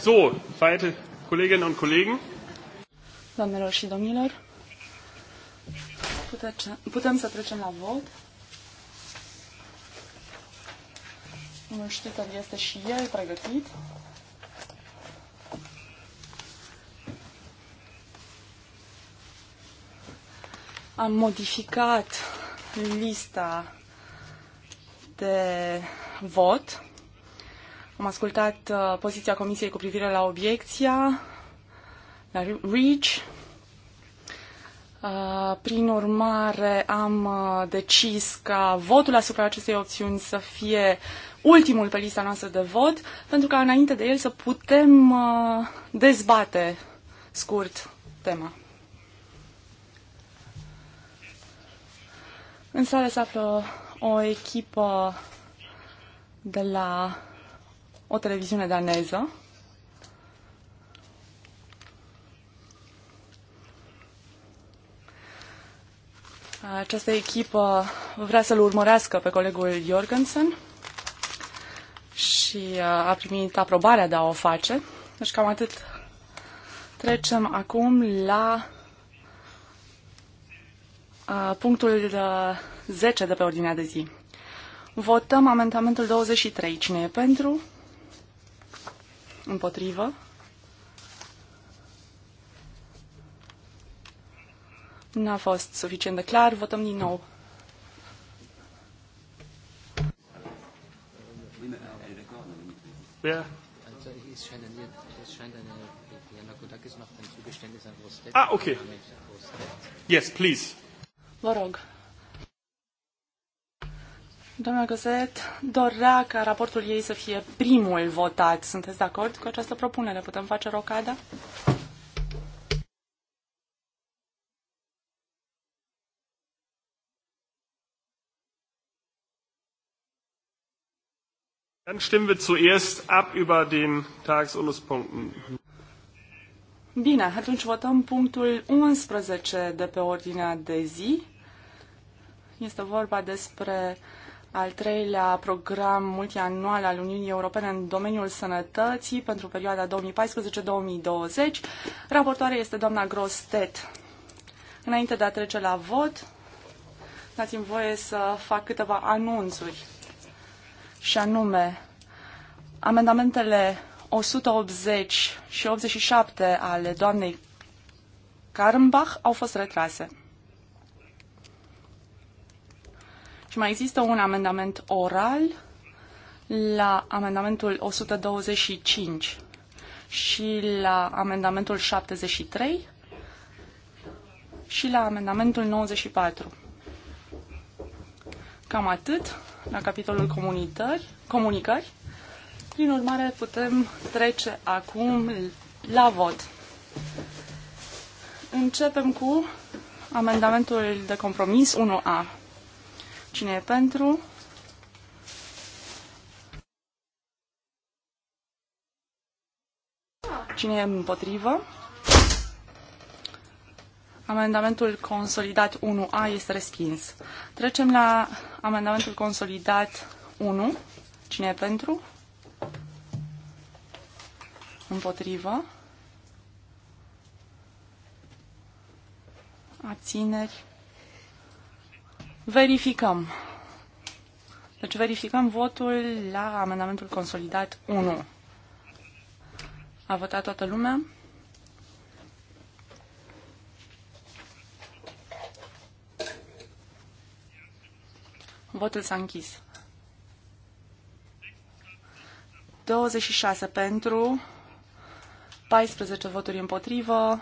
So, verehrte Kolleginnen und Kollegen. Doamnelor și domnilor, putem să trecem la vot. Nu știu că este și el pregătit. Am modificat lista de vot am ascultat uh, poziția Comisiei cu privire la obiecția, la REACH. Uh, prin urmare, am uh, decis ca votul asupra acestei opțiuni să fie ultimul pe lista noastră de vot, pentru ca înainte de el să putem uh, dezbate scurt tema. În sală se află o echipă de la o televiziune daneză. Această echipă vrea să-l urmărească pe colegul Jorgensen și uh, a primit aprobarea de a o face. Deci cam atât. Trecem acum la uh, punctul 10 uh, de pe ordinea de zi. Votăm amendamentul 23. Cine e pentru? Împotrivă. N-a fost suficient de clar. Votăm din nou. Ah, okay. Yes, please. Vă rog. Doamna Găzet dorea ca raportul ei să fie primul votat. Sunteți de acord cu această propunere? Putem face rocada? Dann stimmen wir zuerst ab über den Tagesordnungspunkten. Bine, atunci votăm punctul 11 de pe ordinea de zi. Este vorba despre al treilea program multianual al Uniunii Europene în domeniul sănătății pentru perioada 2014-2020. Raportoare este doamna Grostet. Înainte de a trece la vot, dați-mi voie să fac câteva anunțuri. Și anume, amendamentele 180 și 87 ale doamnei Karmbach au fost retrase. Și deci mai există un amendament oral la amendamentul 125 și la amendamentul 73 și la amendamentul 94. Cam atât la capitolul comunicări. Prin urmare, putem trece acum la vot. Începem cu amendamentul de compromis 1A. Cine e pentru? Cine e împotrivă? Amendamentul consolidat 1A este respins. Trecem la amendamentul consolidat 1. Cine e pentru? Împotrivă? Abțineri? Verificăm. Deci verificăm votul la amendamentul consolidat 1. A votat toată lumea? Votul s-a închis. 26 pentru, 14 voturi împotrivă,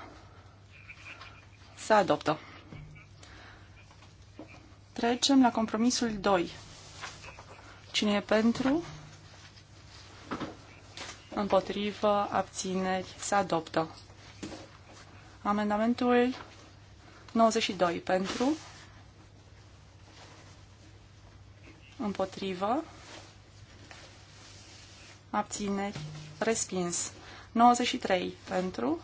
se adoptă. Trecem la compromisul 2. Cine e pentru? Împotrivă, abțineri, se adoptă. Amendamentul 92 pentru, împotrivă, abțineri, respins. 93 pentru,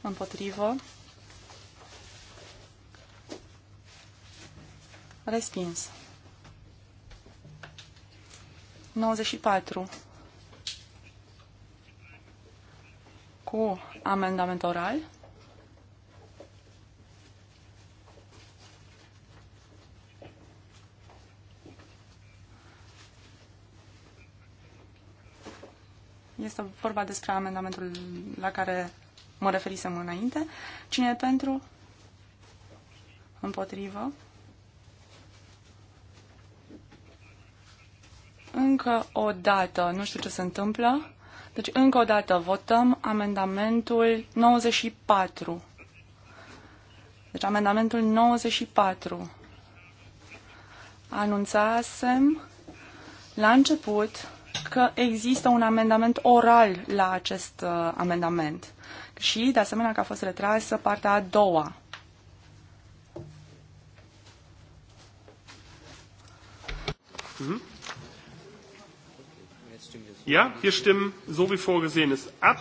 împotrivă, Respins. 94. Cu amendament oral. Este vorba despre amendamentul la care mă referisem înainte. Cine e pentru? Împotrivă? încă o dată, nu știu ce se întâmplă, deci încă o dată votăm amendamentul 94. Deci amendamentul 94. Anunțasem la început că există un amendament oral la acest uh, amendament și, de asemenea, că a fost retrasă partea a doua. Mm-hmm. Ja, wir stimmen so wie vorgesehen ist ab.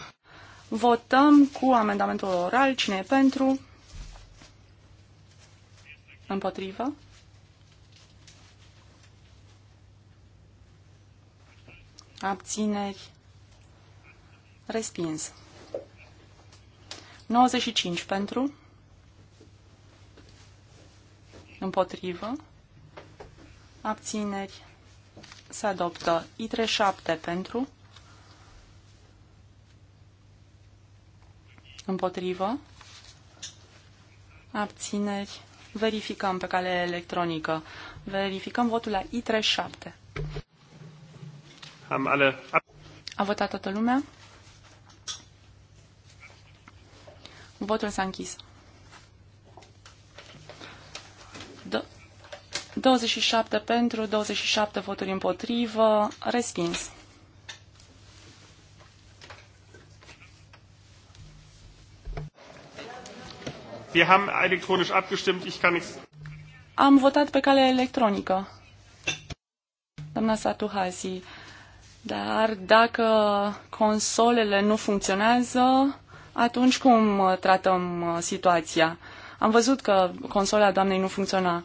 Votăm cu amendamentul oral. Cine e pentru? Împotrivă? Abțineri? Respins. 95 pentru? Împotrivă? Abțineri? se adoptă. i 7 pentru, împotrivă, abțineri, verificăm pe cale electronică. Verificăm votul la i 7. Am ale... A votat toată lumea? Votul s-a închis. 27 pentru, 27 voturi împotrivă, respins. Wir haben elektronisch abgestimmt, ich kann nichts. Am votat pe cale electronică. Doamna Satuhasi, dar dacă consolele nu funcționează, atunci cum tratăm uh, situația? Am văzut că consola doamnei nu funcționa.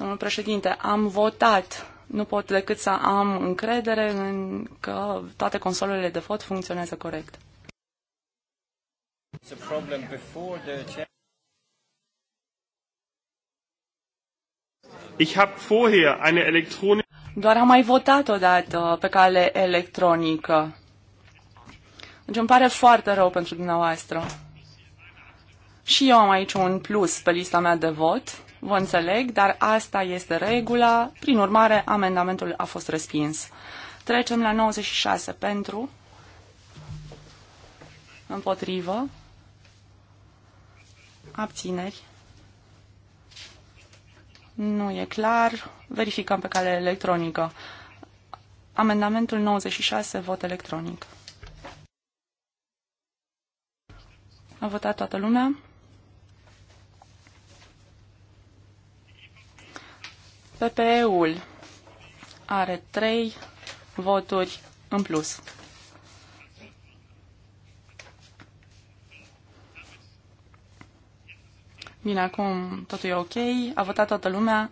Domnul președinte, am votat. Nu pot decât să am încredere în că toate consolele de vot funcționează corect. doar am mai votat odată pe cale electronică. Deci îmi pare foarte rău pentru dumneavoastră. Și eu am aici un plus pe lista mea de vot. Vă înțeleg, dar asta este regula. Prin urmare, amendamentul a fost respins. Trecem la 96 pentru, împotrivă, abțineri. Nu e clar. Verificăm pe cale electronică. Amendamentul 96, vot electronic. A votat toată lumea. PPE-ul are trei voturi în plus. Bine, acum totul e ok. A votat toată lumea.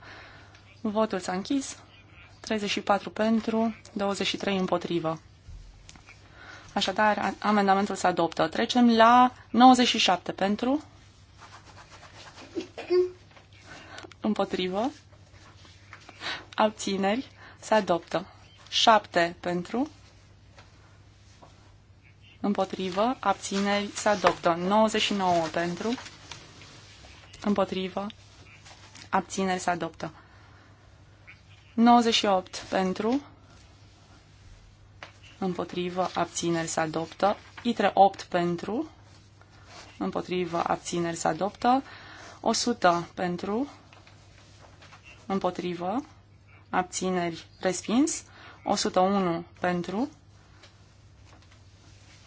Votul s-a închis. 34 pentru, 23 împotrivă. Așadar, amendamentul se adoptă. Trecem la 97 pentru. Împotrivă abțineri, se adoptă. 7 pentru, împotrivă, abțineri, se adoptă. 99 pentru, împotrivă, abțineri, se adoptă. 98 pentru, împotrivă, abțineri, se adoptă. ITRE 8 pentru, împotrivă, abțineri, se adoptă. 100 pentru, împotrivă, abțineri, respins. 101 pentru,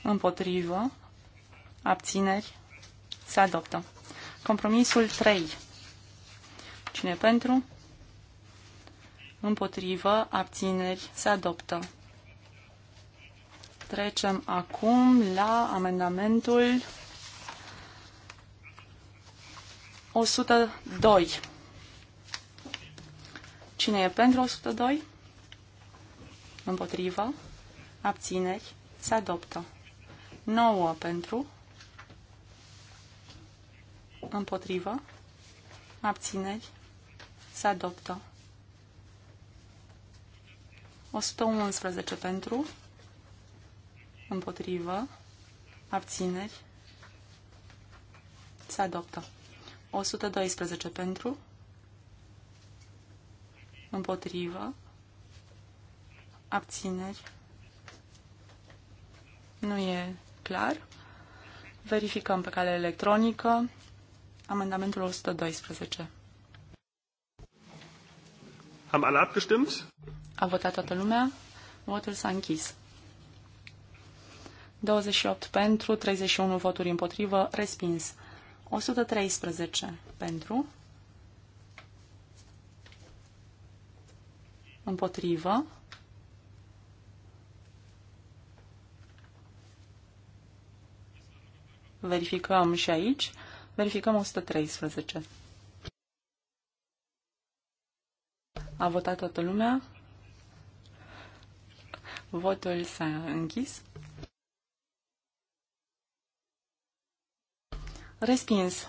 împotrivă, abțineri, se adoptă. Compromisul 3. Cine pentru? Împotrivă, abțineri, se adoptă. Trecem acum la amendamentul 102 Cine e pentru 102? Împotrivă. Abțineri. Se adoptă. 9 pentru. Împotrivă. Abțineri. Se adoptă. 111 pentru. Împotrivă. Abțineri. Se adoptă. 112 pentru. Împotrivă. Abțineri. Nu e clar. Verificăm pe cale electronică amendamentul 112. Am alat gestimt? A votat toată lumea. Votul s-a închis. 28 pentru, 31 voturi împotrivă, respins. 113 pentru, Împotrivă. Verificăm și aici. Verificăm 113. A votat toată lumea. Votul s-a închis. Respins.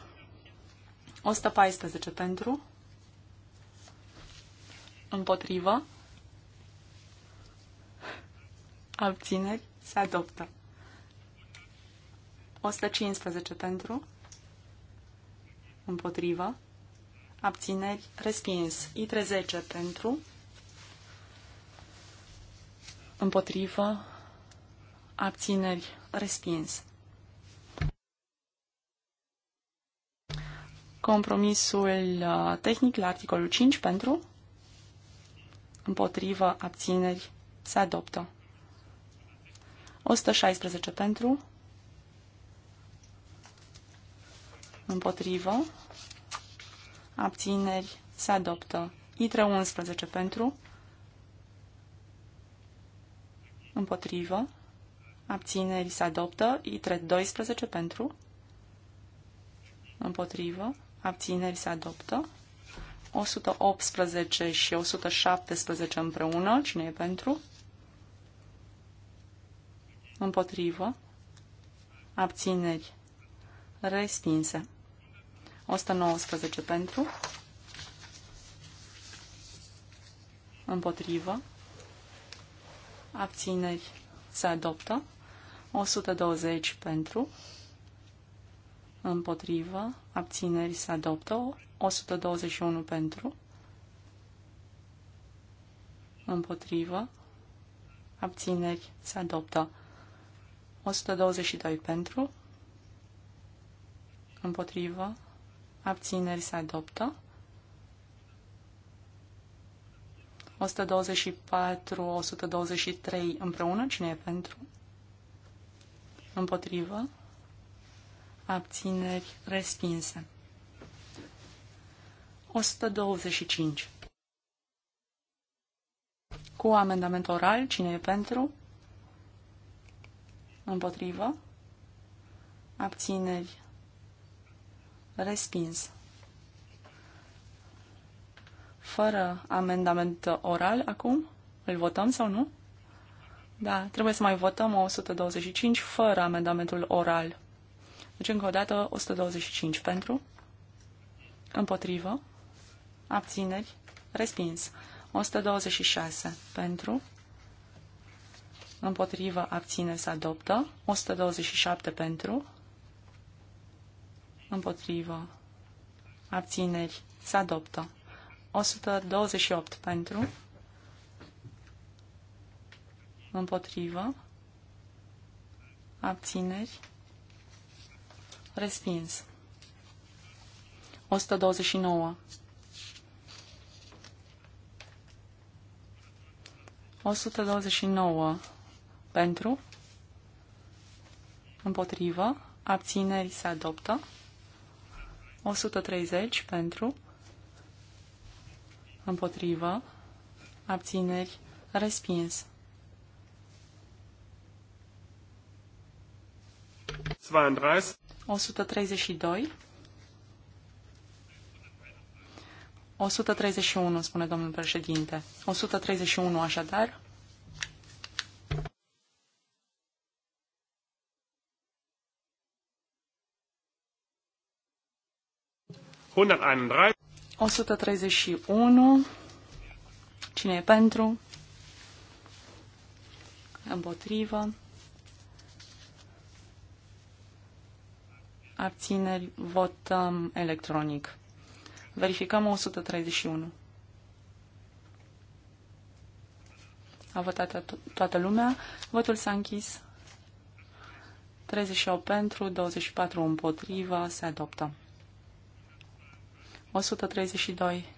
114 pentru. Împotrivă. Abțineri. Se adoptă. 115 pentru. Împotrivă. Abțineri. Respins. I30 pentru. Împotrivă. Abțineri. Respins. Compromisul uh, tehnic la articolul 5 pentru împotrivă, abțineri, se adoptă. 116 pentru, împotrivă, abțineri, se adoptă. ITRE 11 pentru, împotrivă, abțineri, se adoptă. ITRE 12 pentru, împotrivă, abțineri, se adoptă. 118 și 117 împreună. Cine e pentru? Împotrivă. Abțineri. Respinse. 119 pentru. Împotrivă. Abțineri. Se adoptă. 120 pentru împotrivă, abțineri se adoptă, 121 pentru, împotrivă, abțineri se adoptă, 122 pentru, împotrivă, abțineri se adoptă, 124-123 împreună, cine e pentru? Împotrivă, abțineri, respinse. 125. Cu amendament oral, cine e pentru? Împotrivă? Abțineri, respins. Fără amendament oral, acum? Îl votăm sau nu? Da, trebuie să mai votăm 125 fără amendamentul oral. Deci, încă o dată, 125 pentru, împotrivă, abțineri, respins. 126 pentru, împotrivă, abține, se adoptă. 127 pentru, împotrivă, abțineri, se adoptă. 128 pentru, împotrivă, abțineri, Respins. 129. 129 pentru, împotrivă, abțineri se adoptă, 130 pentru, împotrivă, abțineri respins. 132. 131, spune domnul președinte. 131 așadar. O sută treizeci și unu. Cine e pentru? Împotrivă. abțineri, votăm electronic. Verificăm 131. A votat to toată lumea. Votul s-a închis. 38 pentru, 24 împotriva, se adoptă. 132.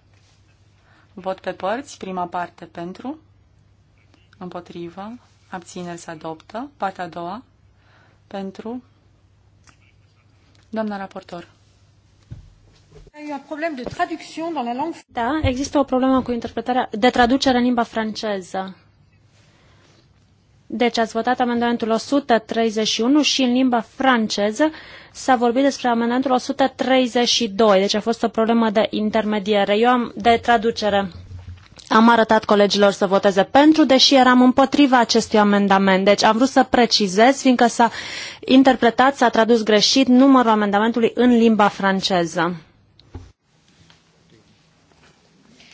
Vot pe părți, prima parte pentru, împotriva, abțineri se adoptă, partea a doua, pentru, Doamna raportor. Da, există o problemă cu interpretarea de traducere în limba franceză. Deci ați votat amendamentul 131 și în limba franceză s-a vorbit despre amendamentul 132. Deci a fost o problemă de intermediere. Eu am de traducere. Am arătat colegilor să voteze pentru, deși eram împotriva acestui amendament. Deci am vrut să precizez, fiindcă s-a interpretat, s-a tradus greșit numărul amendamentului în limba franceză.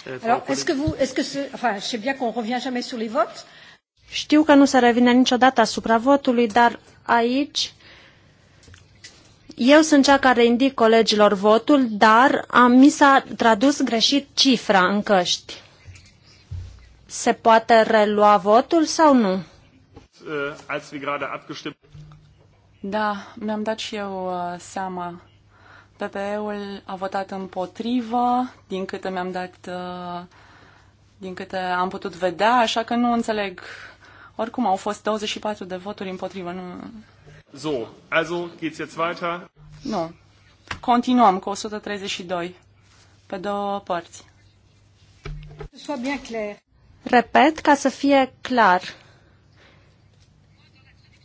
Euh, Știu că nu se revine niciodată asupra votului, dar aici eu sunt cea care indic colegilor votul, dar am, mi s-a tradus greșit cifra în căști. Se poate relua votul sau nu? Uh, da, mi-am dat și eu uh, seama. PPE-ul a votat împotrivă, din câte mi-am dat, uh, din câte am putut vedea, așa că nu înțeleg. Oricum au fost 24 de voturi împotrivă, nu... So, also geht's jetzt weiter? Nu. Continuăm cu 132 pe două părți. Să fie bine clar. Repet, ca să fie clar,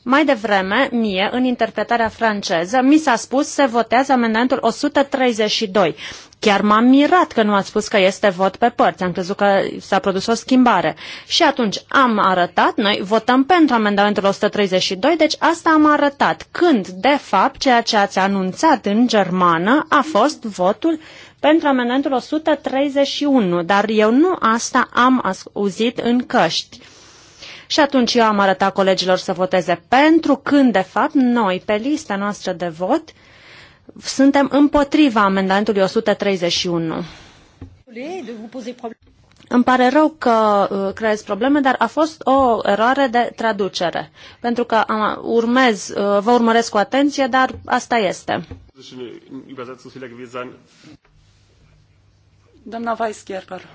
mai devreme, mie, în interpretarea franceză, mi s-a spus se votează amendamentul 132. Chiar m-am mirat că nu a spus că este vot pe părți. Am crezut că s-a produs o schimbare. Și atunci am arătat, noi votăm pentru amendamentul 132, deci asta am arătat. Când, de fapt, ceea ce ați anunțat în germană a fost votul pentru amendamentul 131, dar eu nu asta am auzit în căști. Și atunci eu am arătat colegilor să voteze pentru când, de fapt, noi, pe lista noastră de vot, suntem împotriva amendamentului 131. Îmi pare rău că creez probleme, dar a fost o eroare de traducere. Pentru că am, urmez, vă urmăresc cu atenție, dar asta este. Doamna Weisgerber.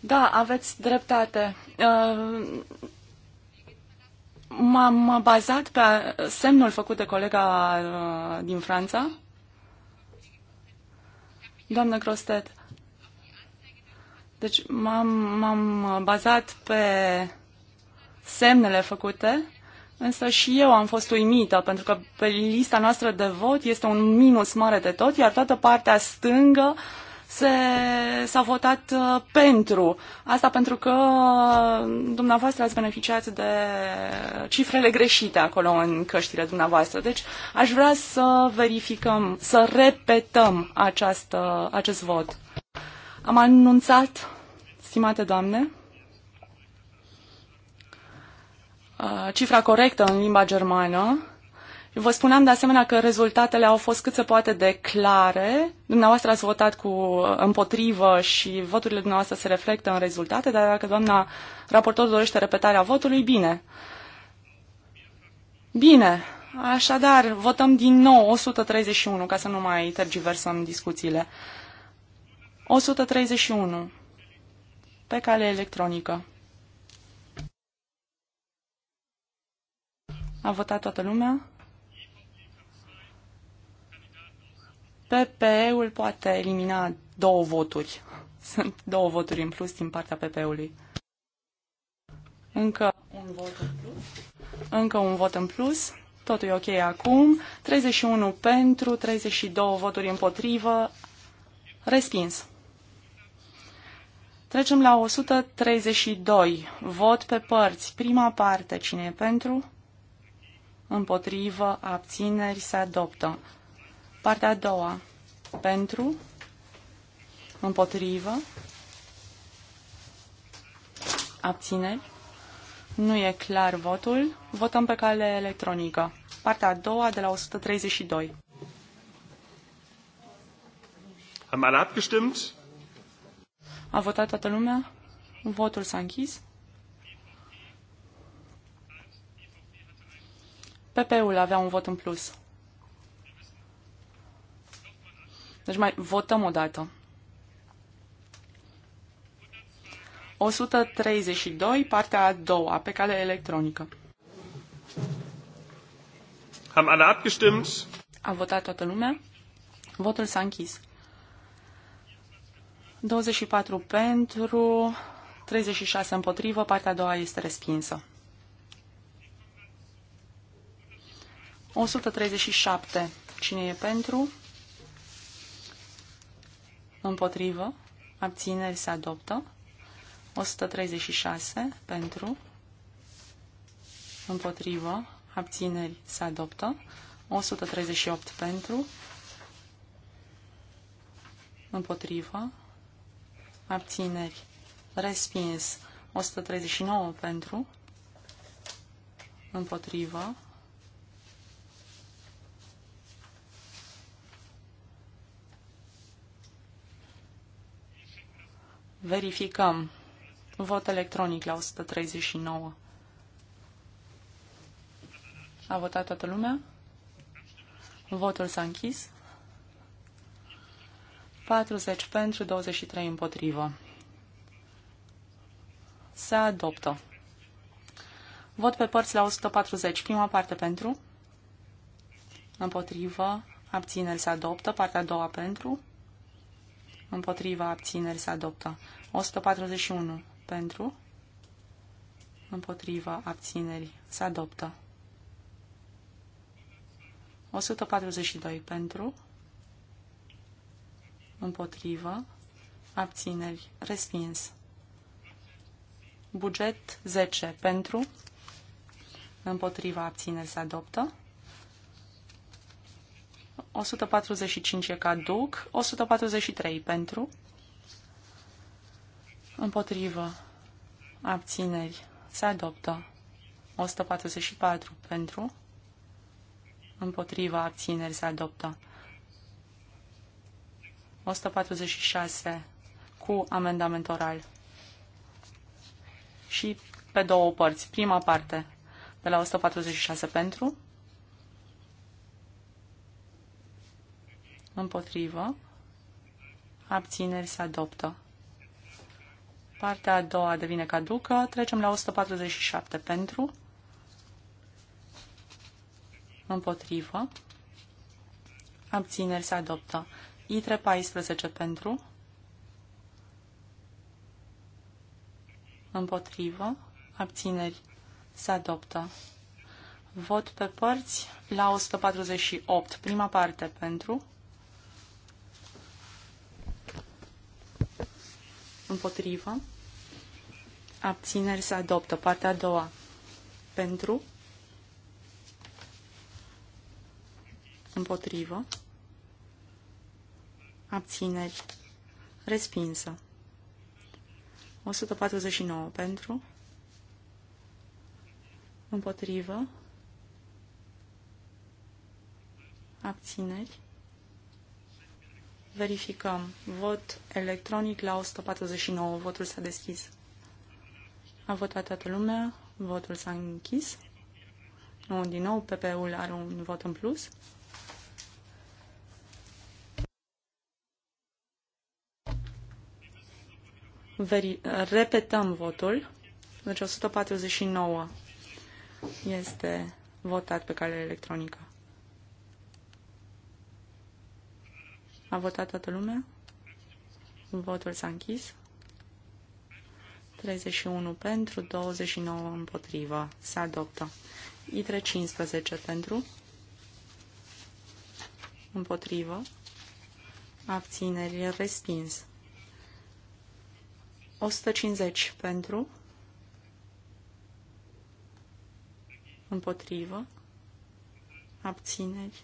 Da, aveți dreptate. Uh, m-am bazat pe semnul făcut de colega uh, din Franța. Doamnă Crostet. Deci m-am bazat pe semnele făcute Însă și eu am fost uimită, pentru că pe lista noastră de vot este un minus mare de tot, iar toată partea stângă se, s-a votat uh, pentru. Asta pentru că dumneavoastră ați beneficiat de cifrele greșite acolo în căștile dumneavoastră. Deci aș vrea să verificăm, să repetăm această, acest vot. Am anunțat, stimate doamne, uh, cifra corectă în limba germană Vă spuneam de asemenea că rezultatele au fost cât se poate de clare. Dumneavoastră ați votat cu împotrivă și voturile dumneavoastră se reflectă în rezultate, dar dacă doamna raportor dorește repetarea votului, bine. Bine. Așadar, votăm din nou 131, ca să nu mai tergiversăm discuțiile. 131. Pe cale electronică. A votat toată lumea? PPE-ul poate elimina două voturi. Sunt două voturi în plus din partea PPE-ului. Încă un vot în plus. Încă un vot în plus. Totul e ok acum. 31 pentru, 32 voturi împotrivă. Respins. Trecem la 132. Vot pe părți. Prima parte. Cine e pentru? Împotrivă. Abțineri. Se adoptă. Partea a doua. Pentru. Împotrivă. Abțineri. Nu e clar votul. Votăm pe cale electronică. Partea a doua de la 132. Am alea abgestimmt? A votat toată lumea? Votul s-a închis. PP-ul avea un vot în plus. Deci mai votăm o dată. 132, partea a doua, pe cale electronică. Am alle abgestimmt? A votat toată lumea. Votul s-a închis. 24 pentru, 36 împotrivă, partea a doua este respinsă. 137. Cine e pentru? împotrivă, abțineri se adoptă, 136 pentru, împotrivă, abțineri se adoptă, 138 pentru, împotrivă, abțineri, respins, 139 pentru, împotrivă, Verificăm. Vot electronic la 139. A votat toată lumea? Votul s-a închis. 40 pentru, 23 împotrivă. Se adoptă. Vot pe părți la 140. Prima parte pentru. Împotrivă. Abțineri se adoptă. Partea a doua pentru împotriva abțineri se adoptă. 141 pentru, împotriva abțineri se adoptă. 142 pentru, Împotriva abțineri, respins. Buget 10 pentru, împotriva abțineri se adoptă. 145 e duc, 143 pentru. Împotrivă. Abțineri. Se adoptă. 144 pentru. împotrivă, abțineri se adoptă. 146 cu amendament oral. Și pe două părți. Prima parte de la 146 pentru. Împotrivă. Abțineri se adoptă. Partea a doua devine caducă. Trecem la 147 pentru. Împotrivă. Abțineri se adoptă. ITRE 14 pentru. Împotrivă. Abțineri se adoptă. Vot pe părți la 148. Prima parte pentru. Împotrivă. Abțineri se adoptă. Partea a doua. Pentru. Împotrivă. Abțineri. Respinsă. 149 pentru. Împotrivă. Abțineri. Verificăm. Vot electronic la 149. Votul s-a deschis. A votat toată lumea. Votul s-a închis. Nu, din nou, PP-ul are un vot în plus. Veri repetăm votul. Deci 149 este votat pe cale electronică. A votat toată lumea? Votul s-a închis. 31 pentru, 29 împotrivă. Se adoptă. ITRE 15 pentru, împotrivă, abțineri respins. 150 pentru, împotrivă, abțineri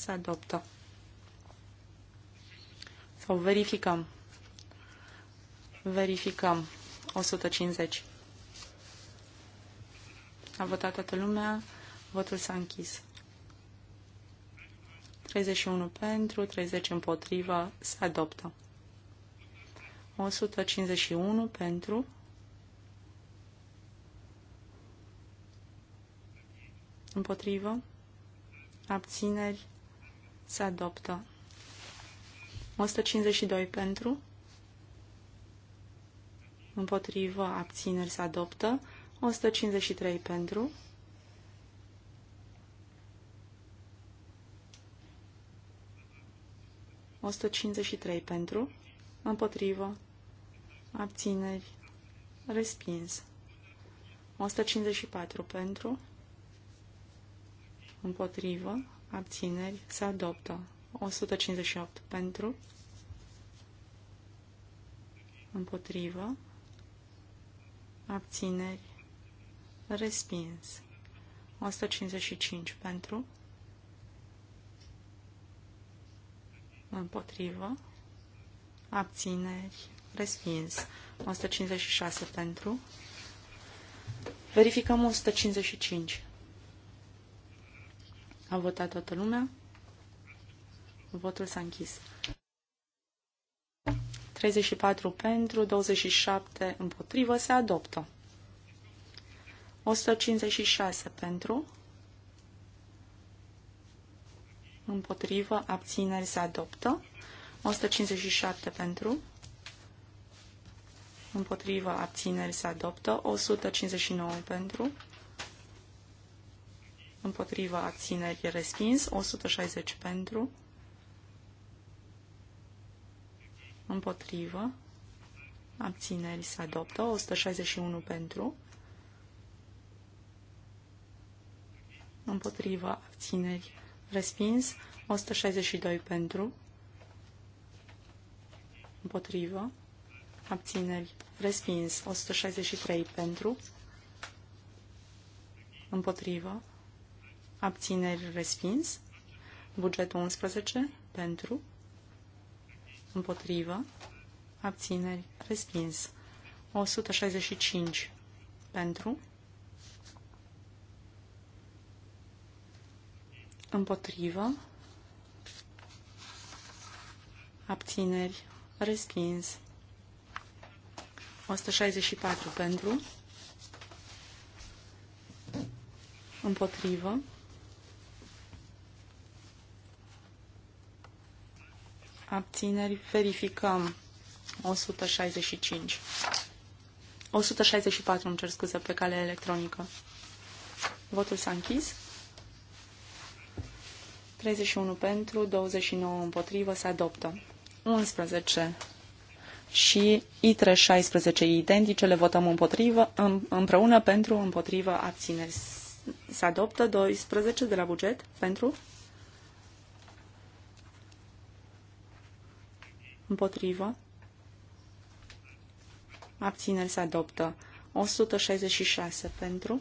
se adoptă. Sau verificăm. Verificăm. 150. A votat toată lumea. Votul s-a închis. 31 pentru, 30 împotrivă, se adoptă. 151 pentru, împotrivă, abțineri, se adoptă. 152 pentru. Împotrivă, abțineri se adoptă. 153 pentru. ...153 pentru, împotrivă, abțineri, respins. 154 pentru, împotrivă, abțineri, se adoptă. 158 pentru, împotrivă, abțineri, respins. 155 pentru, împotrivă, abțineri, respins. 156 pentru, verificăm 155. A votat toată lumea. Votul s-a închis. 34 pentru, 27 împotrivă, se adoptă. 156 pentru, împotrivă, abțineri, se adoptă. 157 pentru, împotrivă, abțineri, se adoptă. 159 pentru, împotriva abțineri respins, 160 pentru, împotrivă, abțineri se adoptă, 161 pentru, împotriva abțineri respins, 162 pentru, împotrivă, abțineri respins, 163 pentru, împotrivă, abțineri respins, bugetul 11 pentru, împotrivă, abțineri respins, 165 pentru, împotrivă, abțineri respins, 164 pentru, împotrivă, abțineri, verificăm. 165. 164, îmi cer scuze, pe cale electronică. Votul s-a închis. 31 pentru, 29 împotrivă, se adoptă. 11 și ITRE 16 identice, le votăm împotrivă, împreună pentru, împotrivă, abțineri. Se adoptă 12 de la buget pentru, Împotrivă. Abțineri se adoptă. 166 pentru.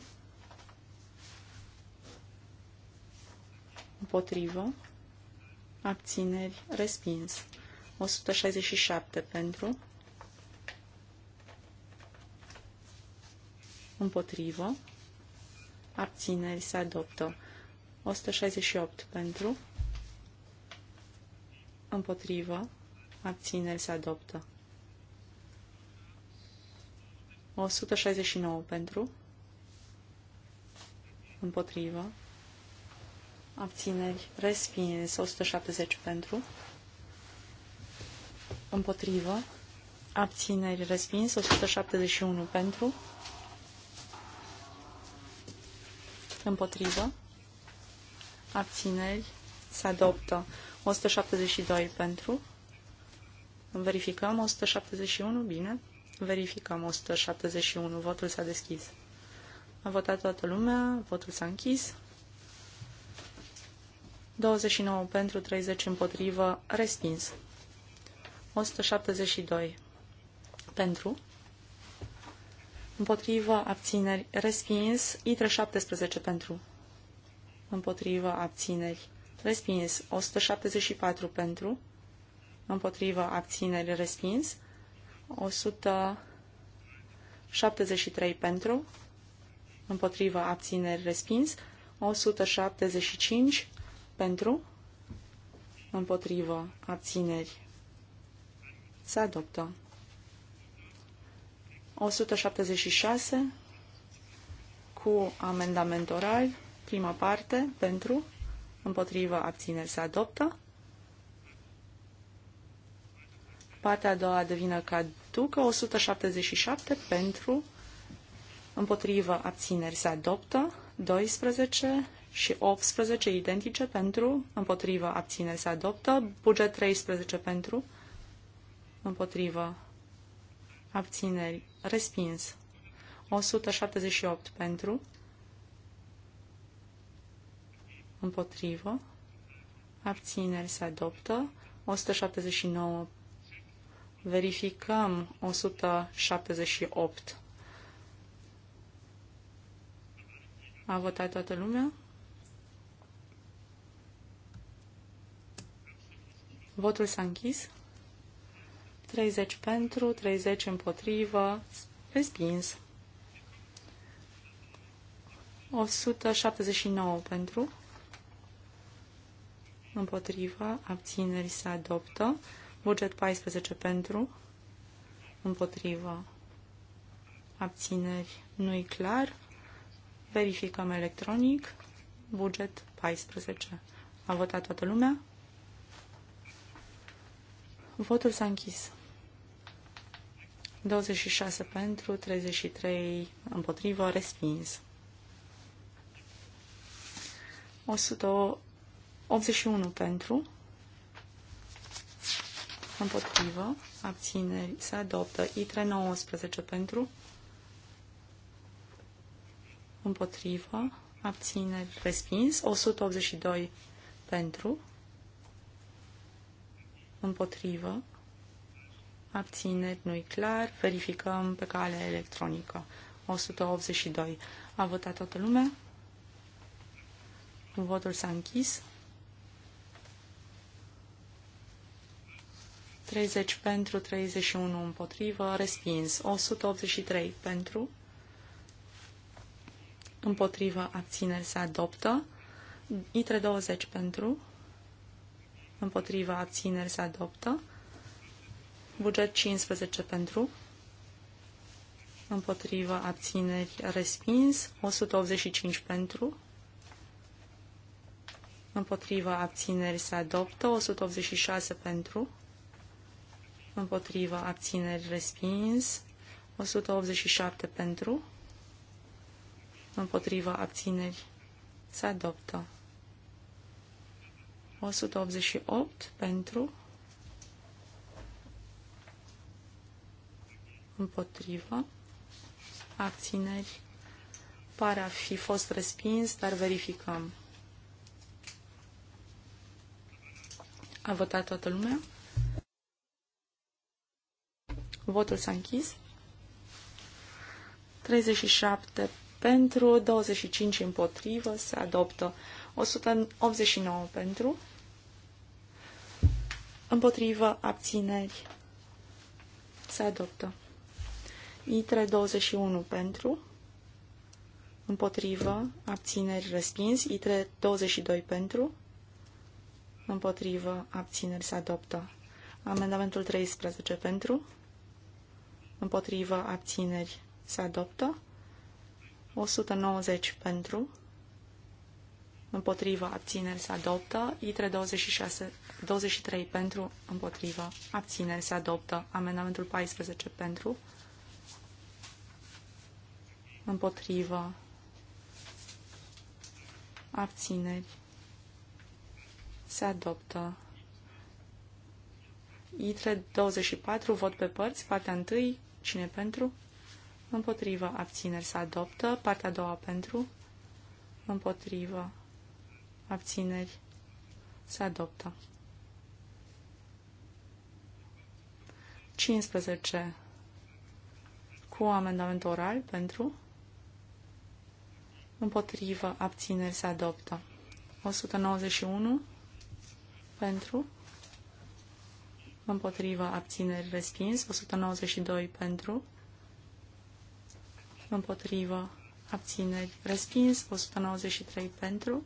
Împotrivă. Abțineri. Respins. 167 pentru. Împotrivă. Abțineri se adoptă. 168 pentru. Împotrivă abțineri se adoptă. 169 pentru, împotrivă, abțineri respinse 170 pentru, împotrivă, abțineri respins, 171 pentru, împotrivă, abțineri se adoptă, 172 pentru, Verificăm 171, bine. Verificăm 171, votul s-a deschis. A votat toată lumea, votul s-a închis. 29 pentru, 30 împotrivă, respins. 172 pentru, împotrivă, abțineri, respins. ITRE 17 pentru, împotrivă, abțineri, respins. 174 pentru, împotrivă, abțineri, respins. 173 pentru, împotrivă, abțineri, respins. 175 pentru, împotrivă, abțineri, se adoptă. 176 cu amendament oral, prima parte, pentru, împotrivă, abțineri, se adoptă. Partea a doua devină caducă. 177 pentru, împotrivă, abțineri se adoptă. 12 și 18 identice pentru, împotrivă, abțineri se adoptă. Buget 13 pentru, împotrivă, abțineri, respins. 178 pentru, împotrivă, abțineri se adoptă, 179 Verificăm 178. A votat toată lumea? Votul s-a închis. 30 pentru, 30 împotrivă, respins. 179 pentru, împotrivă, abțineri se adoptă. Buget 14 pentru, împotrivă, abțineri, nu-i clar. Verificăm electronic. Buget 14. A votat toată lumea? Votul s-a închis. 26 pentru, 33 împotrivă, respins. 181 pentru, împotrivă, abțineri, se adoptă. ITRE 19 pentru, împotrivă, abțineri, respins. 182 pentru, împotrivă, abțineri, nu-i clar, verificăm pe cale electronică. 182. A votat toată lumea? Votul s-a închis. 30 pentru, 31 împotrivă, respins. 183 pentru, împotrivă, abțineri se adoptă. ITRE 20 pentru, împotrivă, abțineri se adoptă. Buget 15 pentru, împotrivă, abțineri, respins. 185 pentru, împotrivă, abțineri se adoptă. 186 pentru, împotrivă, abțineri, respins. 187 pentru, împotrivă, abțineri, se adoptă. 188 pentru, împotrivă, abțineri, pare a fi fost respins, dar verificăm. A votat toată lumea? Votul s-a închis. 37 pentru, 25 împotrivă, se adoptă 189 pentru, împotrivă abțineri, se adoptă. ITRE 21 pentru, împotrivă, abțineri respins, ITRE 22 pentru, împotrivă, abțineri se adoptă. Amendamentul 13 pentru, împotrivă, abțineri, se adoptă. 190 pentru, împotrivă, abțineri, se adoptă. ITRE 26, 23 pentru, împotrivă, abțineri, se adoptă. Amendamentul 14 pentru, împotrivă, abțineri, se adoptă. ITRE 24, vot pe părți, partea 1, Cine pentru? Împotrivă. Abțineri se adoptă. Partea a doua pentru. Împotrivă. Abțineri se adoptă. 15 cu amendament oral pentru. Împotrivă. Abțineri se adoptă. 191 pentru împotrivă, abțineri, respins, 192 pentru, împotrivă, abțineri, respins, 193 pentru,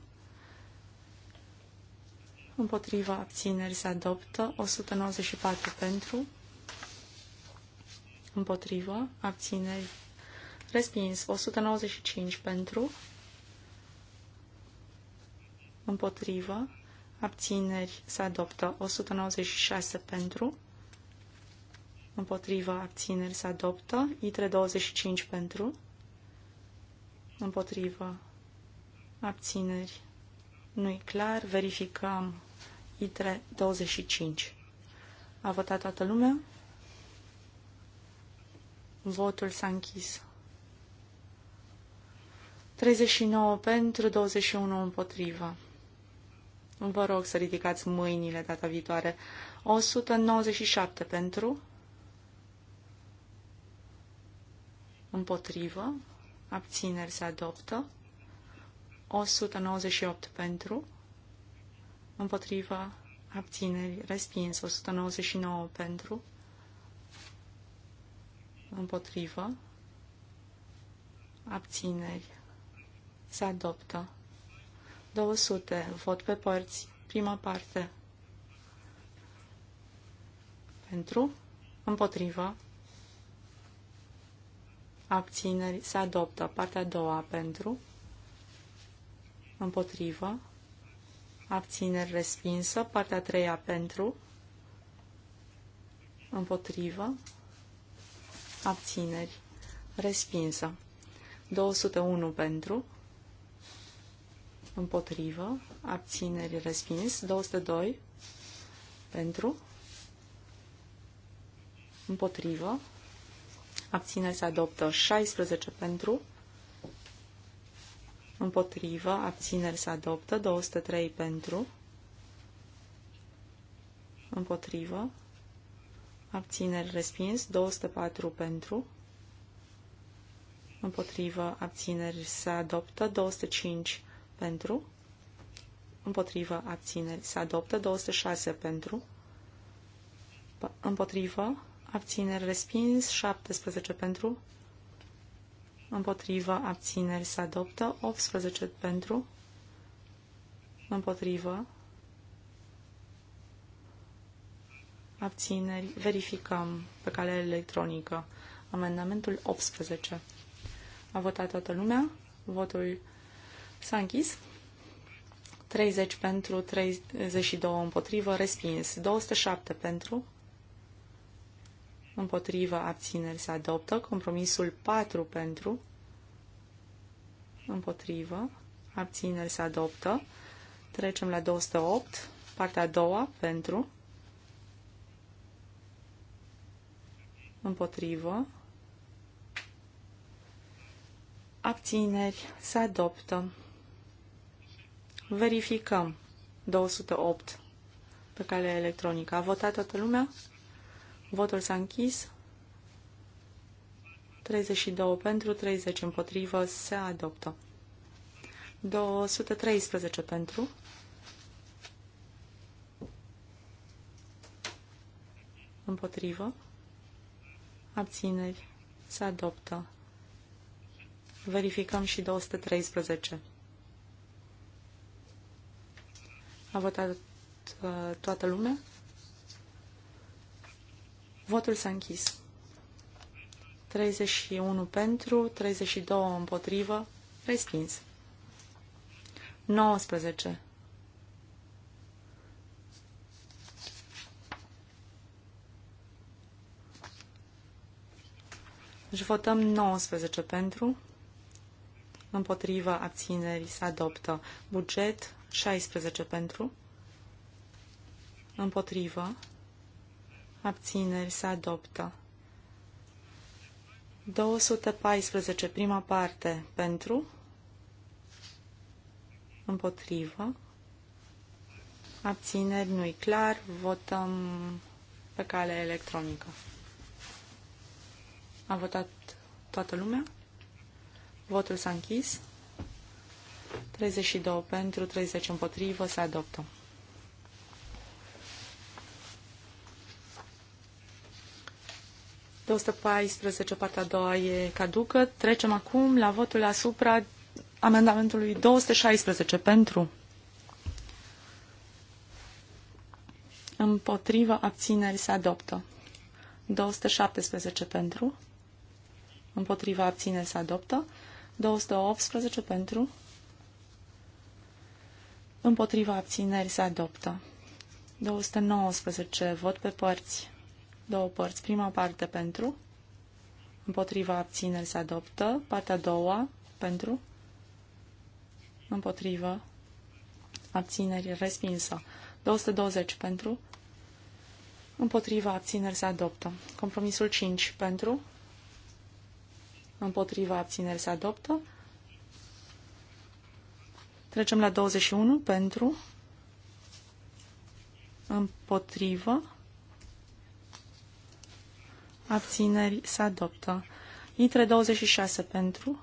împotriva abțineri se adoptă, 194 pentru, împotriva abțineri, respins, 195 pentru, împotriva abțineri se adoptă. 196 pentru, împotriva abțineri se adoptă. ITRE 25 pentru, împotriva abțineri. Nu-i clar, verificăm ITRE 25. A votat toată lumea? Votul s-a închis. 39 pentru, 21 împotriva. Vă rog să ridicați mâinile data viitoare. 197 pentru. Împotrivă. Abțineri se adoptă. 198 pentru. Împotrivă. Abțineri. Respins. 199 pentru. Împotrivă. Abțineri. Se adoptă. 200. Vot pe părți. Prima parte. Pentru. Împotrivă. Abțineri. Se adoptă. Partea a doua. Pentru. Împotrivă. Abțineri respinsă. Partea a treia. Pentru. Împotrivă. Abțineri. Respinsă. 201 pentru împotrivă, abțineri respins, 202 pentru, împotrivă, abțineri se adoptă, 16 pentru, împotrivă, abțineri se adoptă, 203 pentru, împotrivă, abțineri respins, 204 pentru, împotrivă, abțineri se adoptă, 205 pentru, împotrivă, abțineri, se adoptă. 206 pentru, împotrivă, abțineri, respins. 17 pentru, împotrivă, abțineri, se adoptă. 18 pentru, împotrivă, abțineri, verificăm pe cale electronică. Amendamentul 18. A votat toată lumea. Votul S-a închis. 30 pentru, 32 împotrivă, respins. 207 pentru, împotrivă, abțineri se adoptă. Compromisul 4 pentru, împotrivă, abțineri se adoptă. Trecem la 208, partea a doua, pentru, împotrivă, abțineri se adoptă. Verificăm 208 pe cale electronică. A votat toată lumea? Votul s-a închis. 32 pentru, 30 împotrivă, se adoptă. 213 pentru. Împotrivă. Abțineri. Se adoptă. Verificăm și 213. A votat uh, toată lumea. Votul s-a închis. 31 pentru, 32 împotrivă, respins. 19. Deci votăm 19 pentru, Împotriva abținerii se adoptă buget 16 pentru, împotrivă, abțineri se adoptă. 214, prima parte, pentru, împotrivă, abțineri nu-i clar, votăm pe cale electronică. A votat toată lumea? Votul s-a închis. 32 pentru, 30 împotrivă, se adoptă. ...214, partea a doua e caducă. Trecem acum la votul asupra amendamentului 216 pentru. Împotrivă abțineri se adoptă. 217 pentru. Împotriva abțineri se adoptă. 218 pentru. Împotriva abținerii se adoptă. 219. Vot pe părți. Două părți. Prima parte pentru. Împotriva abținerii se adoptă. Partea a doua pentru. Împotriva Abțineri respinsă. 220 pentru. Împotriva abțineri se adoptă. Compromisul 5 pentru. Împotriva abțineri se adoptă. Trecem la 21 pentru împotrivă abțineri se adoptă. Intre 26 pentru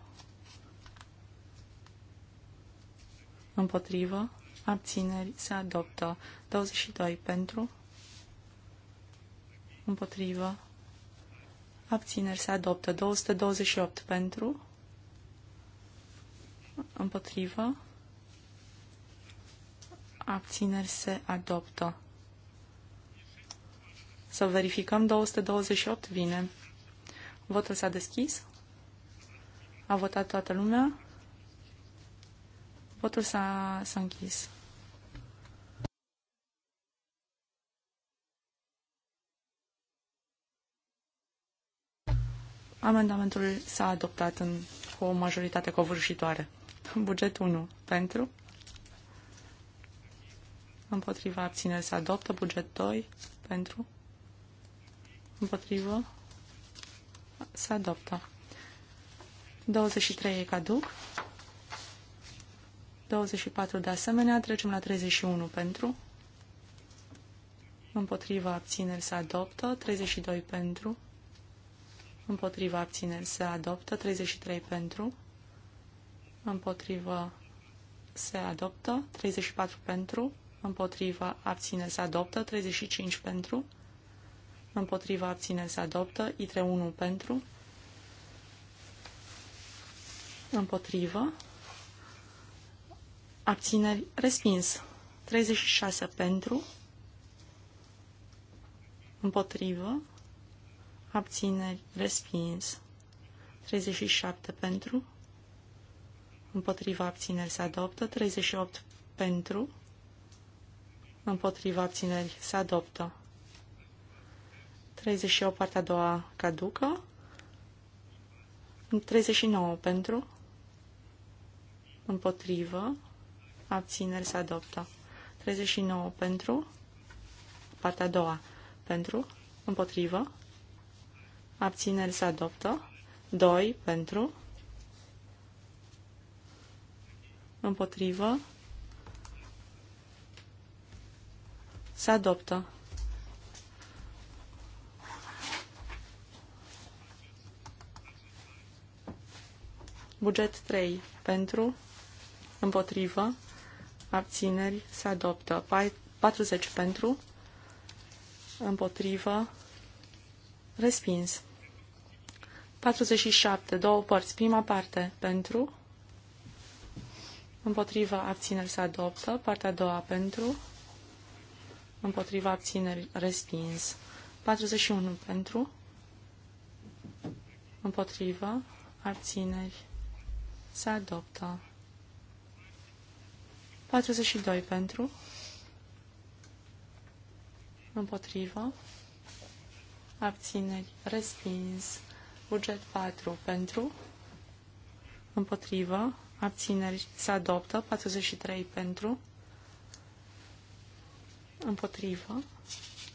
împotrivă abțineri se adoptă. 22 pentru împotrivă abțineri se adoptă. 228 pentru împotrivă abțineri se adoptă. Să verificăm 228 vine. Votul s-a deschis. A votat toată lumea. Votul s-a, s-a închis. Amendamentul s-a adoptat în, cu o majoritate covârșitoare. Buget 1 pentru, împotriva abțineri se adoptă, buget 2 pentru, împotrivă, se adoptă. 23 e caduc, 24 de asemenea, trecem la 31 pentru, împotriva abțineri se adoptă, 32 pentru, împotriva abțineri se adoptă, 33 pentru, Împotrivă se adoptă, 34 pentru, Împotrivă abține se adoptă, 35 pentru, Împotrivă abține se adoptă, ITRE 1 pentru, împotrivă, abțineri respins, 36 pentru, împotrivă, abțineri respins, 37 pentru, împotriva abțineri se adoptă, 38 pentru, împotriva abțineri se adoptă. 38 partea a doua caducă. 39 pentru, împotrivă, abțineri se adoptă. 39 pentru, partea a doua, pentru, împotrivă, abțineri se adoptă. 2 pentru, împotrivă, Se adoptă. Buget 3. Pentru, împotrivă, abțineri, se adoptă. 40 pentru, împotrivă, respins. 47. Două părți. Prima parte, pentru, împotrivă, abțineri, se adoptă. Partea a doua, pentru, împotriva abțineri respins. 41 pentru, împotriva abțineri se adoptă. 42 pentru, împotriva abțineri respins. Buget 4 pentru, împotriva abțineri se adoptă. 43 pentru, Împotrivă.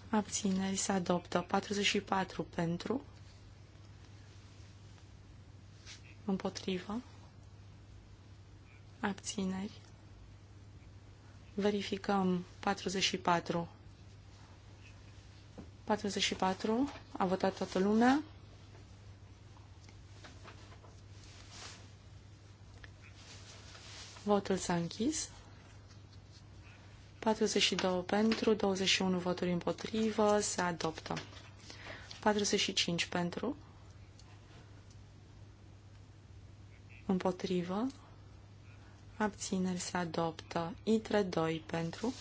Abțineri se adoptă. 44 pentru. Împotrivă. Abțineri. Verificăm 44. 44. A votat toată lumea. Votul s-a închis. 42 pentru, 21 voturi împotrivă, se adoptă. 45 pentru, împotrivă, abțineri se adoptă. ITRE 2 pentru,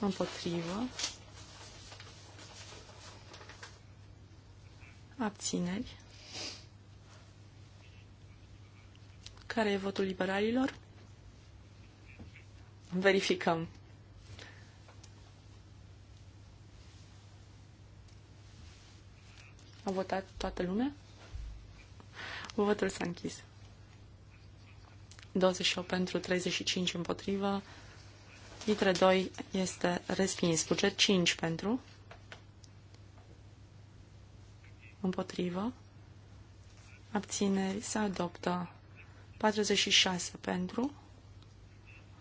împotrivă, abțineri. Care e votul liberalilor? Verificăm. A votat toată lumea? Votul s-a închis. 28 pentru, 35 împotrivă. Litre 2 este respins. Buget 5 pentru. Împotrivă. Abțineri se adoptă. 46 pentru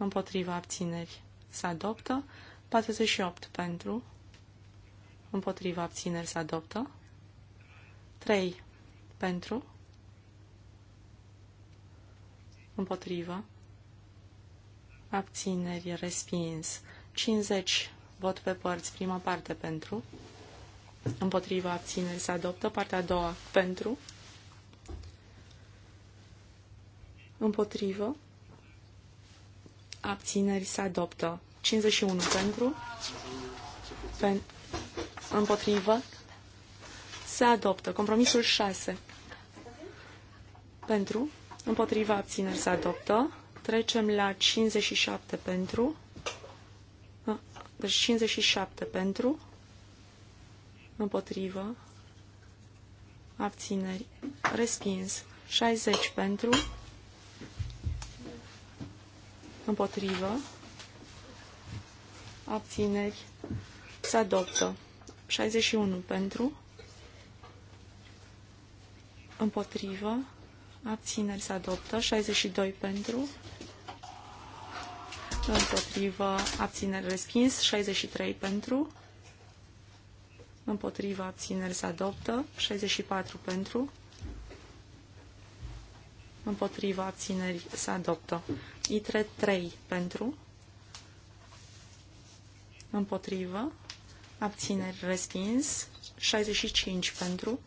împotriva abțineri se adoptă, 48 pentru, împotriva abțineri se adoptă, 3 pentru, împotriva, abțineri respins, 50 vot pe părți, prima parte pentru, împotriva abțineri se adoptă, partea a doua pentru, împotrivă, abțineri se adoptă. 51 pentru, pen, împotrivă, se adoptă. Compromisul 6 pentru, împotriva abțineri se adoptă. Trecem la 57 pentru, deci 57 pentru, împotrivă, abțineri, respins. 60 pentru, Împotrivă. Abțineri. Se adoptă. 61 pentru. Împotrivă. Abțineri se adoptă. 62 pentru. Împotrivă. Abțineri respins. 63 pentru. Împotrivă. Abțineri se adoptă. 64 pentru împotriva abținerii se adoptă. ITRE 3 pentru, împotrivă, abțineri respins, 65 pentru,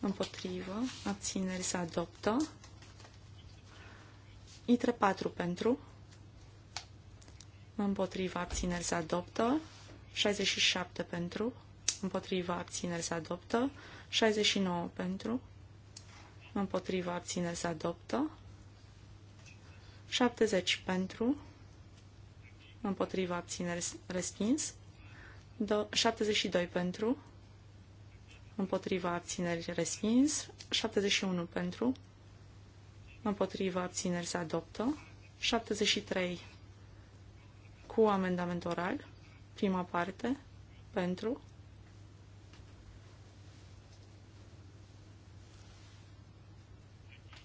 împotrivă, abțineri se adoptă, ITRE 4 pentru, împotriva abțineri se adoptă, 67 pentru, împotriva abțineri se adoptă, 69 pentru, împotriva abțineri se adoptă, 70 pentru, împotriva abțineri respins, 72 pentru, împotriva abțineri respins, 71 pentru, împotriva abțineri se adoptă, 73 cu amendament oral, prima parte, pentru,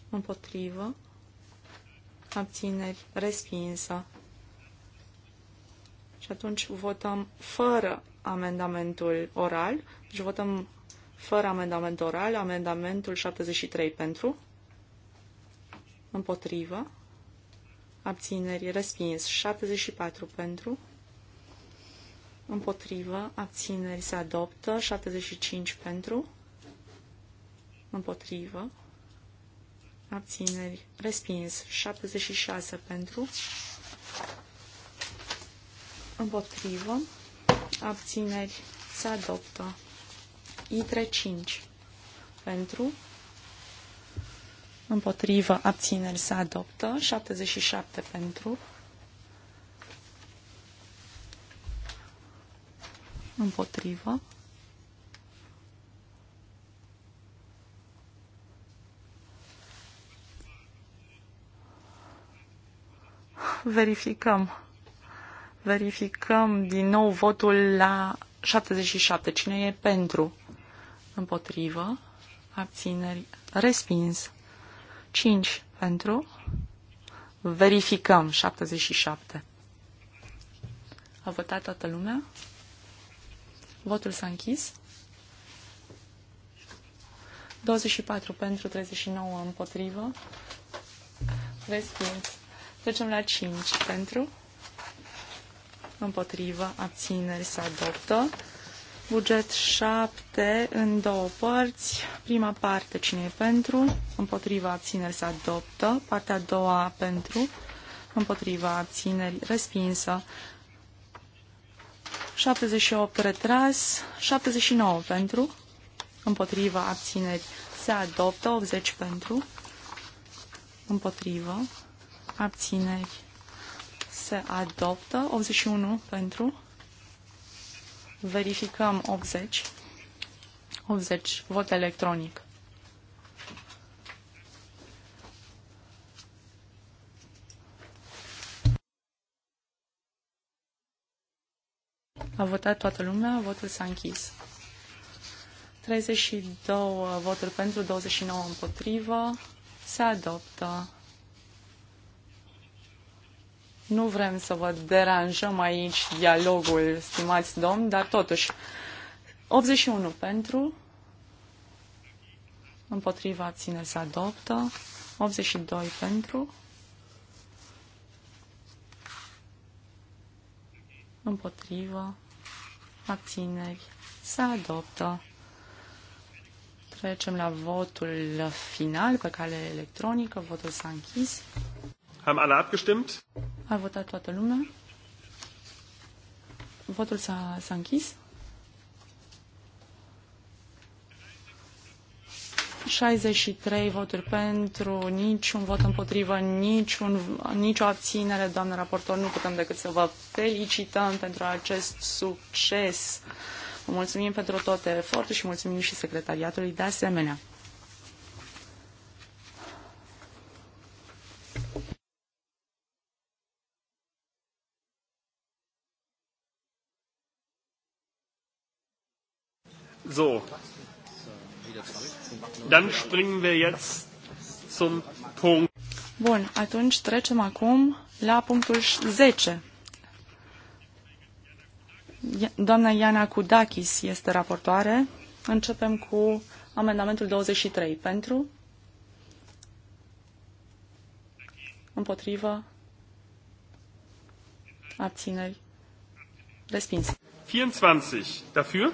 împotrivă, abțineri, respinsă. Și atunci votăm fără amendamentul oral, deci votăm fără amendament oral, amendamentul 73 pentru, împotrivă, abțineri, respins, 74 pentru, împotrivă, abțineri, se adoptă, 75 pentru, împotrivă, abțineri, respins. 76 pentru, împotrivă, abțineri, se adoptă. I3, 5 pentru, împotrivă, abțineri, se adoptă. 77 pentru, împotrivă, verificăm. Verificăm din nou votul la 77. Cine e pentru? Împotrivă. Abțineri. Respins. 5 pentru. Verificăm. 77. A votat toată lumea? Votul s-a închis. 24 pentru, 39 împotrivă. Respins. Trecem la 5 pentru, împotrivă, abțineri se adoptă. Buget 7 în două părți. Prima parte, cine e pentru? Împotriva abțineri se adoptă. Partea a doua, pentru. Împotriva abțineri respinsă. 78 retras. 79 pentru. Împotriva abțineri se adoptă. 80 pentru. Împotriva abțineri se adoptă. 81 pentru. Verificăm 80. 80. Vot electronic. A votat toată lumea, votul s-a închis. 32 voturi pentru, 29 împotrivă, se adoptă. Nu vrem să vă deranjăm aici dialogul, stimați domn, dar totuși 81 pentru, împotriva ține să adoptă, 82 pentru, împotriva abțineri să adoptă. Trecem la votul final pe cale electronică, votul s-a închis. Haben alle abgestimmt? A votat toată lumea. Votul s-a, s-a închis. 63 voturi pentru, niciun vot împotrivă, niciun, nicio abținere, doamnă raportor. Nu putem decât să vă felicităm pentru acest succes. Vă mulțumim pentru toate efortul și mulțumim și secretariatului de asemenea. So, dann springen wir jetzt zum Punkt. Bun, atunci trecem acum la punctul 10. Doamna Iana Kudakis este raportoare. Începem cu amendamentul 23. Pentru? Împotrivă? Abțineri? Respins. 24. Dafür?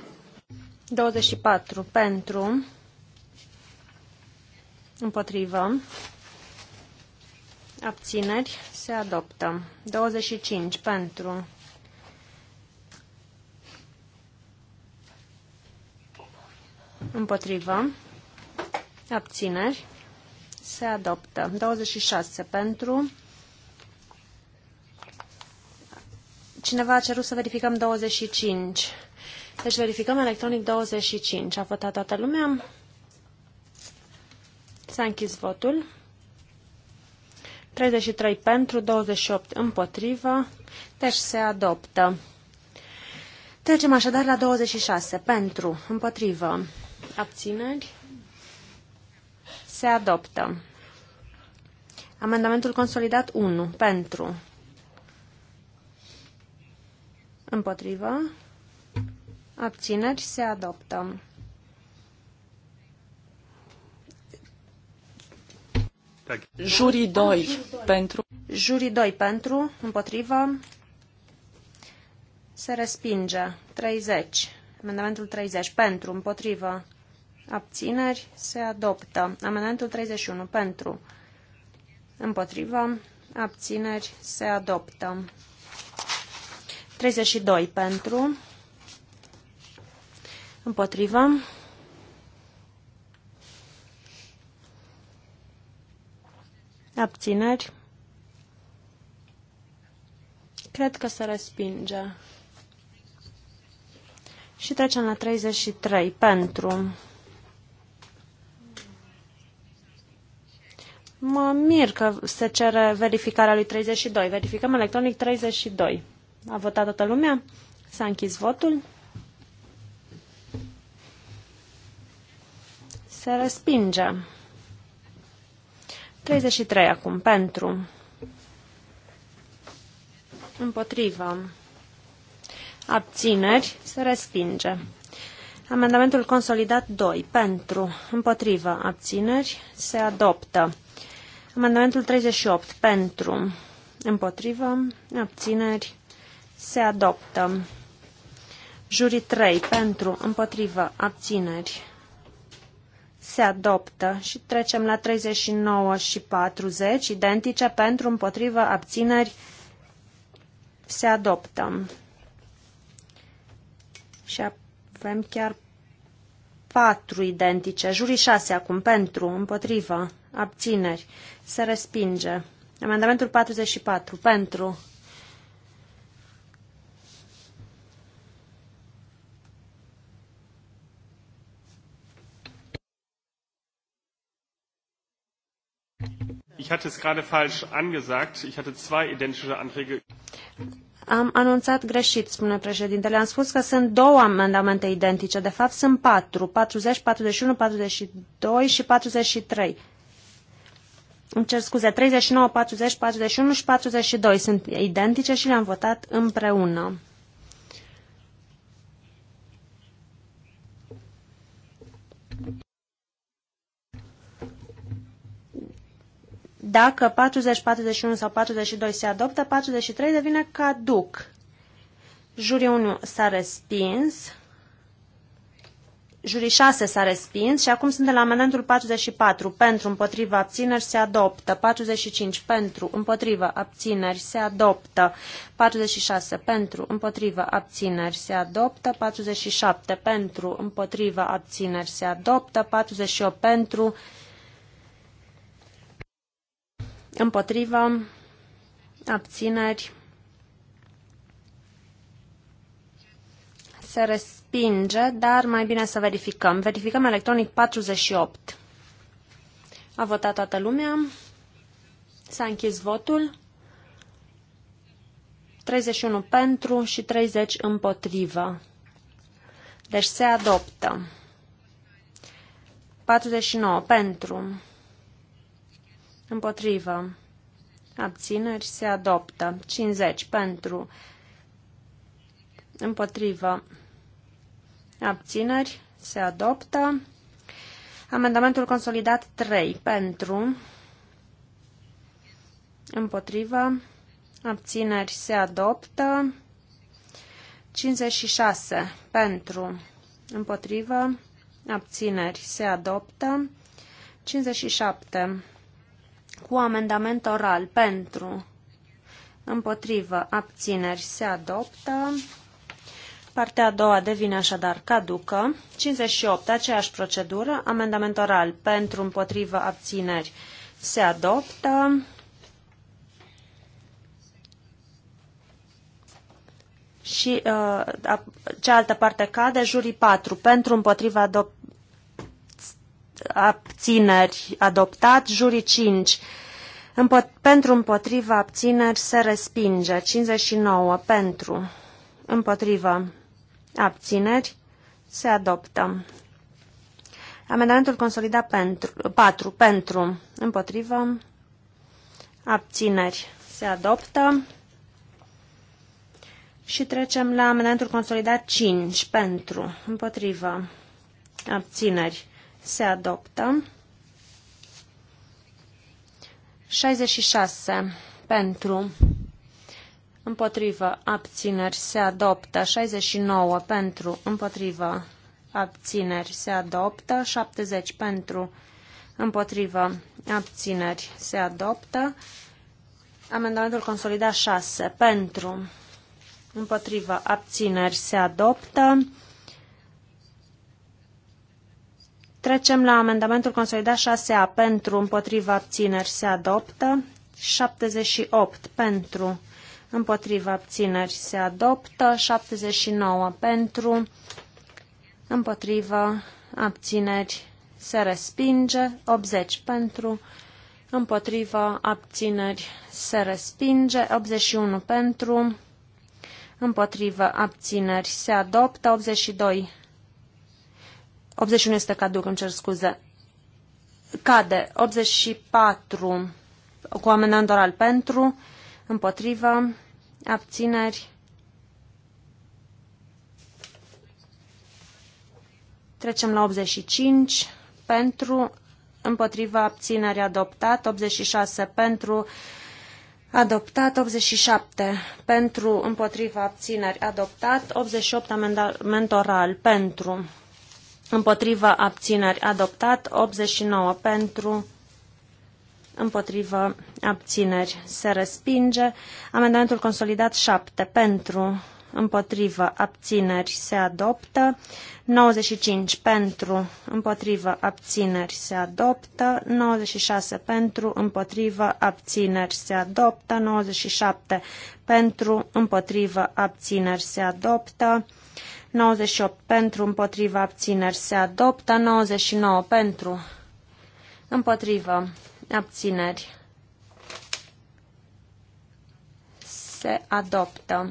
24 pentru, împotrivă, abțineri, se adoptă. 25 pentru, împotrivă, abțineri, se adoptă. 26 pentru, cineva a cerut să verificăm 25 deci verificăm electronic 25. A votat toată lumea? S-a închis votul. 33 pentru, 28 împotrivă, deci se adoptă. Trecem așadar la 26. Pentru, împotrivă, abțineri, se adoptă. Amendamentul consolidat 1. Pentru, împotrivă, Abțineri se adoptă. Jurii 2 pentru. Jurii 2 pentru, împotrivă. Se respinge. 30. Amendamentul 30 pentru, împotrivă. Abțineri se adoptă. Amendamentul 31 pentru. Împotrivă. Abțineri se adoptă. 32 pentru. Împotrivă. Abțineri. Cred că se respinge. Și trecem la 33. Pentru. Mă mir că se cere verificarea lui 32. Verificăm electronic 32. A votat toată lumea? S-a închis votul. Se respinge. 33 acum. Pentru. Împotrivă. Abțineri. Se respinge. Amendamentul consolidat 2. Pentru. Împotrivă. Abțineri. Se adoptă. Amendamentul 38. Pentru. Împotrivă. Abțineri. Se adoptă. Jurii 3. Pentru. Împotrivă. Abțineri se adoptă și trecem la 39 și 40, identice pentru împotrivă abțineri se adoptă. Și avem chiar patru identice, jurii 6 acum pentru împotrivă abțineri se respinge. Amendamentul 44 pentru Ich hatte es gerade falsch angesagt. Ich hatte zwei identische Anträge. Am anunțat greșit, spune președintele. Am spus că sunt două amendamente identice. De fapt, sunt patru. 40, 41, 42 și 43. Îmi cer scuze, 39, 40, 41 și 42 sunt identice și le-am votat împreună. Dacă 40, 41 sau 42 se adoptă, 43 devine caduc. Jurii 1 s-a respins. Jurii 6 s-a respins și acum suntem la amendamentul 44. Pentru, împotriva, abțineri se adoptă. 45 pentru, împotriva, abțineri se adoptă. 46 pentru, împotriva, abțineri se adoptă. 47 pentru, împotriva, abțineri se adoptă. 48 pentru, împotrivă, abțineri, se respinge, dar mai bine să verificăm. Verificăm electronic 48. A votat toată lumea. S-a închis votul. 31 pentru și 30 împotrivă. Deci se adoptă. 49 pentru. Împotrivă. Abțineri se adoptă. 50 pentru. Împotrivă. Abțineri se adoptă. Amendamentul consolidat 3 pentru. Împotrivă. Abțineri se adoptă. 56 pentru. Împotrivă. Abțineri se adoptă. 57 cu amendament oral pentru, împotrivă, abțineri se adoptă. Partea a doua devine așadar caducă. 58. Aceeași procedură. Amendament oral pentru împotrivă abțineri se adoptă. Și uh, cealaltă parte cade. Jurii 4. Pentru împotriva abțineri, adoptat. Juri 5, pentru, împotriva, abțineri, se respinge. 59, pentru, împotriva, abțineri, se adoptă. Amendamentul consolidat pentru, 4, pentru, împotrivă, abțineri, se adoptă. Și trecem la amendamentul consolidat 5, pentru, împotrivă, abțineri, se adoptă. 66 pentru, împotrivă, abțineri, se adoptă. 69 pentru, împotrivă, abțineri, se adoptă. 70 pentru, împotrivă, abțineri, se adoptă. Amendamentul consolidat 6 pentru, împotrivă, abțineri, se adoptă. Trecem la amendamentul consolidat 6A. Pentru, împotriva, abțineri se adoptă. 78 pentru, împotriva, abțineri se adoptă. 79 pentru, împotriva, abțineri se respinge. 80 pentru, împotriva, abțineri se respinge. 81 pentru, împotriva, abțineri se adoptă. 82 81 este caduc, îmi cer scuze. Cade. 84 cu amendament oral pentru, împotrivă, abțineri. Trecem la 85 pentru, împotriva abținerii adoptat, 86 pentru adoptat, 87 pentru împotriva abțineri adoptat, 88 amendament oral pentru împotriva abțineri adoptat, 89 pentru, împotriva abțineri se respinge, amendamentul consolidat 7 pentru, împotrivă, abțineri se adoptă, 95 pentru, împotrivă, abțineri se adoptă, 96 pentru, împotrivă, abțineri se adoptă, 97 pentru, împotrivă, abțineri se adoptă, 98 pentru, împotriva abțineri se adoptă, 99 pentru, împotriva abțineri se adoptă.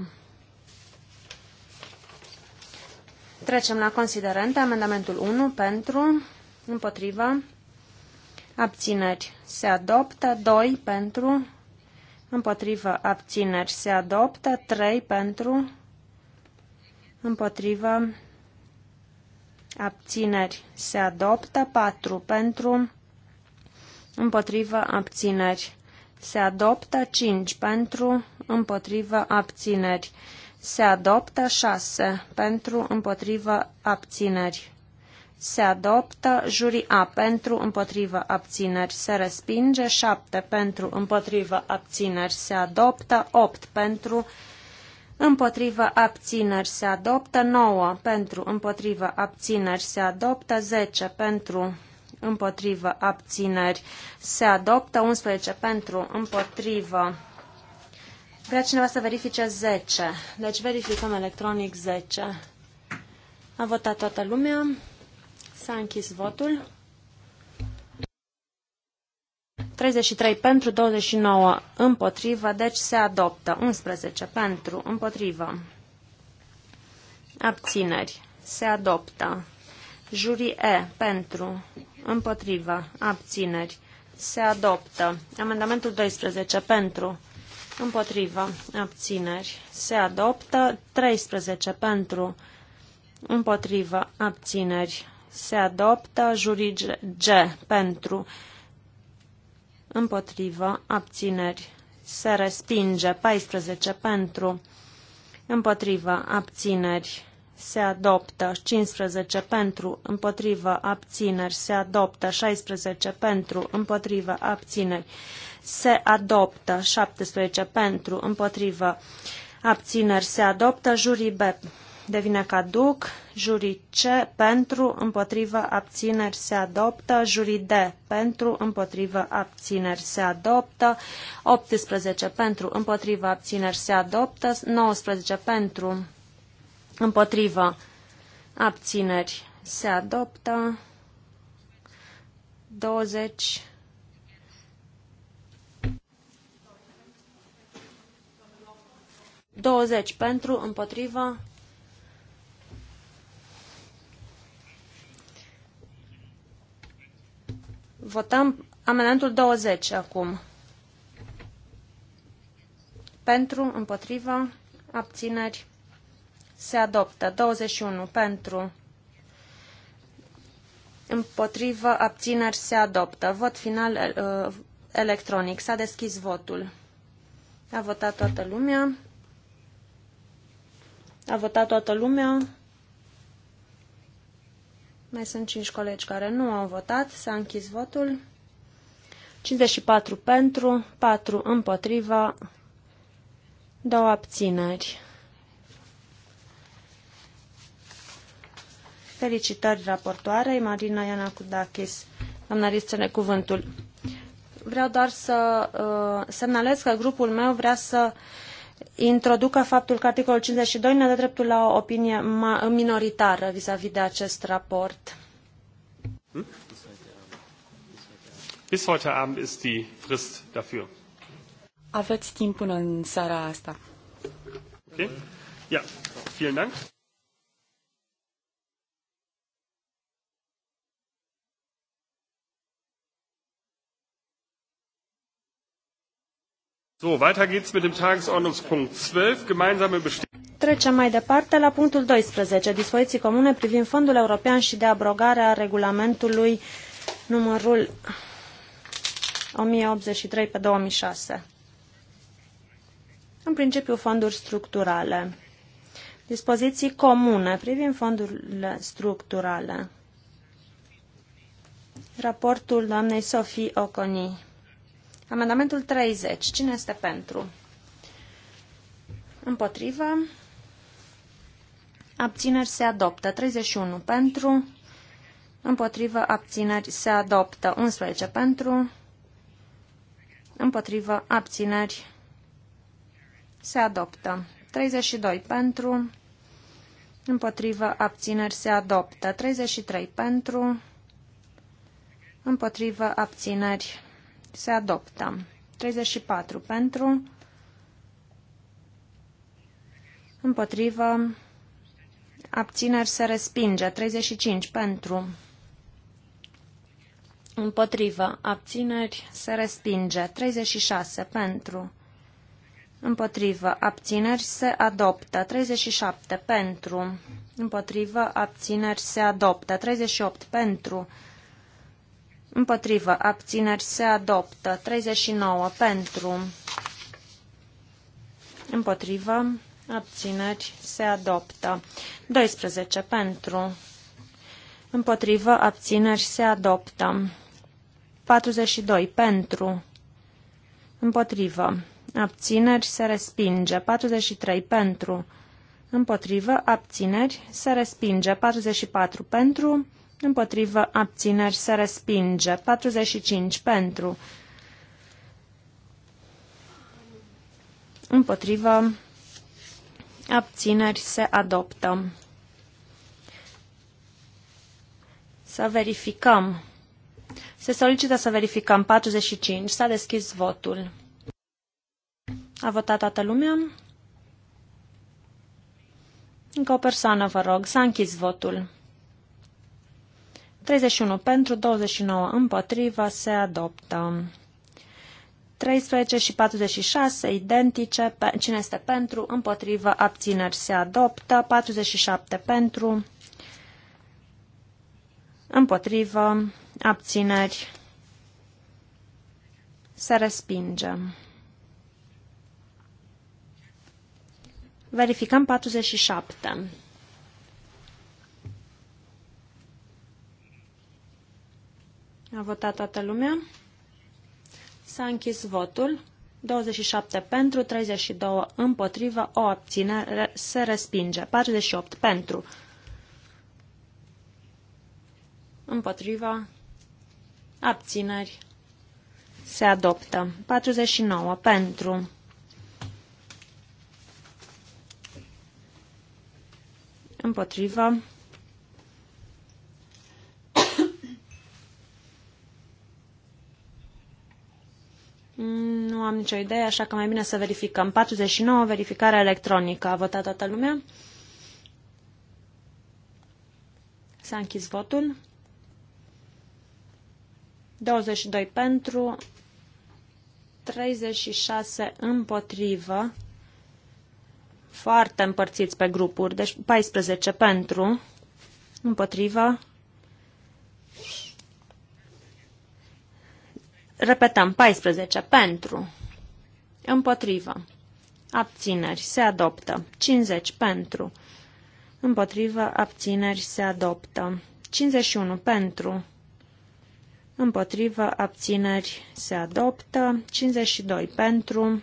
Trecem la considerente. Amendamentul 1 pentru, împotriva, abțineri se adoptă, 2 pentru, împotriva abțineri se adoptă, 3 pentru, împotrivă, abțineri se adoptă, 4 pentru, împotrivă, abțineri se adoptă, 5 pentru, împotrivă, abțineri se adoptă, 6 pentru, împotrivă, abțineri se adoptă, juri A pentru, împotrivă, abțineri, se respinge, 7 pentru, împotrivă, abțineri, se adoptă, 8 pentru, împotrivă abțineri se adoptă, 9 pentru împotrivă abțineri se adoptă, 10 pentru împotrivă abțineri se adoptă, 11 pentru împotrivă. Vrea cineva să verifice 10. Deci verificăm electronic 10. A votat toată lumea. S-a închis votul. 33 pentru, 29 împotrivă, deci se adoptă. 11 pentru, împotrivă. Abțineri. Se adoptă. Jurii E pentru, împotrivă, abțineri. Se adoptă. Amendamentul 12 pentru, împotrivă, abțineri. Se adoptă. 13 pentru, împotrivă, abțineri. Se adoptă. Jurii G, G pentru, împotrivă împotrivă, abțineri, se respinge. 14 pentru, împotrivă, abțineri, se adoptă. 15 pentru, împotrivă, abțineri, se adoptă. 16 pentru, împotrivă, abțineri, se adoptă. 17 pentru, împotrivă, abțineri, se adoptă. Jurii B devine caduc, jurii C pentru, împotrivă, abțineri se adoptă, jurii D pentru, împotrivă, abțineri se adoptă, 18 pentru, împotrivă, abțineri se adoptă, 19 pentru, împotrivă, abțineri se adoptă, 20 20 pentru, împotrivă, Votăm amendamentul 20 acum. Pentru, împotrivă, abțineri, se adoptă. 21 pentru, împotrivă, abțineri, se adoptă. Vot final uh, electronic. S-a deschis votul. A votat toată lumea. A votat toată lumea. Mai sunt 5 colegi care nu au votat. S-a închis votul. 54 pentru, 4 împotriva, 2 abțineri. Felicitări raportoarei, Marina Iana Kudakis. Doamna ne cuvântul. Vreau doar să uh, semnalez că grupul meu vrea să uh, introducă faptul că articolul 52 ne dă dreptul la o opinie minoritară vis-a-vis de acest raport. Hmm? Bis heute Abend ist die Frist dafür. Aveți timp până în seara asta. Okay. Ja, vielen Dank. So, weiter geht's mit dem Tagesordnungspunkt 12, gemeinsame Trecem mai departe la punctul 12, dispoziții comune privind Fondul European și de abrogare a regulamentului numărul 1083 pe 2006. În principiu, fonduri structurale. Dispoziții comune privind fondurile structurale. Raportul doamnei Sofie Oconi. Amendamentul 30. Cine este pentru? Împotrivă. Abțineri se adoptă. 31 pentru. Împotrivă. Abțineri se adoptă. 11 pentru. Împotrivă. Abțineri se adoptă. 32 pentru. Împotrivă. Abțineri se adoptă. 33 pentru. Împotrivă. Abțineri se adoptă. 34 pentru. Împotrivă. Abțineri se respinge. 35 pentru. Împotrivă. Abțineri se respinge. 36 pentru. Împotrivă. Abțineri se adoptă. 37 pentru. Împotrivă. Abțineri se adoptă. 38 pentru. Împotrivă. Abțineri se adoptă. 39 pentru. Împotrivă. Abțineri se adoptă. 12 pentru. Împotrivă. Abțineri se adoptă. 42 pentru. Împotrivă. Abțineri se respinge. 43 pentru. Împotrivă. Abțineri se respinge. 44 pentru împotrivă, abțineri, se respinge. 45 pentru, împotrivă, abțineri, se adoptă. Să verificăm. Se solicită să verificăm 45. S-a deschis votul. A votat toată lumea? Încă o persoană, vă rog. S-a închis votul. 31 pentru, 29 împotrivă, se adoptă. 13 și 46 identice, cine este pentru, împotrivă, abțineri se adoptă, 47 pentru, împotrivă, abțineri se respinge. Verificăm 47. A votat toată lumea. S-a închis votul. 27 pentru, 32 împotrivă, o abținere se respinge. 48 pentru, împotriva, abțineri, se adoptă. 49 pentru, împotriva, nicio idee, așa că mai bine să verificăm. 49, verificare electronică. A votat toată lumea? S-a închis votul. 22 pentru, 36 împotrivă, foarte împărțiți pe grupuri, deci 14 pentru, împotrivă. Repetăm, 14 pentru, Împotrivă. Abțineri. Se adoptă. 50 pentru. Împotrivă. Abțineri. Se adoptă. 51 pentru. Împotrivă. Abțineri. Se adoptă. 52 pentru.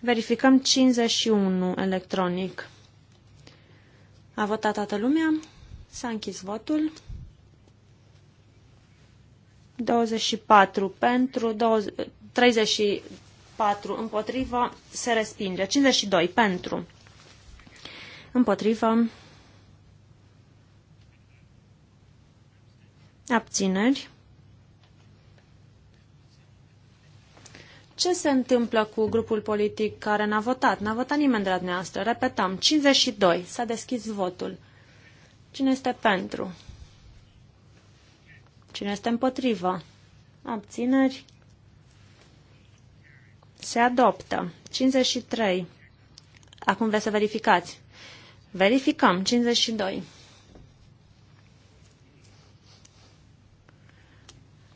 Verificăm 51 electronic. A votat toată lumea? S-a închis votul. 24 pentru, 20, 34 împotrivă, se respinge. 52 pentru, împotrivă, abțineri. Ce se întâmplă cu grupul politic care n-a votat? N-a votat nimeni de la dumneavoastră. Repetăm, 52. S-a deschis votul. Cine este pentru? Cine este împotrivă? Abțineri. Se adoptă. 53. Acum vreți să verificați. Verificăm. 52.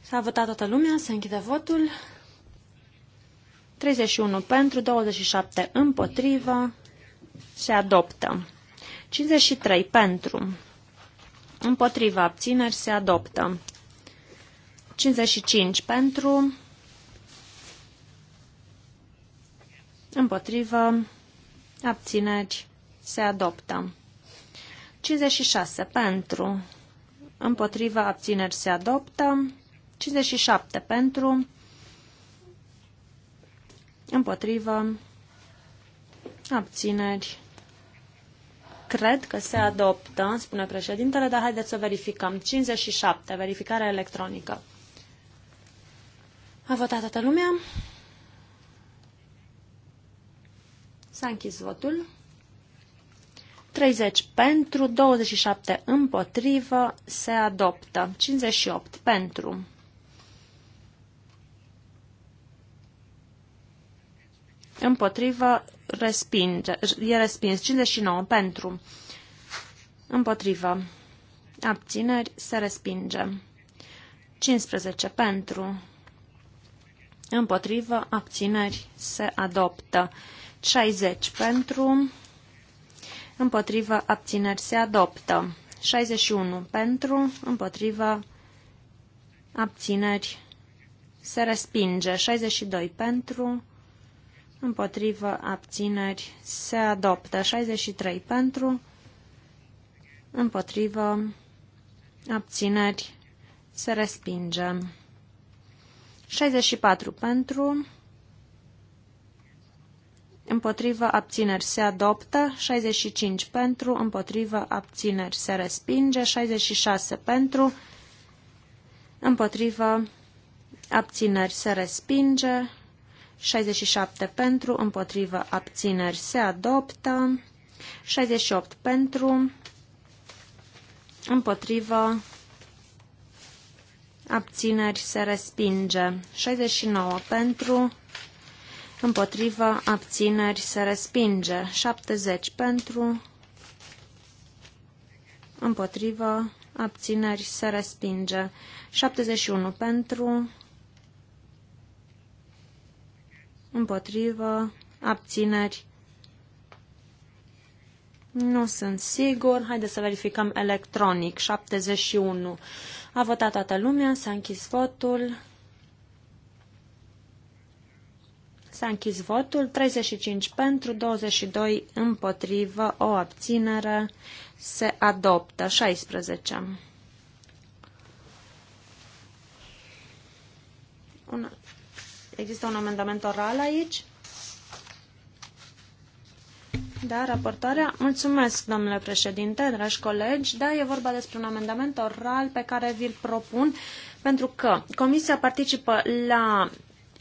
S-a votat toată lumea, se închide votul. 31 pentru, 27 împotrivă, se adoptă. 53 pentru, împotriva abțineri, se adoptă. 55 pentru, împotrivă, abțineri, se adoptă. 56 pentru, împotrivă, abțineri, se adoptă. 57 pentru, împotrivă, abțineri, cred că se adoptă, spune președintele, dar haideți să verificăm. 57, verificare electronică. A votat toată lumea. S-a închis votul. 30 pentru, 27 împotrivă, se adoptă. 58 pentru. Împotrivă, respinge, e respins. 59 pentru. Împotrivă. Abțineri, se respinge. 15 pentru. Împotrivă, abțineri, se adoptă. 60 pentru, împotrivă, abțineri, se adoptă. 61 pentru, împotrivă, abțineri, se respinge. 62 pentru, împotrivă, abțineri, se adoptă. 63 pentru, împotrivă, abțineri, se respinge. 64 pentru, împotrivă abțineri se adoptă, 65 pentru, împotrivă abțineri se respinge, 66 pentru, împotrivă abțineri se respinge, 67 pentru, împotrivă abțineri se adoptă, 68 pentru, împotrivă abțineri se respinge. 69 pentru, împotrivă, abțineri se respinge. 70 pentru, împotrivă, abțineri se respinge. 71 pentru, împotrivă, abțineri. Nu sunt sigur. Haideți să verificăm electronic. 71. A votat toată lumea, s-a închis votul. S-a închis votul, 35 pentru, 22 împotrivă, o abținere, se adoptă, 16. Una. Există un amendament oral aici? Da, raportarea. Mulțumesc, domnule președinte, dragi colegi. Da, e vorba despre un amendament oral pe care vi-l propun pentru că Comisia participă la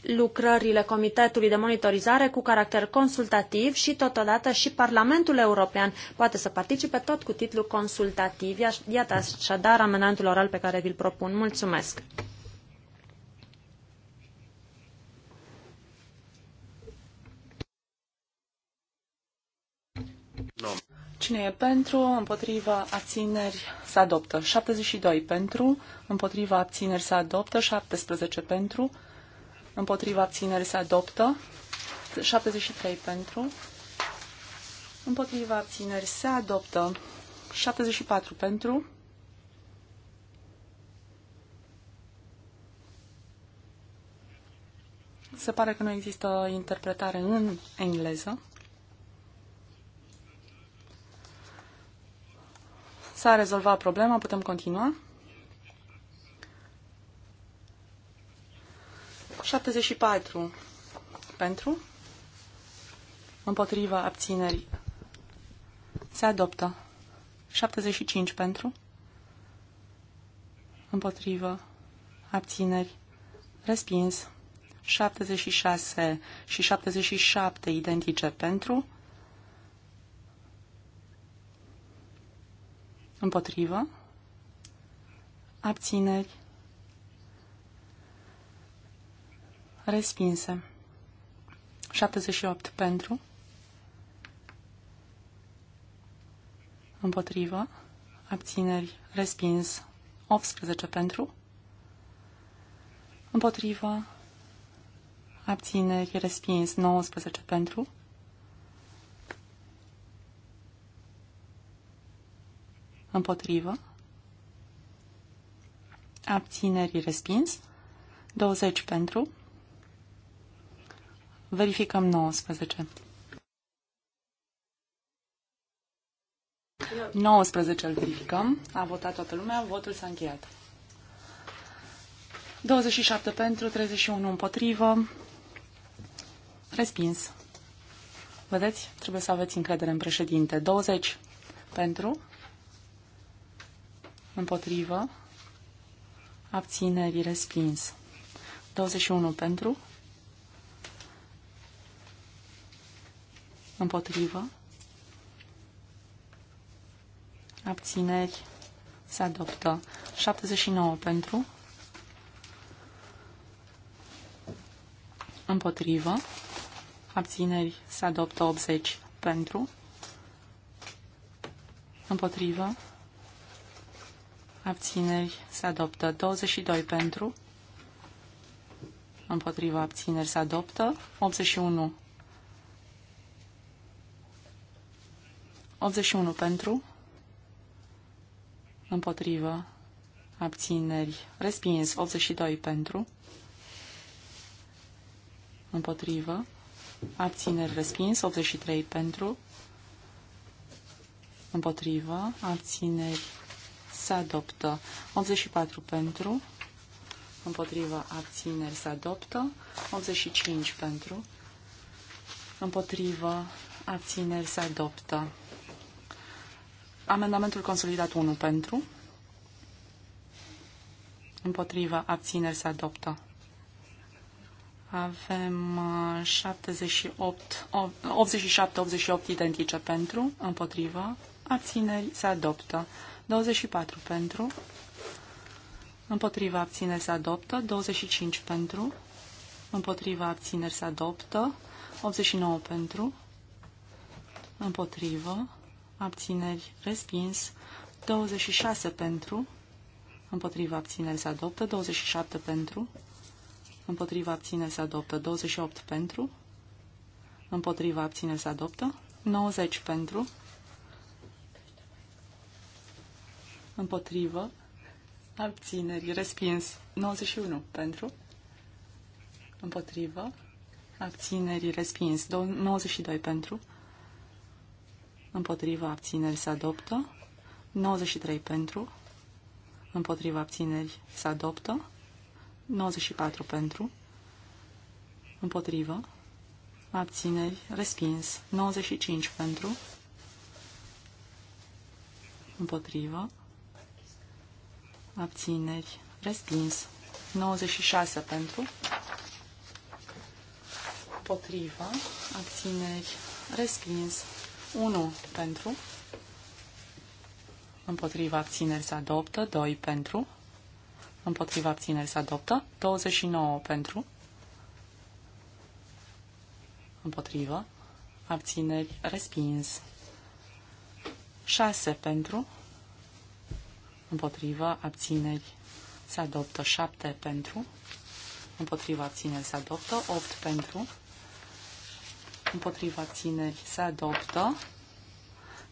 lucrările Comitetului de Monitorizare cu caracter consultativ și totodată și Parlamentul European poate să participe tot cu titlu consultativ. Iată așadar amendamentul oral pe care vi-l propun. Mulțumesc! Cine e pentru, împotriva, abțineri, se adoptă. 72 pentru, împotriva, abțineri, se adoptă. 17 pentru, împotriva, abțineri, se adoptă. 73 pentru, împotriva, abțineri, se adoptă. 74 pentru, Se pare că nu există interpretare în engleză. S-a rezolvat problema, putem continua. 74 pentru, împotriva abținerii. Se adoptă. 75 pentru, împotriva abținerii, Respins. 76 și 77 identice pentru, Împotrivă. Abțineri. Respinse. 78 pentru. Împotrivă. Abțineri. Respins. 18 pentru. Împotrivă. Abțineri. Respins. 19 pentru. Împotrivă. Abțineri respins. 20 pentru. Verificăm 19. 19 îl verificăm. A votat toată lumea. Votul s-a încheiat. 27 pentru, 31 împotrivă. Respins. Vedeți? Trebuie să aveți încredere în președinte. 20 pentru, Împotrivă. Abțineri respins. 21 pentru. Împotrivă. Abțineri se adoptă. 79 pentru. Împotrivă. Abțineri se adoptă 80 pentru. Împotrivă abțineri se adoptă. 22 pentru, împotriva abțineri se adoptă. 81 81 pentru, împotrivă, abțineri, respins, 82 pentru, împotrivă, abțineri, respins, 83 pentru, împotrivă, abțineri, se adoptă. 84 pentru, împotriva abțineri se adoptă. 85 pentru, împotriva abțineri se adoptă. Amendamentul consolidat 1 pentru, împotriva abțineri se adoptă. Avem 78, uh, 87-88 identice pentru, împotriva, abțineri se adoptă. 24 pentru, împotriva abțineri se adoptă, 25 pentru, împotriva abțineri se adoptă, 89 pentru, împotrivă, abțineri respins, 26 pentru, împotriva abțineri se adoptă, 27 pentru, împotriva abțineri se adoptă, 28 pentru, împotriva abțineri se adoptă, 90 pentru, împotrivă, abțineri, respins. 91 pentru, împotrivă, abțineri, respins. 92 pentru, împotrivă, abțineri, se adoptă. 93 pentru, Împotrivă. abțineri se adoptă, 94 pentru, împotrivă, abțineri respins, 95 pentru, împotrivă, abțineri, respins. 96 pentru, Potriva. abțineri, respins. 1 pentru, împotriva, abțineri, se adoptă. 2 pentru, împotriva, abțineri, se adoptă. 29 pentru, Împotriva. abțineri, respins. 6 pentru, împotrivă, abțineri, se adoptă 7 pentru, împotriva abțineri se adoptă 8 pentru, împotriva abțineri se adoptă.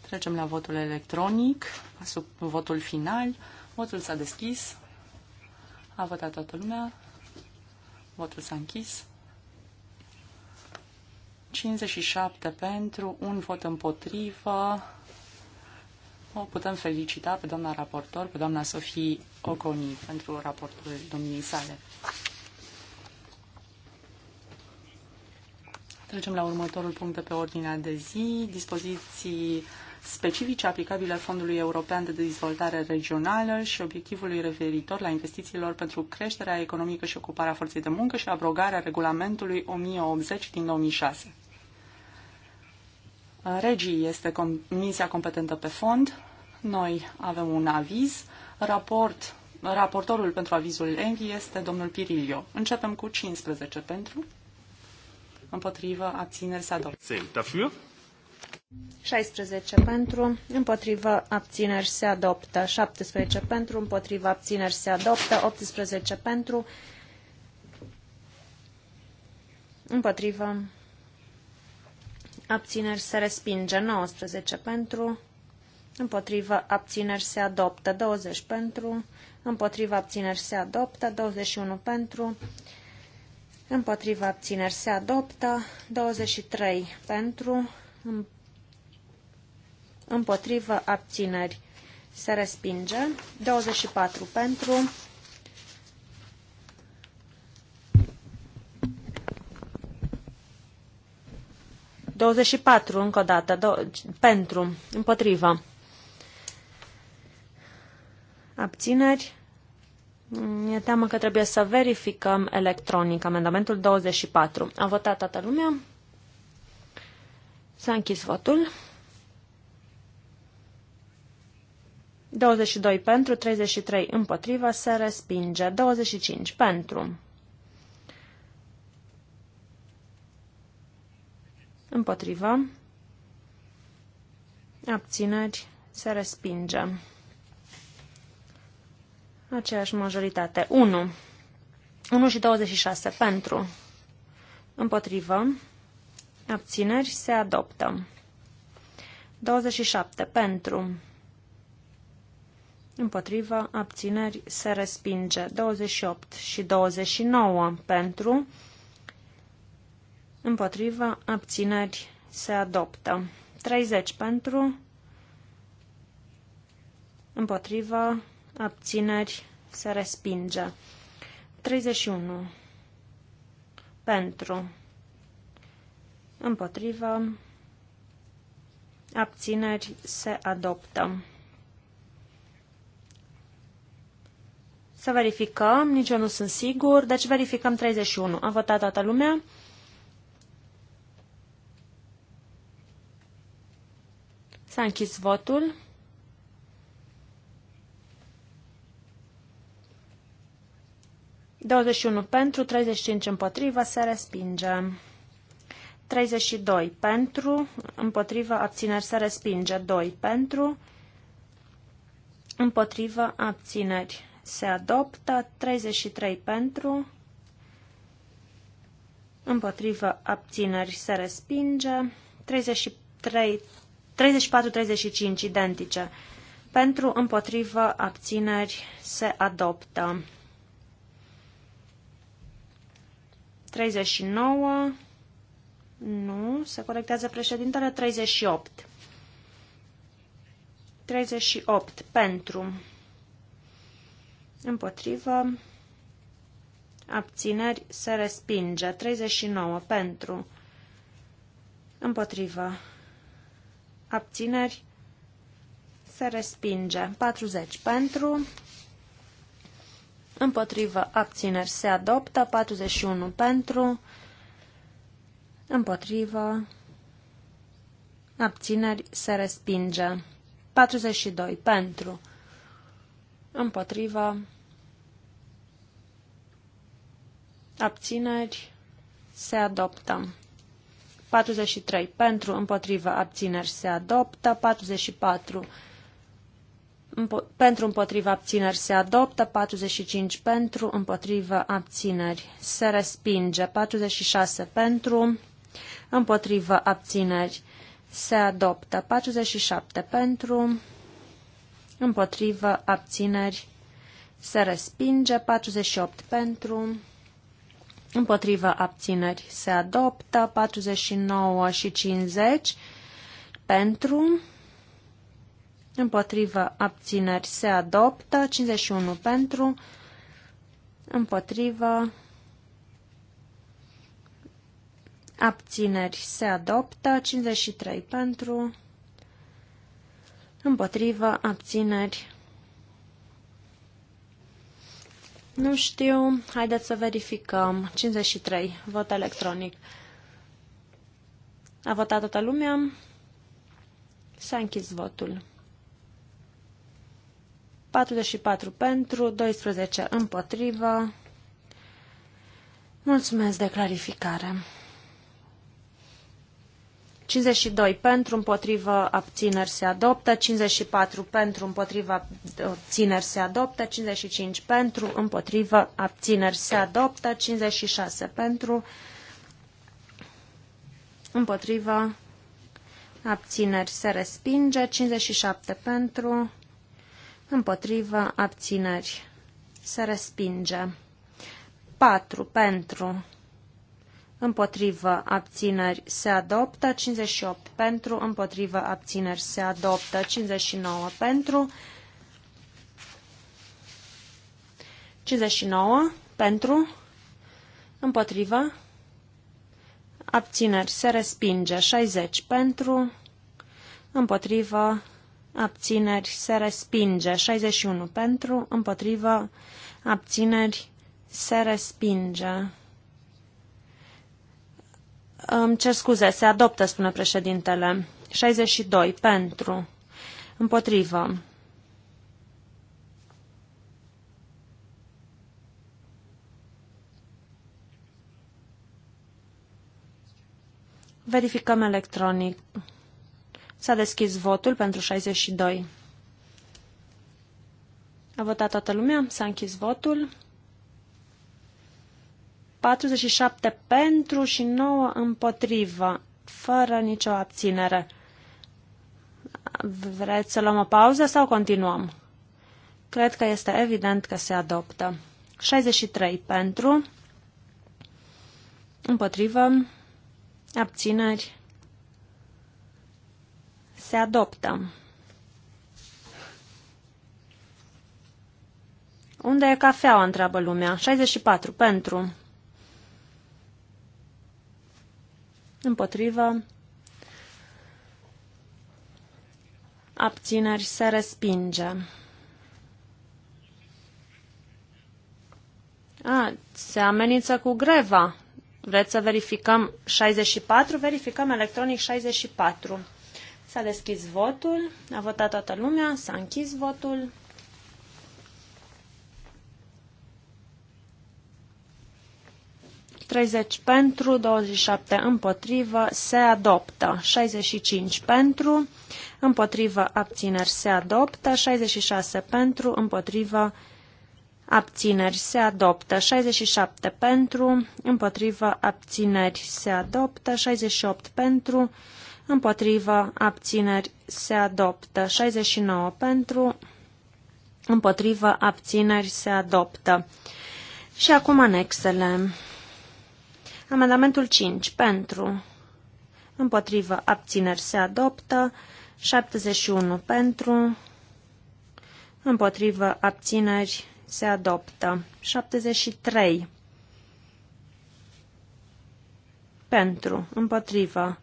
Trecem la votul electronic, sub votul final. Votul s-a deschis, a votat toată lumea, votul s-a închis. 57 pentru, un vot împotrivă, o putem felicita pe doamna raportor, pe doamna Sofie Oconi, pentru raportul domniei sale. Trecem la următorul punct de pe ordinea de zi, dispoziții specifice aplicabile Fondului European de Dezvoltare Regională și obiectivului referitor la investițiilor pentru creșterea economică și ocuparea forței de muncă și abrogarea regulamentului 1080 din 2006. Regii este comisia competentă pe fond. Noi avem un aviz. Raport, raportorul pentru avizul Envi este domnul Pirilio. Începem cu 15 pentru. Împotrivă, abțineri, se adoptă. 16 pentru, împotrivă, abțineri, se adoptă. 17 pentru, împotrivă, abțineri, se adoptă. 18 pentru, împotrivă, abțineri se respinge, 19 pentru, împotrivă abțineri se adoptă, 20 pentru, împotrivă abțineri se adoptă, 21 pentru, împotrivă abțineri se adoptă, 23 pentru, împotrivă abțineri se respinge, 24 pentru, 24 încă o dată. Pentru. Împotrivă. Abțineri. E teamă că trebuie să verificăm electronic amendamentul 24. A votat toată lumea? S-a închis votul. 22 pentru, 33 împotrivă, se respinge. 25 pentru. Împotrivă. Abțineri. Se respinge. Aceeași majoritate. 1. 1 și 26. Pentru. Împotrivă. Abțineri. Se adoptă. 27. Pentru. Împotrivă. Abțineri. Se respinge. 28 și 29. Pentru. Împotrivă. Abțineri. Se adoptă. 30 pentru. Împotrivă. Abțineri. Se respinge. 31. Pentru. Împotrivă. Abțineri. Se adoptă. Să verificăm, nici eu nu sunt sigur, deci verificăm 31. A votat toată lumea. S-a închis votul. unu pentru, 35 împotriva, se respinge. 32 pentru, împotriva, abțineri, se respinge. 2 pentru, împotriva, abțineri, se adoptă. 33 pentru, împotriva, abțineri, se respinge. 33 34-35 identice. Pentru, împotrivă, abțineri se adoptă. 39. Nu, se corectează președintele. 38. 38. Pentru. Împotrivă. Abțineri se respinge. 39. Pentru. Împotrivă abțineri, se respinge. 40 pentru, împotrivă, abțineri, se adoptă. 41 pentru, împotrivă, abțineri, se respinge. 42 pentru, împotrivă, abțineri, se adoptă. 43 pentru, împotrivă, abțineri se adoptă. 44 pentru, împotrivă, abțineri se adoptă. 45 pentru, împotrivă, abțineri se respinge. 46 pentru, împotrivă, abțineri se adoptă. 47 pentru, împotrivă, abțineri se respinge. 48 pentru, Împotrivă abțineri se adoptă 49 și 50 pentru. Împotrivă abțineri se adoptă 51 pentru. Împotrivă abțineri se adoptă 53 pentru. Împotrivă abțineri Nu știu. Haideți să verificăm. 53. Vot electronic. A votat toată lumea. S-a închis votul. 44 pentru, 12 împotrivă. Mulțumesc de clarificare. 52 pentru, împotrivă, abțineri se adoptă, 54 pentru, împotrivă, abțineri se adoptă, 55 pentru, împotrivă, abțineri se adoptă, 56 pentru, împotrivă, abțineri se respinge, 57 pentru, împotrivă, abțineri se respinge, 4 pentru, împotrivă, abțineri, se adoptă. 58 pentru, împotrivă, abțineri, se adoptă. 59 pentru, 59 pentru, împotrivă, abțineri, se respinge. 60 pentru, împotrivă, abțineri, se respinge. 61 pentru, împotrivă, abțineri, se respinge. Îmi cer scuze, se adoptă, spune președintele. 62. Pentru. Împotrivă. Verificăm electronic. S-a deschis votul pentru 62. A votat toată lumea? S-a închis votul. 47 pentru și 9 împotrivă, fără nicio abținere. Vreți să luăm o pauză sau continuăm? Cred că este evident că se adoptă. 63 pentru, împotrivă, abțineri, se adoptă. Unde e cafeaua, întreabă lumea. 64 pentru, împotrivă, abțineri se respinge. A, se amenință cu greva. Vreți să verificăm 64? Verificăm electronic 64. S-a deschis votul, a votat toată lumea, s-a închis votul. 30 pentru, 27 împotrivă, se adoptă. 65 pentru, împotrivă, abțineri, se adoptă. 66 pentru, împotrivă, abțineri, se adoptă. 67 pentru, împotrivă, abțineri, se adoptă. 68 pentru, împotrivă, abțineri, se adoptă. 69 pentru, împotrivă, abțineri, se adoptă. Și acum anexele. Amendamentul 5. Pentru. Împotrivă. Abțineri se adoptă. 71 pentru. Împotrivă. Abțineri se adoptă. 73. Pentru. Împotrivă.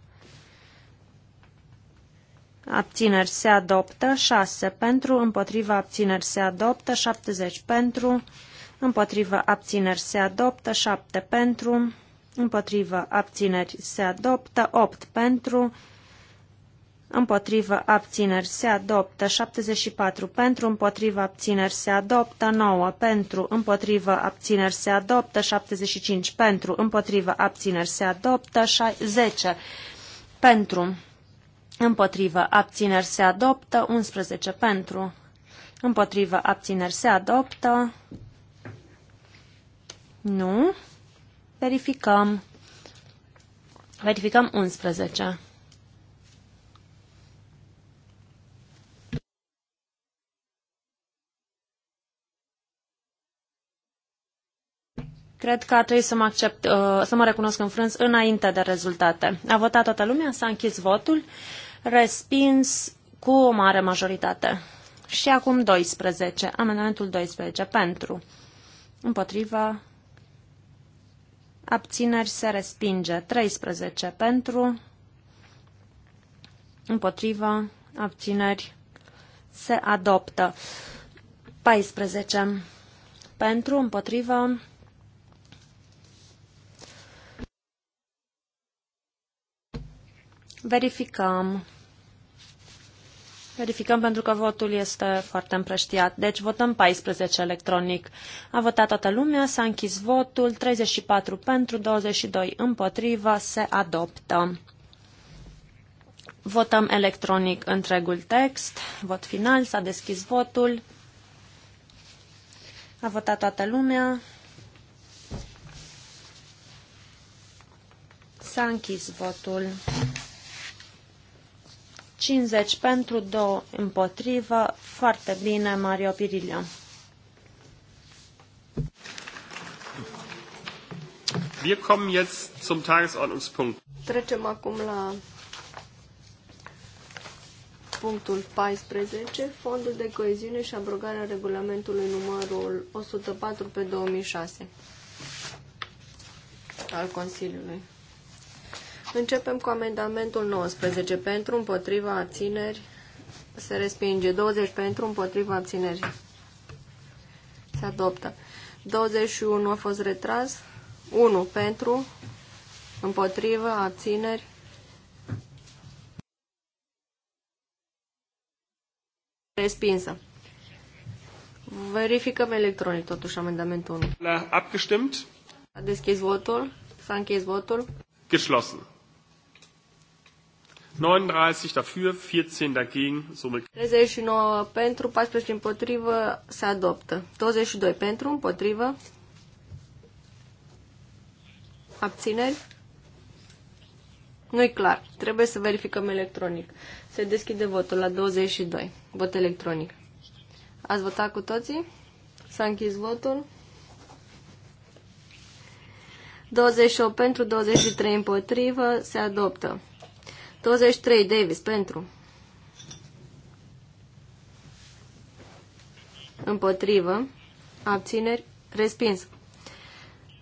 Abțineri se adoptă. 6 pentru. Împotrivă. Abțineri se adoptă. 70 pentru. Împotrivă. Abțineri se adoptă. 7 pentru împotrivă, abțineri, se adoptă. 8 pentru, împotrivă, abțineri, se adoptă. 74 pentru, împotrivă, abțineri, se adoptă. 9 pentru, împotrivă, abțineri, se adoptă. 75 pentru, împotrivă, abțineri, se adoptă. 10 pentru, împotrivă, abțineri, se adoptă. 11 pentru, împotrivă, abțineri, se adoptă. Nu. Verificăm. Verificăm 11. Cred că ar trebui să mă, accept, uh, să mă recunosc în frâns înainte de rezultate. A votat toată lumea, s-a închis votul, respins cu o mare majoritate. Și acum 12. Amendamentul 12. Pentru. Împotriva abțineri se respinge. 13 pentru, împotriva, abțineri se adoptă. 14 pentru, împotriva, verificăm. Verificăm pentru că votul este foarte împrăștiat. Deci votăm 14 electronic. A votat toată lumea, s-a închis votul, 34 pentru, 22 împotrivă, se adoptă. Votăm electronic întregul text. Vot final, s-a deschis votul. A votat toată lumea. S-a închis votul. 50 pentru, 2 împotrivă. Foarte bine, Mario Pirilio. Wir kommen jetzt zum Tagesordnungspunkt. Trecem acum la punctul 14, Fondul de coeziune și abrogarea regulamentului numărul 104 pe 2006 al Consiliului. Începem cu amendamentul 19. Pentru, împotriva, abțineri, se respinge. 20 pentru, împotriva, abțineri, se adoptă. 21 a fost retras. 1 pentru, împotriva, abțineri, respinsă. Verificăm electronic totuși amendamentul 1. La abgestimmt. A deschis votul. S-a închis votul. Geschlossen. 39 dafür, 14 dagegen, somit... 39 pentru, 14 împotrivă, se adoptă. 22 pentru, împotrivă. Abțineri? Nu-i clar. Trebuie să verificăm electronic. Se deschide votul la 22. Vot electronic. Ați votat cu toții? S-a închis votul. 28 pentru, 23 împotrivă, se adoptă. 23, Davis, pentru. Împotrivă. Abțineri. Respins.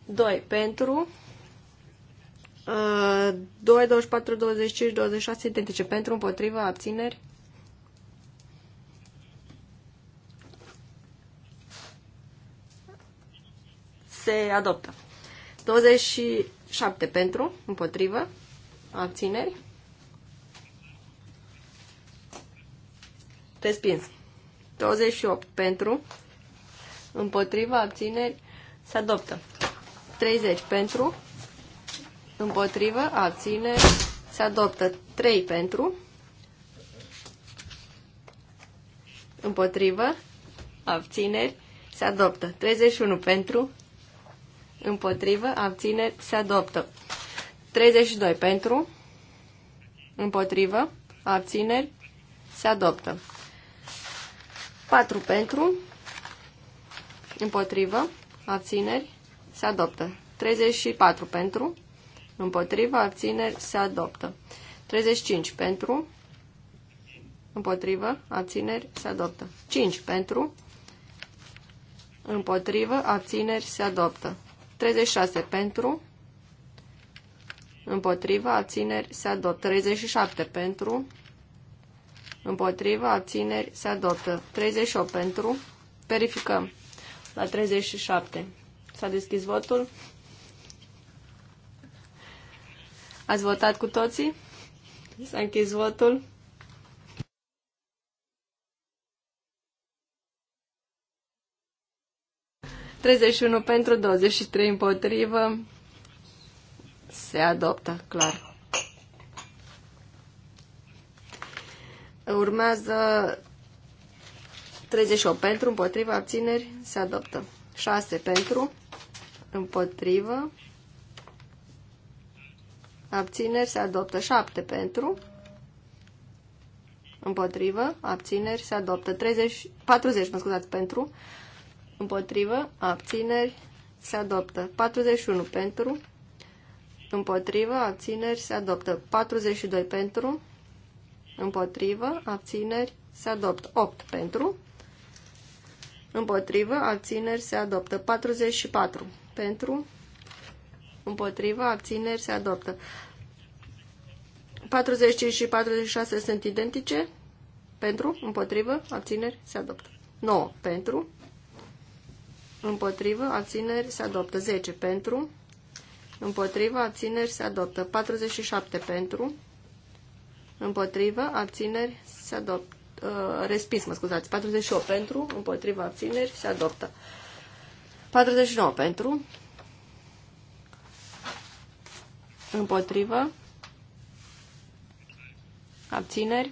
2. Pentru. Uh, 2, 24, 25, 26 identice. Pentru, împotrivă, abțineri. Se adoptă. 27 pentru, împotrivă, abțineri. Respins. 28 pentru. Împotriva abțineri se adoptă. 30 pentru. Împotriva abțineri se adoptă. 3 pentru. Împotriva abțineri se adoptă. 31 pentru. Împotriva abțineri se adoptă. 32 pentru. Împotriva abțineri se adoptă. 4 pentru, împotrivă, abțineri, se adoptă. 34 pentru, împotrivă, abțineri, se adoptă. 35 pentru, împotrivă, abțineri, se adoptă. 5 pentru, împotrivă, abțineri, se adoptă. 36 pentru, împotrivă, abțineri, se adoptă. 37 pentru, Împotrivă, abțineri, se adoptă. 38 pentru. Verificăm. La 37. S-a deschis votul. Ați votat cu toții? S-a închis votul. Treizeci pentru, și trei împotrivă. Se adoptă, clar. Urmează 38 pentru, împotriva, abțineri, se adoptă. 6 pentru, împotrivă, abțineri, se adoptă. 7 pentru, împotrivă, abțineri, se adoptă. 30, 40, mă scuzați, pentru, împotrivă, abțineri, se adoptă. 41 pentru, împotrivă, abțineri, se adoptă. 42 pentru, Împotrivă, abțineri, se adoptă. 8 pentru. Împotrivă, abțineri, se adoptă. 44 pentru. Împotrivă, abțineri, se adoptă. 45 și 46 sunt identice. Pentru, împotrivă, abțineri, se adoptă. 9 pentru. Împotrivă, abțineri, se adoptă. 10 pentru. Împotrivă, abțineri, se adoptă. 47 pentru împotrivă, abțineri, se adoptă. Uh, respins, mă scuzați. 48 pentru, împotrivă, abțineri, se adoptă. 49 pentru, împotrivă, abțineri.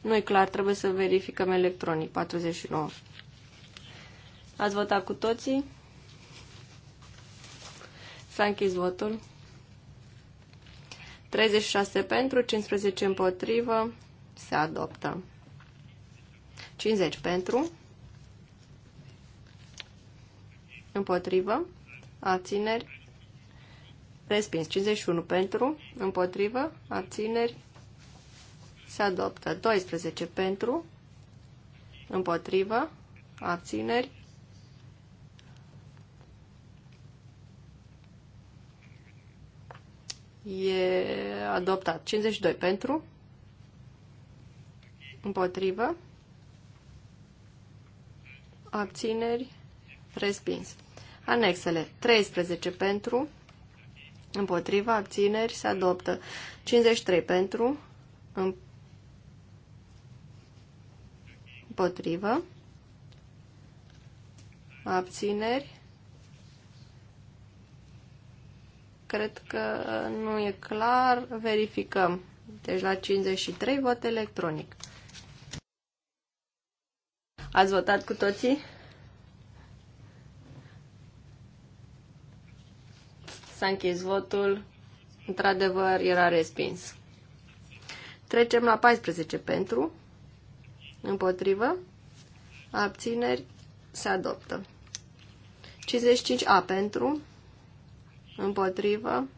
Nu e clar, trebuie să verificăm electronic. 49. Ați votat cu toții? S-a închis votul. 36 pentru, 15 împotrivă, se adoptă. 50 pentru, împotrivă, abțineri, respins. 51 pentru, împotrivă, abțineri, se adoptă. 12 pentru, împotrivă, abțineri, E adoptat. 52 pentru. Împotrivă. Abțineri. Respins. Anexele. 13 pentru. Împotriva. Abțineri. Se adoptă. 53 pentru. Împotrivă. Abțineri. Cred că nu e clar. Verificăm. Deci la 53 vot electronic. Ați votat cu toții? S-a închis votul. Într-adevăr, era respins. Trecem la 14 pentru. Împotrivă. Abțineri. Se adoptă. 55A pentru împotrivă,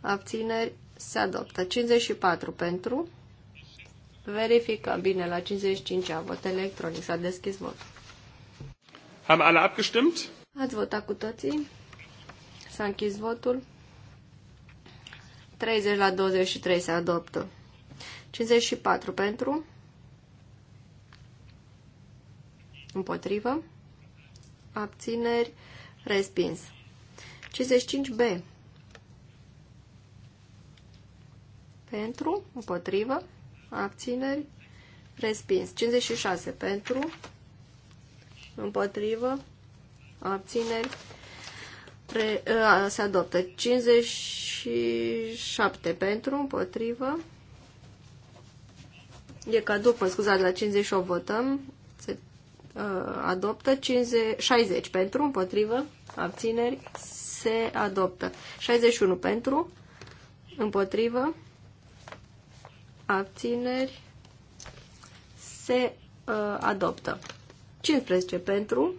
abțineri, se adoptă. 54 pentru, verificăm bine la 55-a, vot electronic, s-a deschis vot. Am alle abgestimmt? Ați votat cu toții? S-a închis votul. 30 la 23 se adoptă. 54 pentru. Împotrivă. Abțineri. Respins. 55B. Pentru, împotrivă, abțineri, respins. 56 pentru, împotrivă, abțineri, pre, a, se adoptă. 57 pentru, împotrivă, e caduc, mă scuzați, la 58 votăm, se a, adoptă 50, 60 pentru, împotrivă, abțineri, se adoptă. 61 pentru, împotrivă, abțineri, se uh, adoptă. 15 pentru,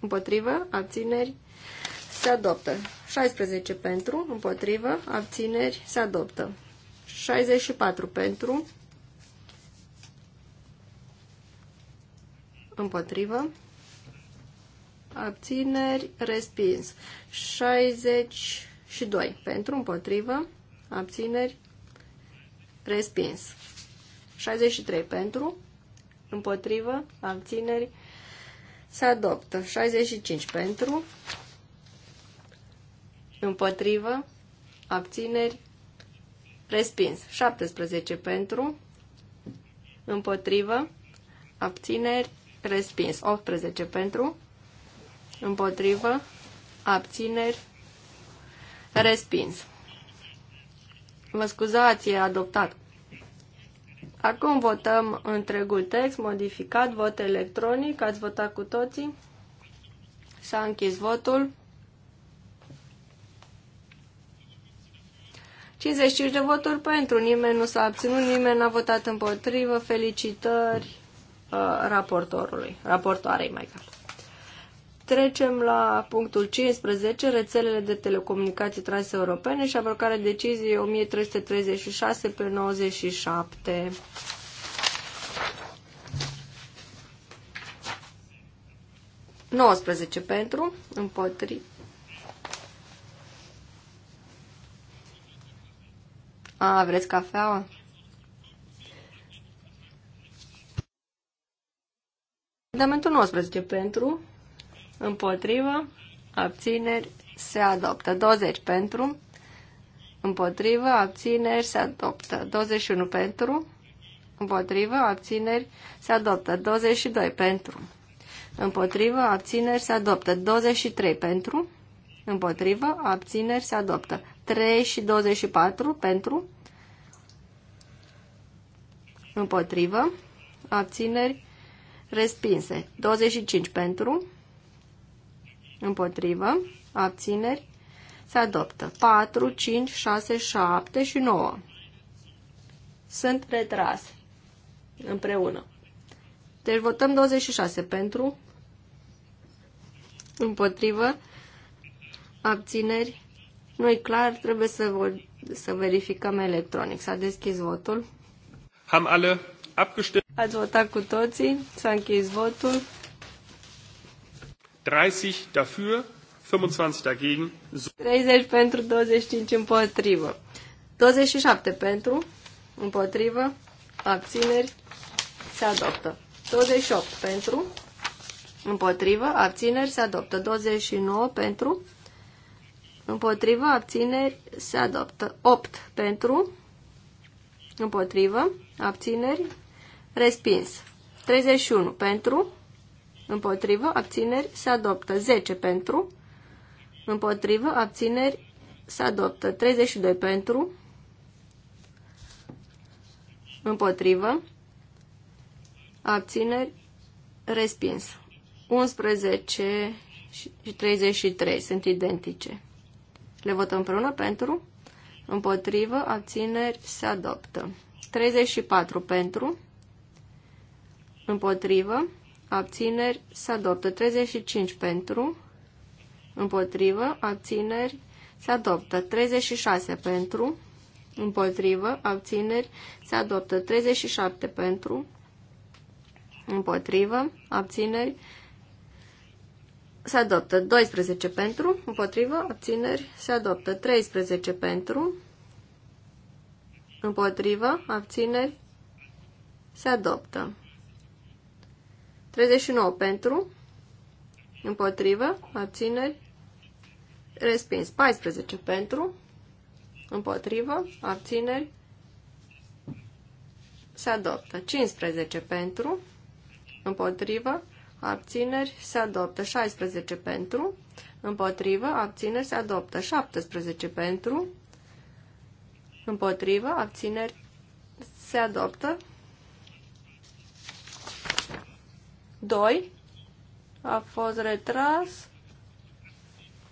împotrivă, abțineri, se adoptă. 16 pentru, împotrivă, abțineri, se adoptă. 64 pentru, împotrivă, abțineri, respins. 62 pentru, împotrivă, abțineri, respins. 63 pentru, împotrivă, abțineri, se adoptă. 65 pentru, împotrivă, abțineri, respins. 17 pentru, împotrivă, abțineri, respins. 18 pentru, Împotrivă. Abțineri. Respins. Vă scuzați, e adoptat. Acum votăm întregul text modificat, vot electronic. Ați votat cu toții? S-a închis votul. 55 de voturi pentru, nimeni nu s-a abținut, nimeni n-a votat împotrivă. Felicitări uh, raportorului, raportoarei mai clar. Exact. Trecem la punctul 15, rețelele de telecomunicații transeuropene și avocarea deciziei 1336 pe 97. Nouăsprezece pentru, împotriva. A, vreți cafeaua? Fundamentul 19 pentru, împotrivă, abțineri, se adoptă. 20 pentru, împotrivă, abțineri, se adoptă. 21 pentru, împotrivă, abțineri, se adoptă. 22 pentru, împotrivă, abțineri, se adoptă. 23 pentru, împotrivă, abțineri, se adoptă. 3 și 24 pentru, împotrivă, abțineri, respinse. 25 pentru, Împotrivă. Abțineri. Se adoptă. 4, 5, 6, 7 și 9. Sunt retras Împreună. Deci votăm 26 pentru. Împotrivă. Abțineri. Nu-i clar, trebuie să, vo- să verificăm electronic. S-a deschis votul. Am alle abgestimmt. Ați votat cu toții, s-a închis votul. 30 dafür, 25 dagegen. 30 pentru, 25 împotrivă. 27 pentru, împotrivă, abțineri, se adoptă. 28 pentru, împotrivă, abțineri, se adoptă. 29 pentru, împotrivă, abțineri, se adoptă. 8 pentru, împotrivă, abțineri, respins. 31 pentru, Împotrivă, abțineri, se adoptă. 10 pentru. Împotrivă, abțineri, se adoptă. 32 pentru. Împotrivă. Abțineri, respins. 11 și 33 sunt identice. Le votăm împreună pentru. Împotrivă, abțineri, se adoptă. 34 pentru. Împotrivă abțineri, se adoptă. 35 pentru, împotrivă, abțineri, se adoptă. 36 pentru, împotrivă, abțineri, se adoptă. 37 pentru, împotrivă, abțineri, se adoptă 12 pentru, împotrivă, abțineri, se adoptă 13 pentru, împotrivă, abțineri, se adoptă. 39 pentru, împotrivă, abțineri, respins. 14 pentru, împotrivă, abțineri, se adoptă. 15 pentru, împotrivă, abțineri, se adoptă. 16 pentru, împotrivă, abțineri, se adoptă. 17 pentru, împotrivă, abțineri, se adoptă. 2 a fost retras.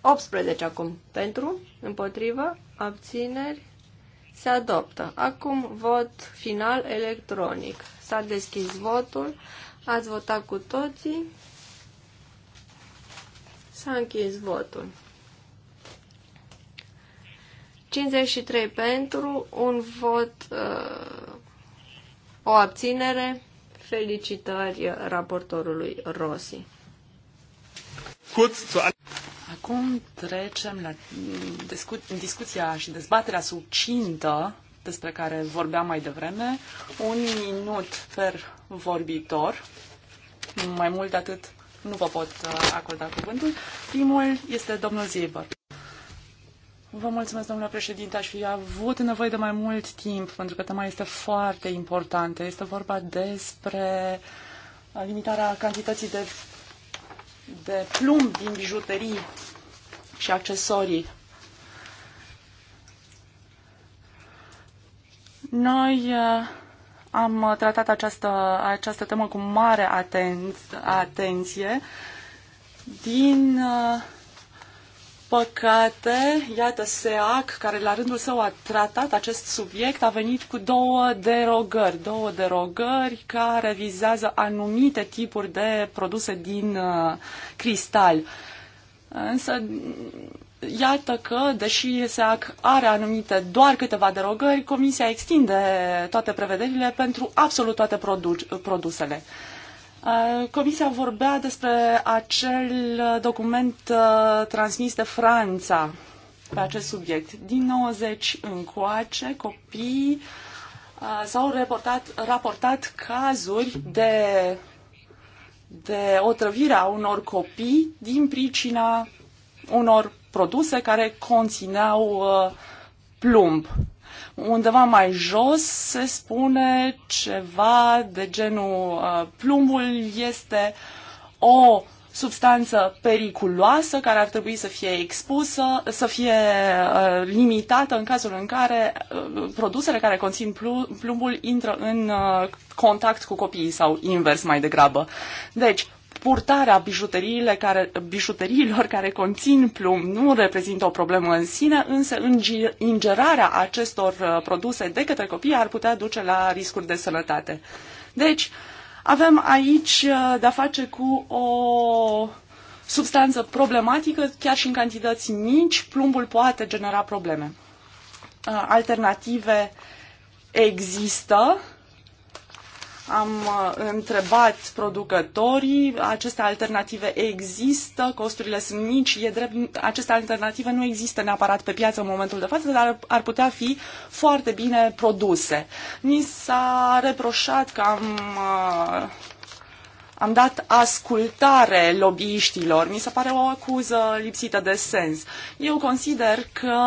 18 acum pentru, împotrivă, abțineri, se adoptă. Acum vot final electronic. S-a deschis votul, ați votat cu toții, s-a închis votul. 53 pentru, un vot, uh, o abținere, Felicitări raportorului Rossi. Acum trecem la discu- discuția și dezbaterea succintă despre care vorbeam mai devreme. Un minut per vorbitor. Mai mult de atât nu vă pot uh, acorda cuvântul. Primul este domnul Zieber. Vă mulțumesc, domnule președinte. Aș fi avut nevoie de mai mult timp, pentru că tema este foarte importantă. Este vorba despre limitarea cantității de, de plumb din bijuterii și accesorii. Noi uh, am tratat această, această temă cu mare aten- atenție din uh, păcate, iată, SEAC, care la rândul său a tratat acest subiect, a venit cu două derogări. Două derogări care vizează anumite tipuri de produse din uh, cristal. Însă, iată că, deși SEAC are anumite doar câteva derogări, Comisia extinde toate prevederile pentru absolut toate produ- produsele. Uh, Uh, comisia vorbea despre acel document uh, transmis de Franța pe acest subiect. Din 90 încoace, copiii uh, s-au raportat, raportat cazuri de, de otrăvire a unor copii din pricina unor produse care conțineau plumb. Undeva mai jos se spune ceva de genul uh, plumbul este o substanță periculoasă care ar trebui să fie expusă, să fie uh, limitată în cazul în care uh, produsele care conțin plumbul intră în uh, contact cu copiii sau invers mai degrabă. Deci, purtarea bijuteriile care, bijuteriilor care conțin plumb nu reprezintă o problemă în sine, însă ingerarea acestor uh, produse de către copii ar putea duce la riscuri de sănătate. Deci, avem aici uh, de-a face cu o substanță problematică, chiar și în cantități mici, plumbul poate genera probleme. Uh, alternative există, am uh, întrebat producătorii, aceste alternative există, costurile sunt mici, e drept, aceste alternative nu există neapărat pe piață în momentul de față, dar ar putea fi foarte bine produse. Ni s-a reproșat că am uh, am dat ascultare lobbyiștilor. Mi se pare o acuză lipsită de sens. Eu consider că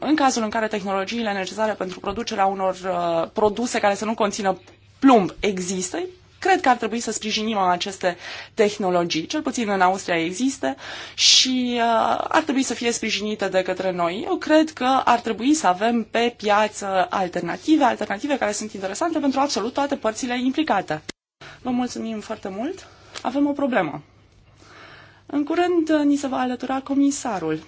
în cazul în care tehnologiile necesare pentru producerea unor uh, produse care să nu conțină plumb există, cred că ar trebui să sprijinim aceste tehnologii. Cel puțin în Austria există și uh, ar trebui să fie sprijinite de către noi. Eu cred că ar trebui să avem pe piață alternative, alternative care sunt interesante pentru absolut toate părțile implicate. Vă mulțumim foarte mult. Avem o problemă. În curând uh, ni se va alătura comisarul.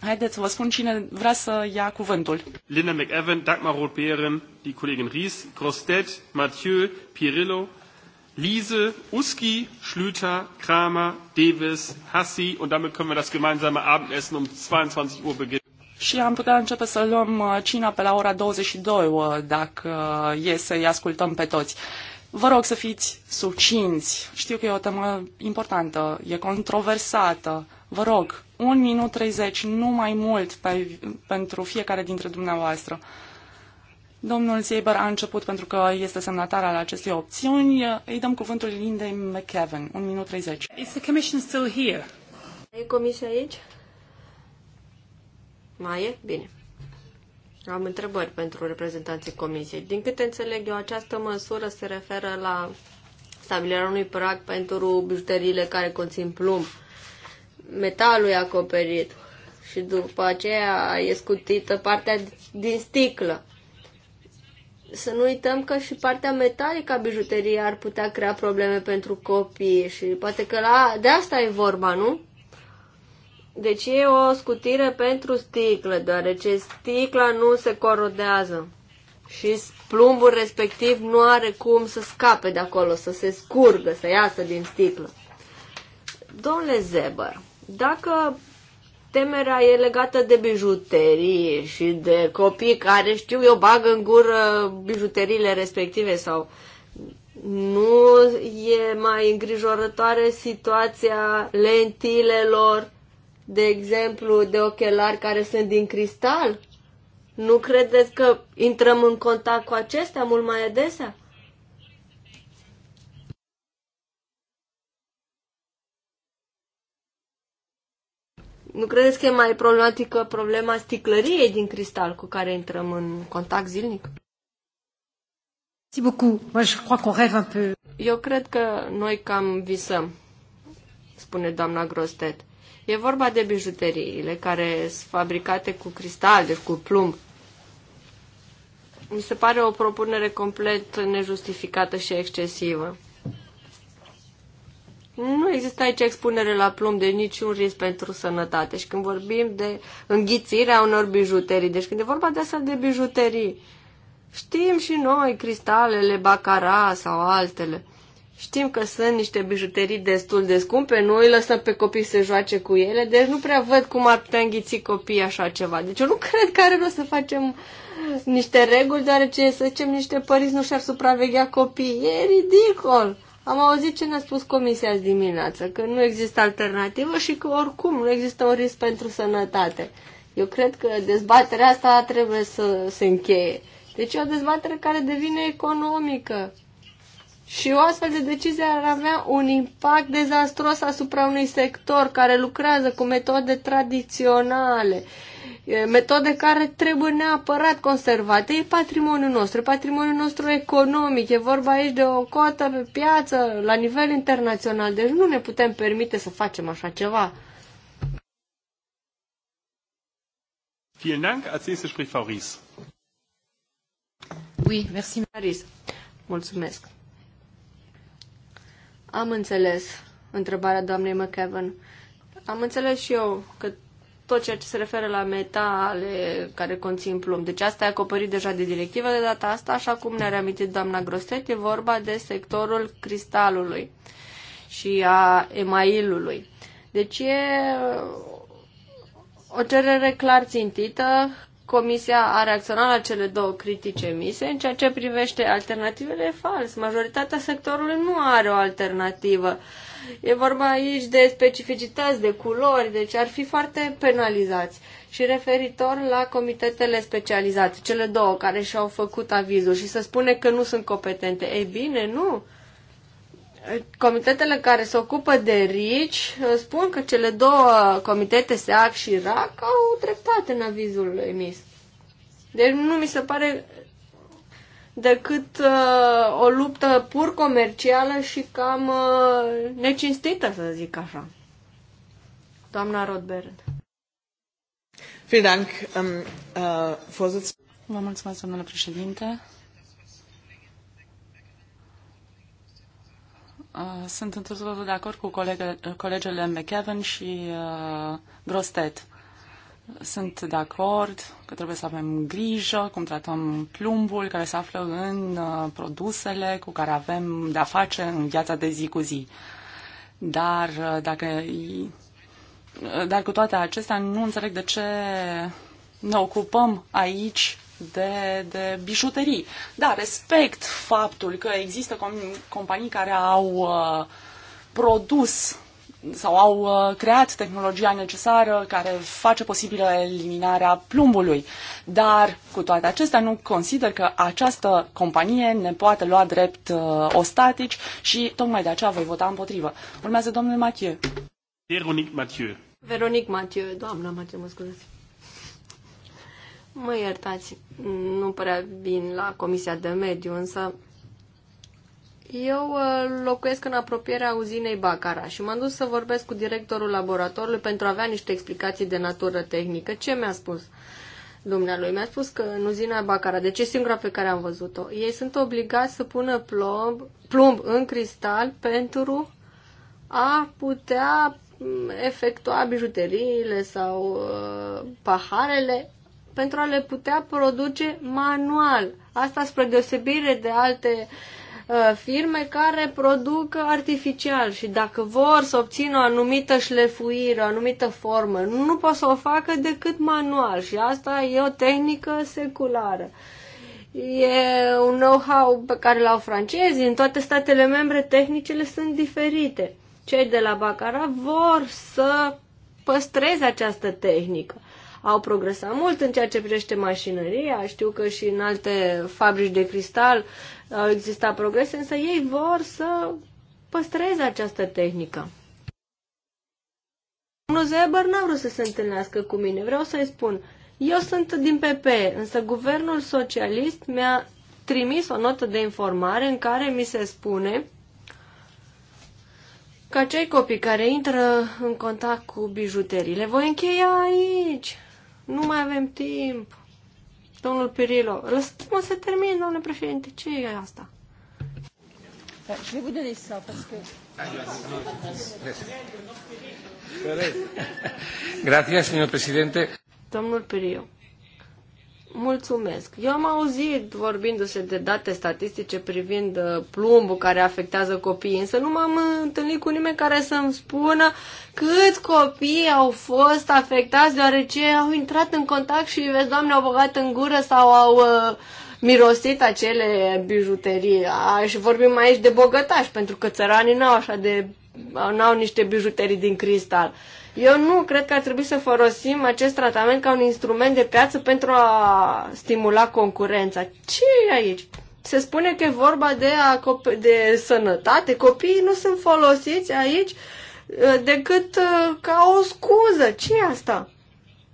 Haideți să vă spun cine vrea să ia cuvântul. Linda McEwen, Dagmar Roth-Behren, die Kollegin Ries, Grostet, Mathieu, Pirillo, Liese, Uski, Schlüter, Kramer, Davis, Hassi und damit können wir das gemeinsame Abendessen um 22 Uhr beginnen. Și am putea începe să luăm uh, cina pe la ora 22, uh, dacă uh, e să-i ascultăm pe toți. Vă rog să fiți sucinți. Știu că e o temă importantă, e controversată. Vă rog, un minut 30, nu mai mult pe, pentru fiecare dintre dumneavoastră. Domnul Zieber a început pentru că este semnatar al acestei opțiuni. Îi dăm cuvântul Lindei McKevin. Un minut 30. Is the commission still here? E comisia aici? Mai e? Bine. Am întrebări pentru reprezentanții Comisiei. Din câte înțeleg eu, această măsură se referă la stabilirea unui prag pentru bijuteriile care conțin plumb, metalul e acoperit și după aceea e scutită partea din sticlă. Să nu uităm că și partea metalică a bijuteriei ar putea crea probleme pentru copii și poate că la... de asta e vorba, nu? Deci e o scutire pentru sticlă, deoarece sticla nu se corodează și plumbul respectiv nu are cum să scape de acolo, să se scurgă, să iasă din sticlă. Domnule Zebăr, dacă temerea e legată de bijuterii și de copii care știu eu bagă în gură bijuteriile respective sau nu e mai îngrijorătoare situația lentilelor de exemplu, de ochelari care sunt din cristal? Nu credeți că intrăm în contact cu acestea mult mai adesea? Nu credeți că e mai problematică problema sticlăriei din cristal cu care intrăm în contact zilnic? Eu cred că noi cam visăm, spune doamna Grostet. E vorba de bijuteriile care sunt fabricate cu cristal, deci cu plumb. Mi se pare o propunere complet nejustificată și excesivă. Nu există aici expunere la plumb de deci niciun risc pentru sănătate. Și când vorbim de înghițirea unor bijuterii, deci când e vorba de asta de bijuterii, știm și noi cristalele, bacara sau altele. Știm că sunt niște bijuterii destul de scumpe, nu îi lăsăm pe copii să joace cu ele, deci nu prea văd cum ar putea înghiți copiii așa ceva. Deci eu nu cred că are rost să facem niște reguli, deoarece, să zicem, niște părinți nu și-ar supraveghea copiii. E ridicol! Am auzit ce ne-a spus comisia azi dimineață, că nu există alternativă și că oricum nu există un risc pentru sănătate. Eu cred că dezbaterea asta trebuie să se încheie. Deci e o dezbatere care devine economică. Și o astfel de decizie ar avea un impact dezastros asupra unui sector care lucrează cu metode tradiționale, metode care trebuie neapărat conservate. E patrimoniul nostru, e patrimoniul nostru economic, e vorba aici de o cotă pe piață la nivel internațional, deci nu ne putem permite să facem așa ceva. Vielen Dank. Als nächstes spricht Frau Ries. Oui, merci, Maris. Mulțumesc. Am înțeles întrebarea doamnei McEvan. Am înțeles și eu că tot ceea ce se referă la metale care conțin plumb. Deci asta e acoperit deja de directivă de data asta, așa cum ne-a reamintit doamna Grostet, e vorba de sectorul cristalului și a emailului. Deci e o cerere clar țintită Comisia a reacționat la cele două critici emise. În ceea ce privește alternativele, e fals. Majoritatea sectorului nu are o alternativă. E vorba aici de specificități, de culori, deci ar fi foarte penalizați. Și referitor la comitetele specializate, cele două care și-au făcut avizul și să spune că nu sunt competente. Ei bine, nu comitetele care se ocupă de RICI uh, spun că cele două comitete, SEAC și RAC, au dreptate în avizul emis. Deci nu mi se pare decât uh, o luptă pur comercială și cam uh, necinstită, să zic așa. Doamna Rodberg. Ähm, äh, Vă mulțumesc, domnule președinte. Uh, sunt într totul de acord cu colegele, colegele McKevin și uh, Grostet. Sunt de acord că trebuie să avem grijă cum tratăm plumbul care se află în uh, produsele cu care avem de-a face în viața de zi cu zi. Dar uh, dacă uh, dar cu toate acestea nu înțeleg de ce ne ocupăm aici de, de bijuterii. Da, respect faptul că există com- companii care au uh, produs sau au uh, creat tehnologia necesară care face posibilă eliminarea plumbului. Dar, cu toate acestea, nu consider că această companie ne poate lua drept uh, ostatici și tocmai de aceea voi vota împotrivă. Urmează domnul Mathieu. Veronique Mathieu. Veronique Mathieu, doamna Mathieu, mă scuzați. Mă iertați, nu prea vin la Comisia de Mediu, însă eu uh, locuiesc în apropierea uzinei Bacara și m-am dus să vorbesc cu directorul laboratorului pentru a avea niște explicații de natură tehnică. Ce mi-a spus? Dumnealui mi-a spus că în uzina Bacara, de deci ce singura pe care am văzut-o, ei sunt obligați să pună plumb, plumb în cristal pentru a putea mm, efectua bijuteriile sau uh, paharele pentru a le putea produce manual. Asta spre deosebire de alte uh, firme care produc artificial și dacă vor să obțină o anumită șlefuire, o anumită formă, nu pot să o facă decât manual și asta e o tehnică seculară. E un know-how pe care l-au francezii, în toate statele membre tehnicile sunt diferite. Cei de la Bacara vor să păstreze această tehnică au progresat mult în ceea ce privește mașinăria, știu că și în alte fabrici de cristal au existat progrese, însă ei vor să păstreze această tehnică. Domnul Zeber n-a vrut să se întâlnească cu mine, vreau să-i spun, eu sunt din PP, însă guvernul socialist mi-a trimis o notă de informare în care mi se spune că cei copii care intră în contact cu bijuterii, le voi încheia aici. Nu mai avem timp. Domnul Pirilo, lăsați-mă să termin, domnule președinte, ce e asta? Je vais vous Gracias, señor presidente. Domnul Pirio. Mulțumesc. Eu am auzit vorbindu-se de date statistice privind uh, plumbul care afectează copiii, însă nu m-am întâlnit cu nimeni care să-mi spună cât copii au fost afectați deoarece au intrat în contact și, vezi, doamne, au băgat în gură sau au uh, mirosit acele bijuterii. și vorbim aici de bogătași, pentru că țăranii n-au așa de... n-au niște bijuterii din cristal. Uh, eu nu cred că ar trebui să folosim acest tratament ca un instrument de piață pentru a stimula concurența. Ce e aici? Se spune că e vorba de, de sănătate. Copiii nu sunt folosiți aici uh, decât uh, ca o scuză. ce e asta?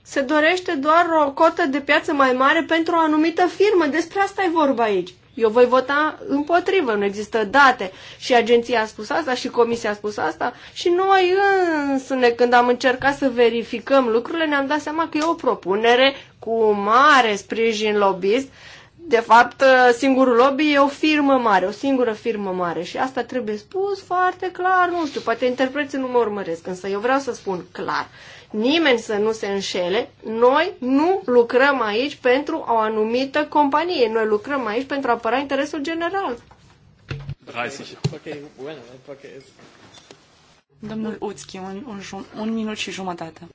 Se dorește doar o cotă de piață mai mare pentru o anumită firmă. Despre asta e vorba aici. Eu voi vota împotrivă, nu există date. Și agenția a spus asta, și comisia a spus asta, și noi însă, când am încercat să verificăm lucrurile, ne-am dat seama că e o propunere cu mare sprijin lobbyist. De fapt, singurul lobby e o firmă mare, o singură firmă mare și asta trebuie spus foarte clar, nu știu, poate interpreții nu mă urmăresc, însă eu vreau să spun clar. Uh, nimeni să nu se înșele, noi nu lucrăm aici pentru o anumită companie. Noi lucrăm aici pentru a apăra interesul general. 30. Domnul Uțchi, un, un, un minut și jumătate.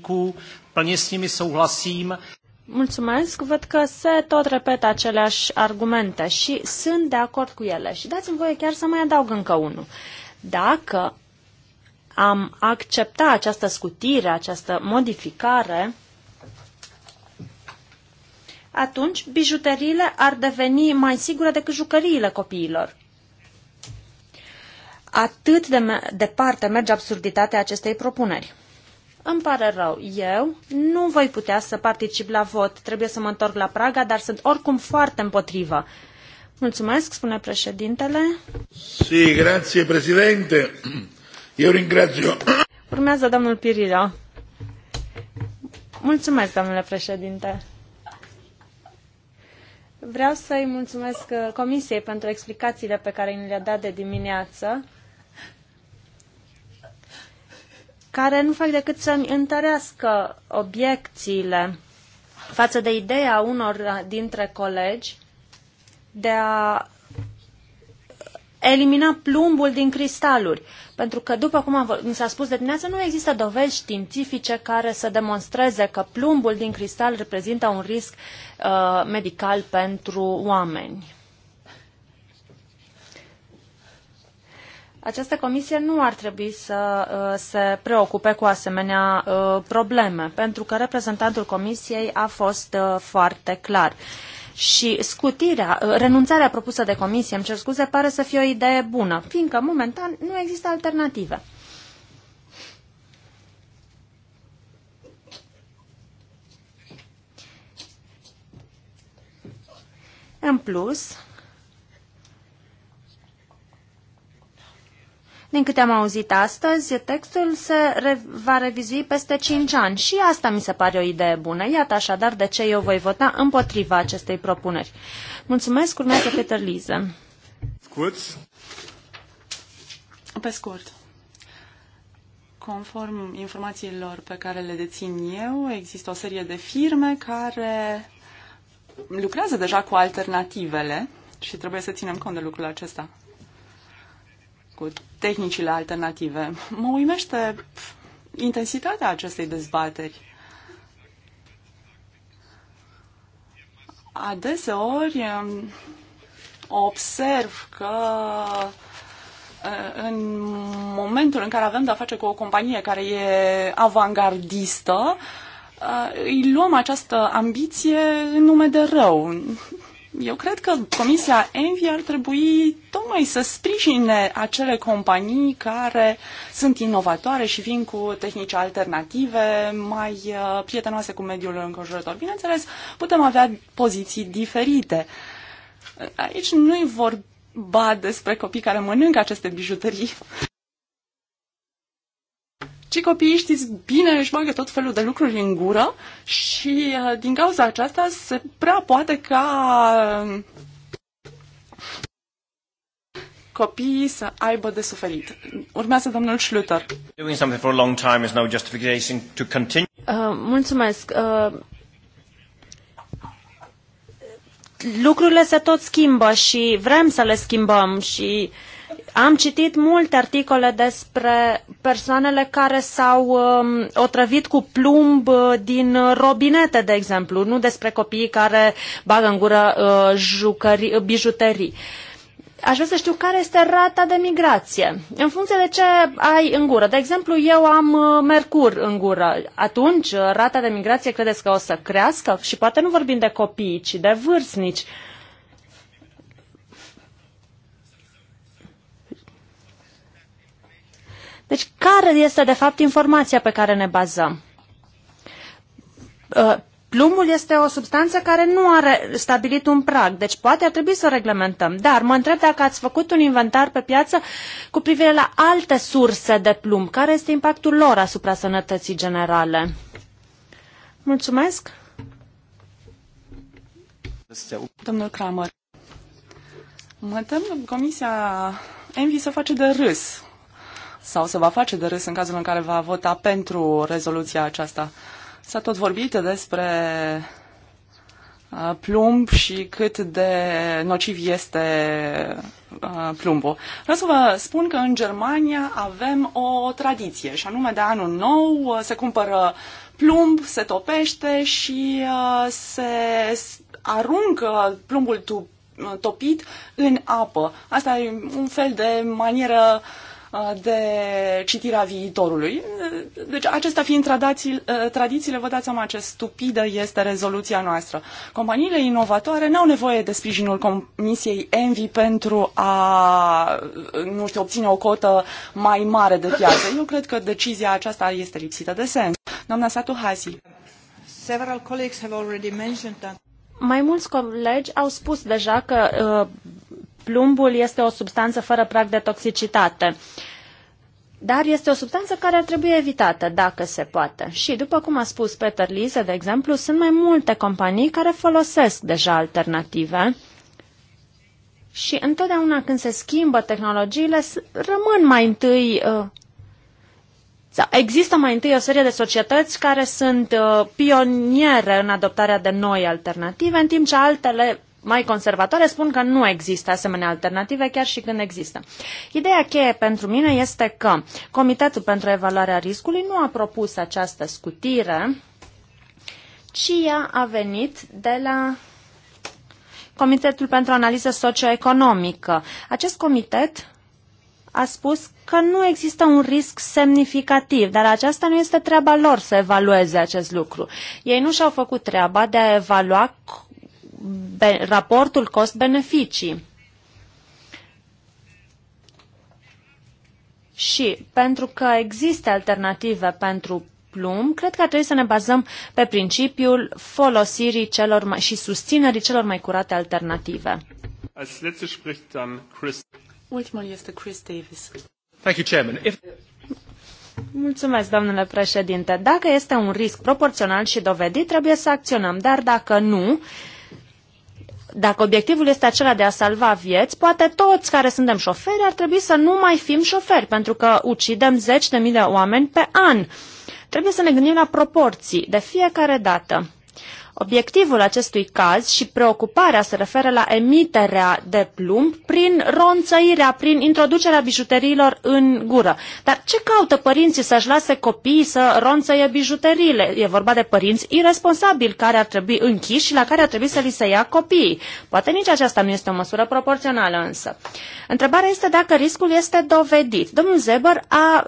Cu s să souhlasím. Mulțumesc, văd că se tot repetă aceleași argumente și sunt de acord cu ele. Și dați-mi voie chiar să mai adaug încă unul. Dacă am accepta această scutire, această modificare, atunci bijuteriile ar deveni mai sigure decât jucăriile copiilor. Atât de me departe merge absurditatea acestei propuneri. Îmi pare rău, eu nu voi putea să particip la vot, trebuie să mă întorc la Praga, dar sunt oricum foarte împotrivă. Mulțumesc, spune președintele. Si, sí, grazie, președinte. Eu ringrazio. Urmează domnul Pirilo. Mulțumesc, domnule președinte. Vreau să-i mulțumesc uh, Comisiei pentru explicațiile pe care ni le-a dat de dimineață, care nu fac decât să-mi întărească obiecțiile față de ideea unor dintre colegi de a elimina plumbul din cristaluri. Pentru că, după cum mi s-a spus de dimineață, nu există dovezi științifice care să demonstreze că plumbul din cristal reprezintă un risc uh, medical pentru oameni. Această comisie nu ar trebui să uh, se preocupe cu asemenea uh, probleme, pentru că reprezentantul comisiei a fost uh, foarte clar. Uh, și scutirea, uh, renunțarea propusă de comisie, îmi cer scuze, pare să fie o idee bună, fiindcă momentan nu există alternative. În plus, Din câte am auzit astăzi, textul se re va revizui peste 5 ani și asta mi se pare o idee bună. Iată așadar de ce eu voi vota împotriva acestei propuneri. Mulțumesc, urmează Peter Lise. Scurt. Pe scurt. Conform informațiilor pe care le dețin eu, există o serie de firme care lucrează deja cu alternativele și trebuie să ținem cont de lucrul acesta cu tehnicile alternative. Mă uimește intensitatea acestei dezbateri. Adeseori um, observ că uh, în momentul în care avem de-a face cu o companie care e avangardistă, uh, îi luăm această ambiție în nume de rău. Eu cred că Comisia Envi ar trebui tocmai să sprijine acele companii care sunt inovatoare și vin cu tehnici alternative, mai uh, prietenoase cu mediul înconjurător. Bineînțeles, putem avea poziții diferite. Aici nu-i vorba despre copii care mănâncă aceste bijuterii. Cei copiii știți bine își bagă tot felul de lucruri în gură și uh, din cauza aceasta se prea poate ca uh, copiii să aibă de suferit. Urmează domnul Schluter. Doing something for a long time is no justification to continue. Uh, mulțumesc. Uh, lucrurile se tot schimbă și vrem să le schimbăm și uh, am citit multe articole despre persoanele care s-au um, otrăvit cu plumb uh, din robinete, de exemplu, nu despre copiii care bagă în gură uh, uh, bijuterii. Aș vrea să știu care este rata de migrație. În funcție de ce ai în gură. De exemplu, eu am uh, mercur în gură. Atunci, rata de migrație credeți că o să crească? Și poate nu vorbim de copii, ci de vârstnici. Uh, Deci, care este, de fapt, informația pe care ne bazăm? Uh, Plumbul este o substanță care nu are stabilit un prag, deci poate ar trebui să o reglementăm. Dar mă întreb dacă ați făcut un inventar pe piață cu privire la alte surse de plumb. Care este impactul lor asupra sănătății generale? Mulțumesc. Domnul Kramer, mă tem Comisia Envi să face de râs sau se va face de râs în cazul în care va vota pentru rezoluția aceasta. S-a tot vorbit despre plumb și cât de nociv este plumbul. Vreau să vă spun că în Germania avem o tradiție și anume de anul nou se cumpără plumb, se topește și se aruncă plumbul topit în apă. Asta e un fel de manieră uh, de citirea viitorului. Deci, acestea fiind tradiții, ă, tradițiile, vă dați seama ce stupidă este rezoluția noastră. Companiile inovatoare n-au nevoie de sprijinul Comisiei Envi pentru a, nu știu, obține o cotă mai mare de piață. Eu cred că decizia aceasta este lipsită de sens. Doamna Satuhasi. Several colleagues have already mentioned that. Mai mulți colegi au spus deja că uh, plumbul este o substanță fără prag de toxicitate. Dar este o substanță care ar trebui evitată, dacă se poate. Și, după cum a spus Peter Lise, de exemplu, sunt mai multe companii care folosesc deja alternative. Și întotdeauna când se schimbă tehnologiile, rămân mai întâi. Uh, sau există mai întâi o serie de societăți care sunt uh, pioniere în adoptarea de noi alternative, în timp ce altele mai conservatoare spun că nu există asemenea alternative, chiar și când există. Ideea cheie pentru mine este că Comitetul pentru Evaluarea Riscului nu a propus această scutire, ci ea a venit de la Comitetul pentru Analiză Socioeconomică. Acest comitet a spus că nu există un risc semnificativ, dar aceasta nu este treaba lor să evalueze acest lucru. Ei nu și-au făcut treaba de a evalua raportul cost-beneficii. Și pentru că există alternative pentru plumb, cred că trebuie să ne bazăm pe principiul folosirii celor mai, și susținerii celor mai curate alternative. Ultimul este Chris Davis. Thank you, Chairman. If... Mulțumesc, domnule președinte. Dacă este un risc proporțional și dovedit, trebuie să acționăm, dar dacă nu, dacă obiectivul este acela de a salva vieți, poate toți care suntem șoferi ar trebui să nu mai fim șoferi, pentru că ucidem zeci de mii de oameni pe an. Trebuie să ne gândim la proporții de fiecare dată. Obiectivul acestui caz și preocuparea se referă la emiterea de plumb prin ronțăirea, prin introducerea bijuteriilor în gură. Dar ce caută părinții să-și lase copiii să ronțăie bijuteriile? E vorba de părinți irresponsabili care ar trebui închiși și la care ar trebui să li se ia copiii. Poate nici aceasta nu este o măsură proporțională însă. Întrebarea este dacă riscul este dovedit. Domnul Zeber a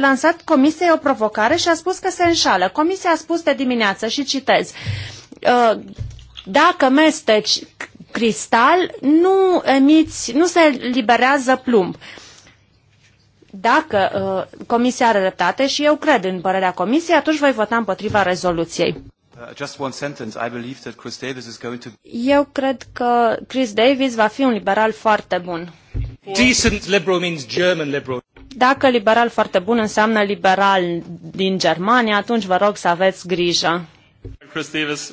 lansat comisiei o provocare și a spus că se înșală. Comisia a spus de dimineață și citez Uh, dacă mesteci cristal, nu, emiți, nu se liberează plumb. Dacă uh, comisia are dreptate și eu cred în părerea comisiei, atunci voi vota împotriva rezoluției. Eu cred că Chris Davis va fi un liberal foarte bun. Decent liberal means German liberal. Dacă liberal foarte bun înseamnă liberal din Germania, atunci vă rog să aveți grijă. Chris Davis,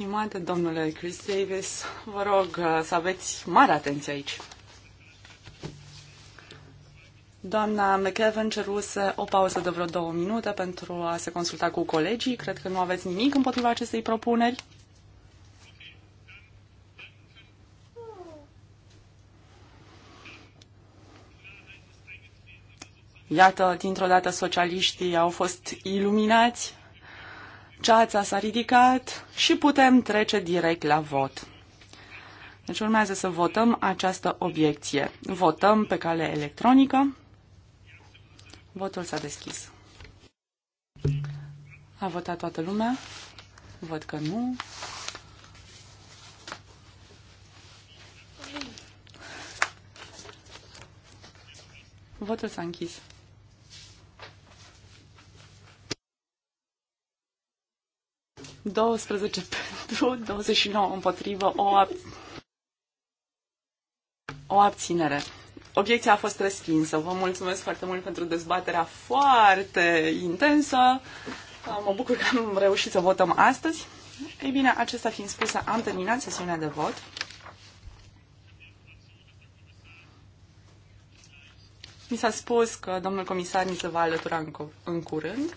Stimate domnule Chris Davis, vă rog uh, să aveți mare atenție aici. Doamna McEwen ceruse o pauză de vreo două minute pentru a se consulta cu colegii. Cred că nu aveți nimic împotriva acestei propuneri. Iată, dintr-o dată socialiștii au fost iluminați ceața s-a ridicat și putem trece direct la vot. Deci urmează să votăm această obiecție. Votăm pe cale electronică. Votul s-a deschis. A votat toată lumea? Văd că nu. Votul s-a închis. 12 pentru, 29 împotrivă, o, ab- o abținere. Obiecția a fost respinsă. Vă mulțumesc foarte mult pentru dezbaterea foarte intensă. Mă bucur că am reușit să votăm astăzi. Ei bine, acesta fiind spusă, am terminat sesiunea de vot. Mi s-a spus că domnul comisar ni se va alătura în curând.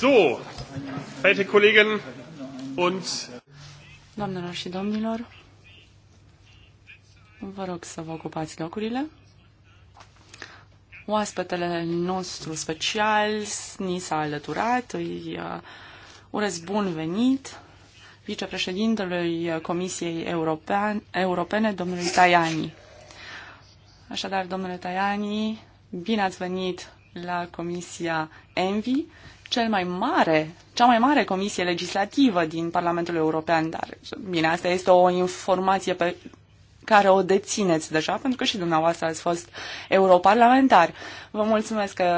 So, verehrte Kolleginnen und Doamnelor și domnilor, vă rog să vă ocupați locurile. Oaspetele nostru special ni s-a alăturat, îi uh, urez bun venit vicepreședintelui Comisiei European, Europene, domnului Tajani. Așadar, domnule Tajani, bine ați venit la Comisia ENVI cel mai mare, cea mai mare comisie legislativă din Parlamentul European, dar bine, asta este o informație pe care o dețineți deja, pentru că și dumneavoastră ați fost europarlamentar. Vă mulțumesc că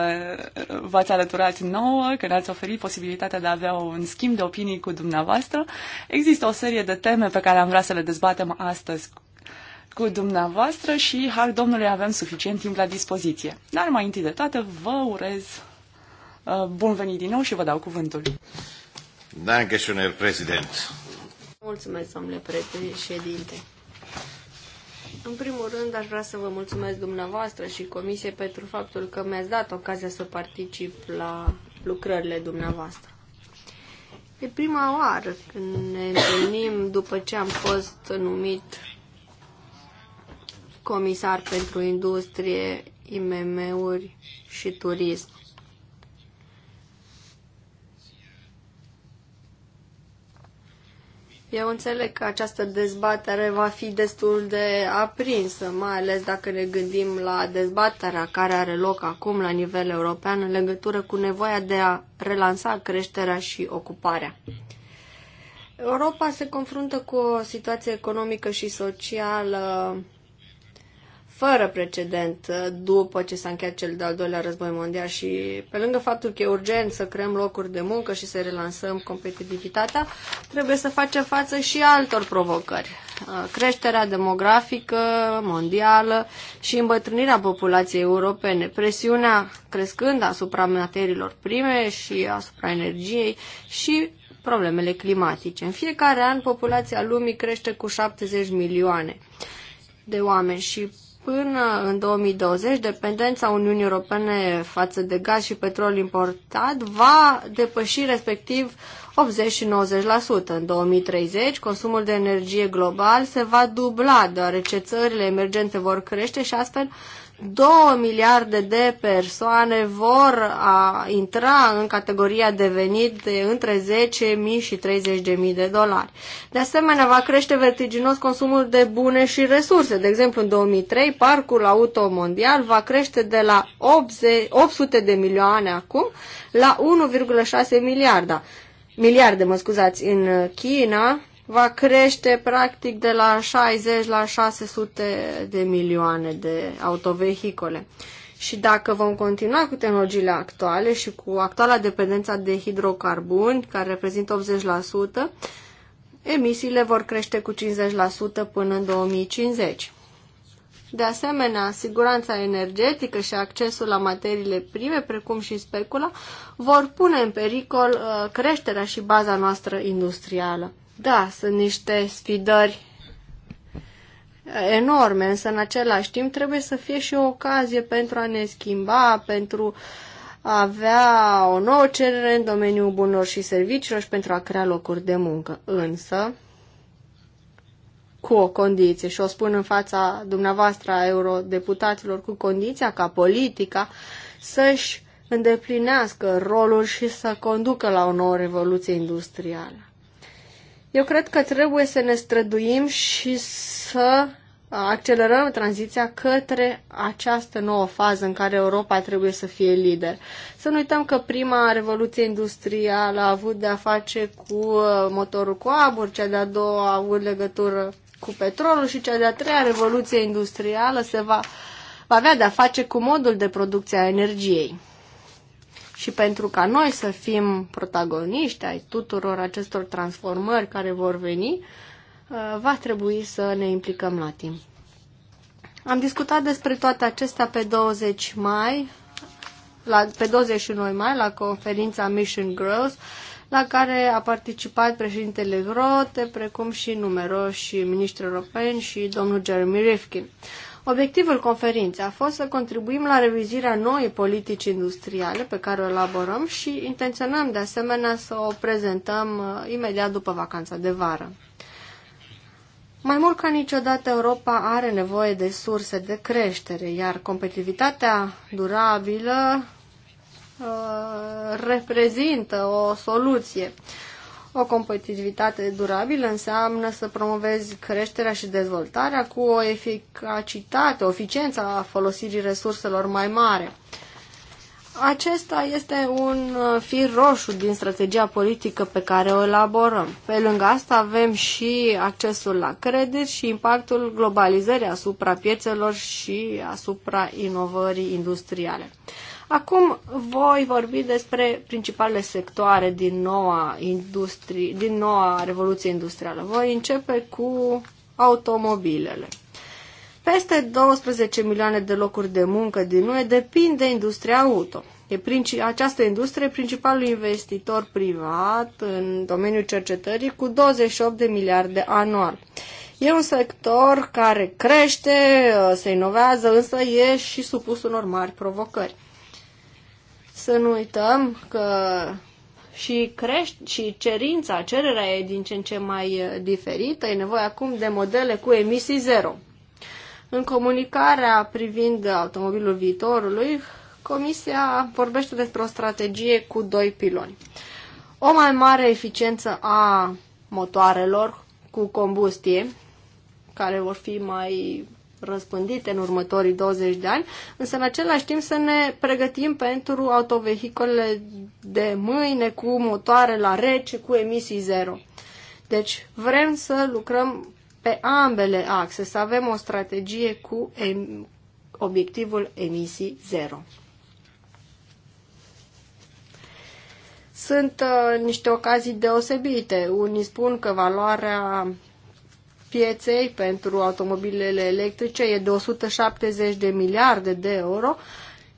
v-ați alăturat nouă, că ne-ați oferit posibilitatea de a avea un schimb de opinii cu dumneavoastră. Există o serie de teme pe care am vrea să le dezbatem astăzi cu dumneavoastră și, har domnului, avem suficient timp la dispoziție. Dar mai întâi de toate, vă urez Uh, bun venit din nou și vă dau cuvântul. Danke, schöner Präsident. Mulțumesc, domnule președinte. În primul rând, aș vrea să vă mulțumesc dumneavoastră și comisie pentru faptul că mi-ați dat ocazia să particip la lucrările dumneavoastră. E prima oară când ne întâlnim după ce am fost numit comisar pentru industrie, IMM-uri și turism. Eu înțeleg că această dezbatere va fi destul de aprinsă, mai ales dacă ne gândim la dezbaterea care are loc acum la nivel european în legătură cu nevoia de a relansa creșterea și ocuparea. Europa se confruntă cu o situație economică și socială fără precedent uh, după ce s-a încheiat cel de-al doilea război mondial și pe lângă faptul că e urgent să creăm locuri de muncă și să relansăm competitivitatea, trebuie să facem față și altor provocări. Uh, creșterea demografică mondială și îmbătrânirea populației europene, presiunea crescând asupra materiilor prime și asupra energiei și problemele climatice. În fiecare an populația lumii crește cu 70 milioane de oameni și Până în 2020, dependența Uniunii Europene față de gaz și petrol importat va depăși respectiv 80 și 90%. În 2030, consumul de energie global se va dubla, deoarece țările emergente vor crește și astfel 2 miliarde de persoane vor a intra în categoria de venit de între 10.000 și 30.000 de dolari. De asemenea, va crește vertiginos consumul de bune și resurse. De exemplu, în 2003, parcul auto mondial va crește de la 800 de milioane acum la 1,6 miliarde. Miliarde, mă scuzați, în China, va crește practic de la 60 la 600 de milioane de autovehicole. Și dacă vom continua cu tehnologiile actuale și cu actuala dependența de hidrocarburi, care reprezintă 80%, emisiile vor crește cu 50% până în 2050. De asemenea, siguranța energetică și accesul la materiile prime, precum și specula, vor pune în pericol uh, creșterea și baza noastră industrială. Da, sunt niște sfidări enorme, însă în același timp trebuie să fie și o ocazie pentru a ne schimba, pentru a avea o nouă cerere în domeniul bunurilor și serviciilor și pentru a crea locuri de muncă. Însă, cu o condiție și o spun în fața dumneavoastră a eurodeputaților cu condiția ca politica să-și îndeplinească rolul și să conducă la o nouă revoluție industrială. Eu cred că trebuie să ne străduim și să accelerăm tranziția către această nouă fază în care Europa trebuie să fie lider. Să nu uităm că prima revoluție industrială a avut de a face cu uh, motorul cu abur, cea de-a doua a avut legătură cu petrolul și cea de-a treia revoluție industrială se va, va avea de a face cu modul de producție a energiei și pentru ca noi să fim protagoniști ai tuturor acestor transformări care vor veni, uh, va trebui să ne implicăm la timp. Am discutat despre toate acestea pe 20 mai, la, pe 21 mai, la conferința Mission Growth, la care a participat președintele Grote, precum și numeroși miniștri europeni și domnul Jeremy Rifkin. Obiectivul conferinței a fost să contribuim la revizirea noii politici industriale pe care o elaborăm și intenționăm de asemenea să o prezentăm uh, imediat după vacanța de vară. Mai mult ca niciodată, Europa are nevoie de surse de creștere, iar competitivitatea durabilă uh, reprezintă o soluție. Uh, o competitivitate durabilă înseamnă să promovezi creșterea și dezvoltarea cu o eficacitate, o eficiență a folosirii resurselor mai mare. Acesta este un fir roșu din strategia politică pe care o elaborăm. Pe lângă asta avem și accesul la credit și impactul globalizării asupra piețelor și asupra inovării industriale. Acum voi vorbi despre principalele sectoare din noua, industrie, din noua revoluție industrială. Voi începe cu automobilele. Peste 12 milioane de locuri de muncă din UE depind de industria auto. E princi- această industrie e principalul investitor privat în domeniul cercetării cu 28 de miliarde anual. E un sector care crește, se inovează, însă e și supus unor mari provocări. Să nu uităm că și, crește, și cerința, cererea e din ce în ce mai diferită. E nevoie acum de modele cu emisii zero. În comunicarea privind automobilul viitorului, Comisia vorbește despre o strategie cu doi piloni. O mai mare eficiență a motoarelor cu combustie, care vor fi mai răspândite în următorii 20 de ani, însă în același timp să ne pregătim pentru autovehicolele de mâine cu motoare la rece, cu emisii zero. Deci vrem să lucrăm pe ambele axe, să avem o strategie cu em- obiectivul emisii zero. Sunt uh, niște ocazii deosebite. Unii spun că valoarea pieței pentru automobilele electrice e de 170 de miliarde de euro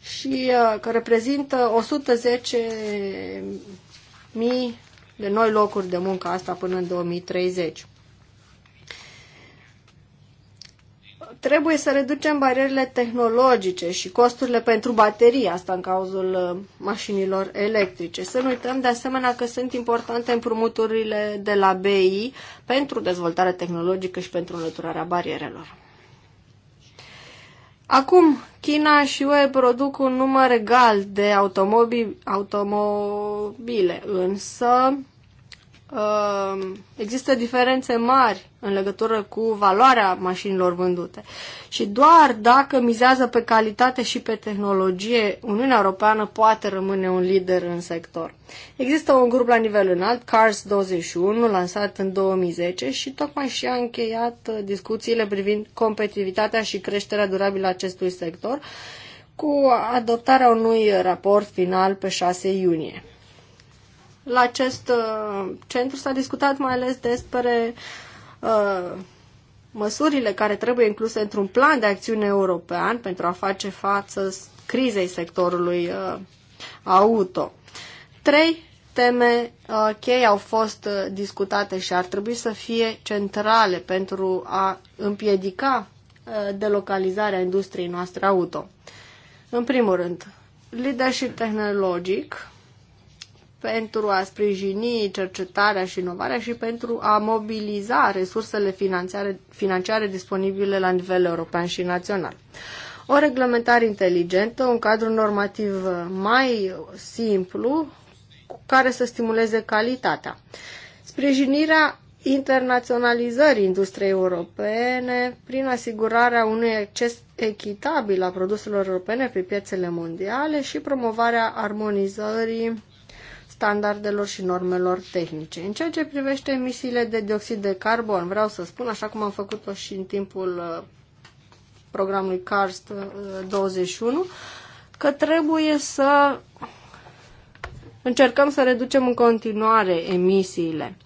și uh, că reprezintă 110 mii de noi locuri de muncă asta până în 2030. Trebuie să reducem barierele tehnologice și costurile pentru baterii, asta în cauzul uh, mașinilor electrice. Să nu uităm de asemenea că sunt importante împrumuturile de la BI pentru dezvoltarea tehnologică și pentru înlăturarea barierelor. Acum, China și UE produc un număr egal de automobi- automobile, însă Ehm, există diferențe mari în legătură cu valoarea mașinilor vândute. Și doar dacă mizează pe calitate și pe tehnologie, Uniunea Europeană poate rămâne un lider în sector. Există un grup la nivel înalt, CARS 21, lansat în 2010 și tocmai și a încheiat uh, discuțiile privind competitivitatea și creșterea durabilă a acestui sector cu adoptarea unui raport final pe 6 iunie. La acest uh, centru s-a discutat mai ales despre uh, măsurile care trebuie incluse într-un plan de acțiune european pentru a face față crizei sectorului uh, auto. Trei teme uh, chei au fost uh, discutate și ar trebui să fie centrale pentru a împiedica uh, delocalizarea industriei noastre auto. În primul rând, leadership tehnologic, pentru a sprijini cercetarea și inovarea și pentru a mobiliza resursele financiare, financiare disponibile la nivel european și național. O reglementare inteligentă, un cadru normativ mai simplu, care să stimuleze calitatea. Sprijinirea internaționalizării industriei europene prin asigurarea unui acces echitabil a produselor europene pe piețele mondiale și promovarea armonizării standardelor și normelor tehnice. În ceea ce privește emisiile de dioxid de carbon, vreau să spun, așa cum am făcut-o și în timpul uh, programului CARST 21, uh, că trebuie să încercăm să reducem în continuare emisiile.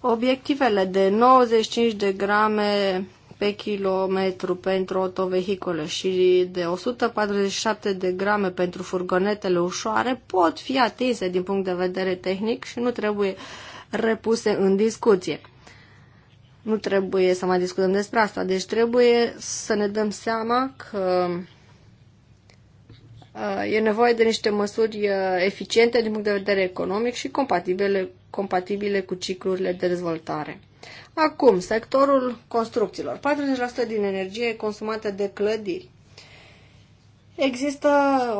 Obiectivele de 95 de grame pe kilometru pentru autovehicole și de 147 de grame pentru furgonetele ușoare pot fi atinse din punct de vedere tehnic și nu trebuie repuse în discuție. Nu trebuie să mai discutăm despre asta, deci trebuie să ne dăm seama că uh, e nevoie de niște măsuri uh, eficiente din punct de vedere economic și compatibile, compatibile cu ciclurile de dezvoltare. Acum, sectorul construcțiilor. 40% din energie consumată de clădiri. Există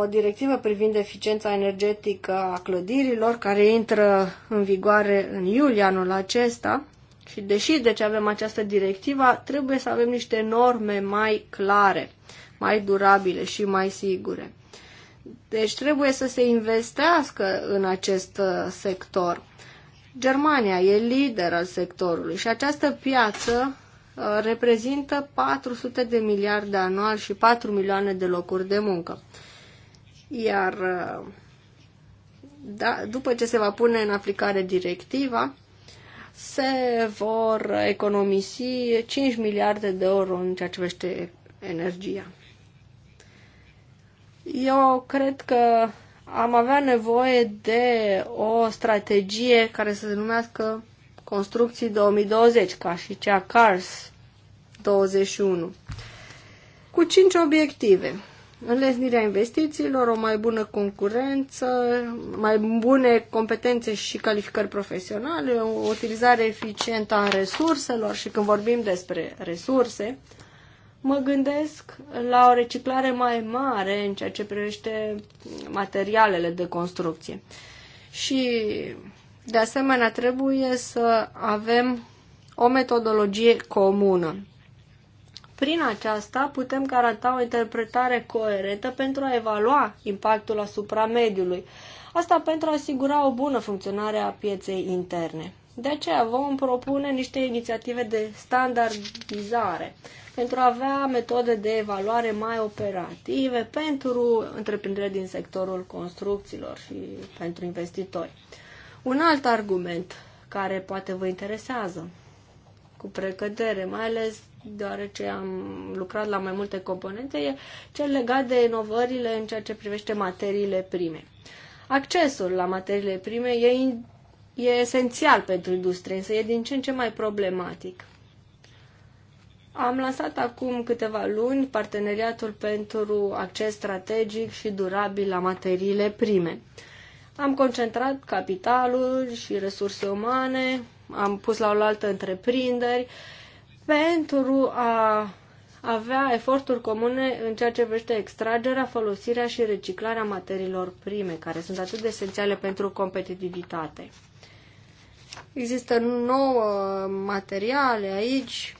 o directivă privind eficiența energetică a clădirilor care intră în vigoare în iulie anul acesta și deși ce deci, avem această directivă, trebuie să avem niște norme mai clare, mai durabile și mai sigure. Deci trebuie să se investească în acest uh, sector Germania e lider al sectorului și această piață uh, reprezintă 400 de miliarde anual și 4 milioane de locuri de muncă. Iar uh, da, după ce se va pune în aplicare directiva, se vor economisi 5 miliarde de euro în ceea ce vește energia. Eu cred că am avea nevoie de o strategie care să se numească Construcții 2020, ca și cea CARS 21, cu cinci obiective. Înlesnirea investițiilor, o mai bună concurență, mai bune competențe și calificări profesionale, o utilizare eficientă a resurselor și când vorbim despre resurse, mă gândesc la o reciclare mai mare în ceea ce privește materialele de construcție. Și, de asemenea, trebuie să avem o metodologie comună. Prin aceasta putem garanta o interpretare coerentă pentru a evalua impactul asupra mediului. Asta pentru a asigura o bună funcționare a pieței interne. De aceea vom propune niște inițiative de standardizare pentru a avea metode de evaluare mai operative pentru întreprinderile din sectorul construcțiilor și pentru investitori. Un alt argument care poate vă interesează cu precădere, mai ales deoarece am lucrat la mai multe componente, e cel legat de inovările în ceea ce privește materiile prime. Accesul la materiile prime e e esențial pentru industrie, însă e din ce în ce mai problematic. Am lansat acum câteva luni parteneriatul pentru acces strategic și durabil la materiile prime. Am concentrat capitalul și resurse umane, am pus la oaltă întreprinderi pentru a avea eforturi comune în ceea ce privește extragerea, folosirea și reciclarea materiilor prime, care sunt atât de esențiale pentru competitivitate. Există nouă materiale aici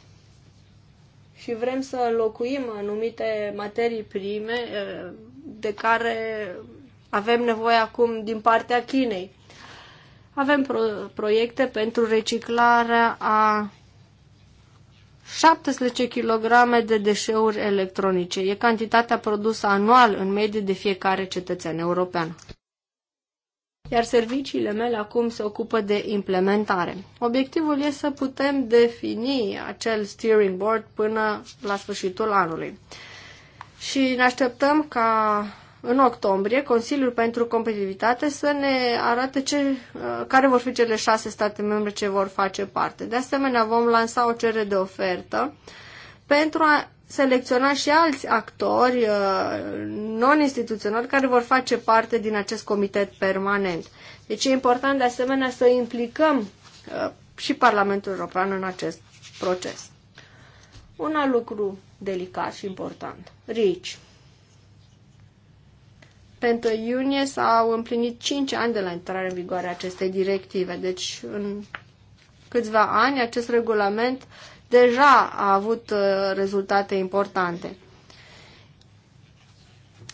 și vrem să locuim anumite materii prime de care avem nevoie acum din partea Chinei. Avem pro- proiecte pentru reciclarea a 17 kg de deșeuri electronice. E cantitatea produsă anual în medie de fiecare cetățean european iar serviciile mele acum se ocupă de implementare. Obiectivul este să putem defini acel steering board până la sfârșitul anului. Și ne așteptăm ca în octombrie Consiliul pentru Competitivitate să ne arate ce, uh, care vor fi cele șase state membre ce vor face parte. De asemenea, vom lansa o cerere de ofertă pentru a selecționa și alți actori uh, non-instituționali care vor face parte din acest comitet permanent. Deci e important de asemenea să implicăm uh, și Parlamentul European în acest proces. Un alt lucru delicat și important. RICI. Pentru iunie s-au împlinit 5 ani de la intrarea în vigoare a acestei directive, deci în câțiva ani acest regulament deja a avut uh, rezultate importante.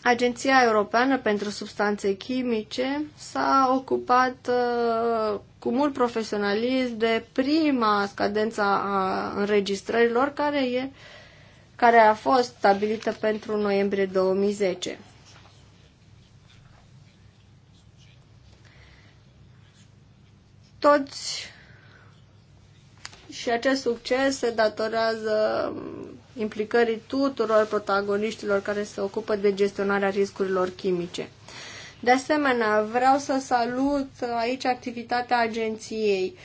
Agenția Europeană pentru Substanțe Chimice s-a ocupat uh, cu mult profesionalism de prima scadență a înregistrărilor care, e, care a fost stabilită pentru noiembrie 2010. Toți și acest succes se datorează implicării tuturor protagoniștilor care se ocupă de gestionarea riscurilor chimice. De asemenea, vreau să salut aici activitatea agenției.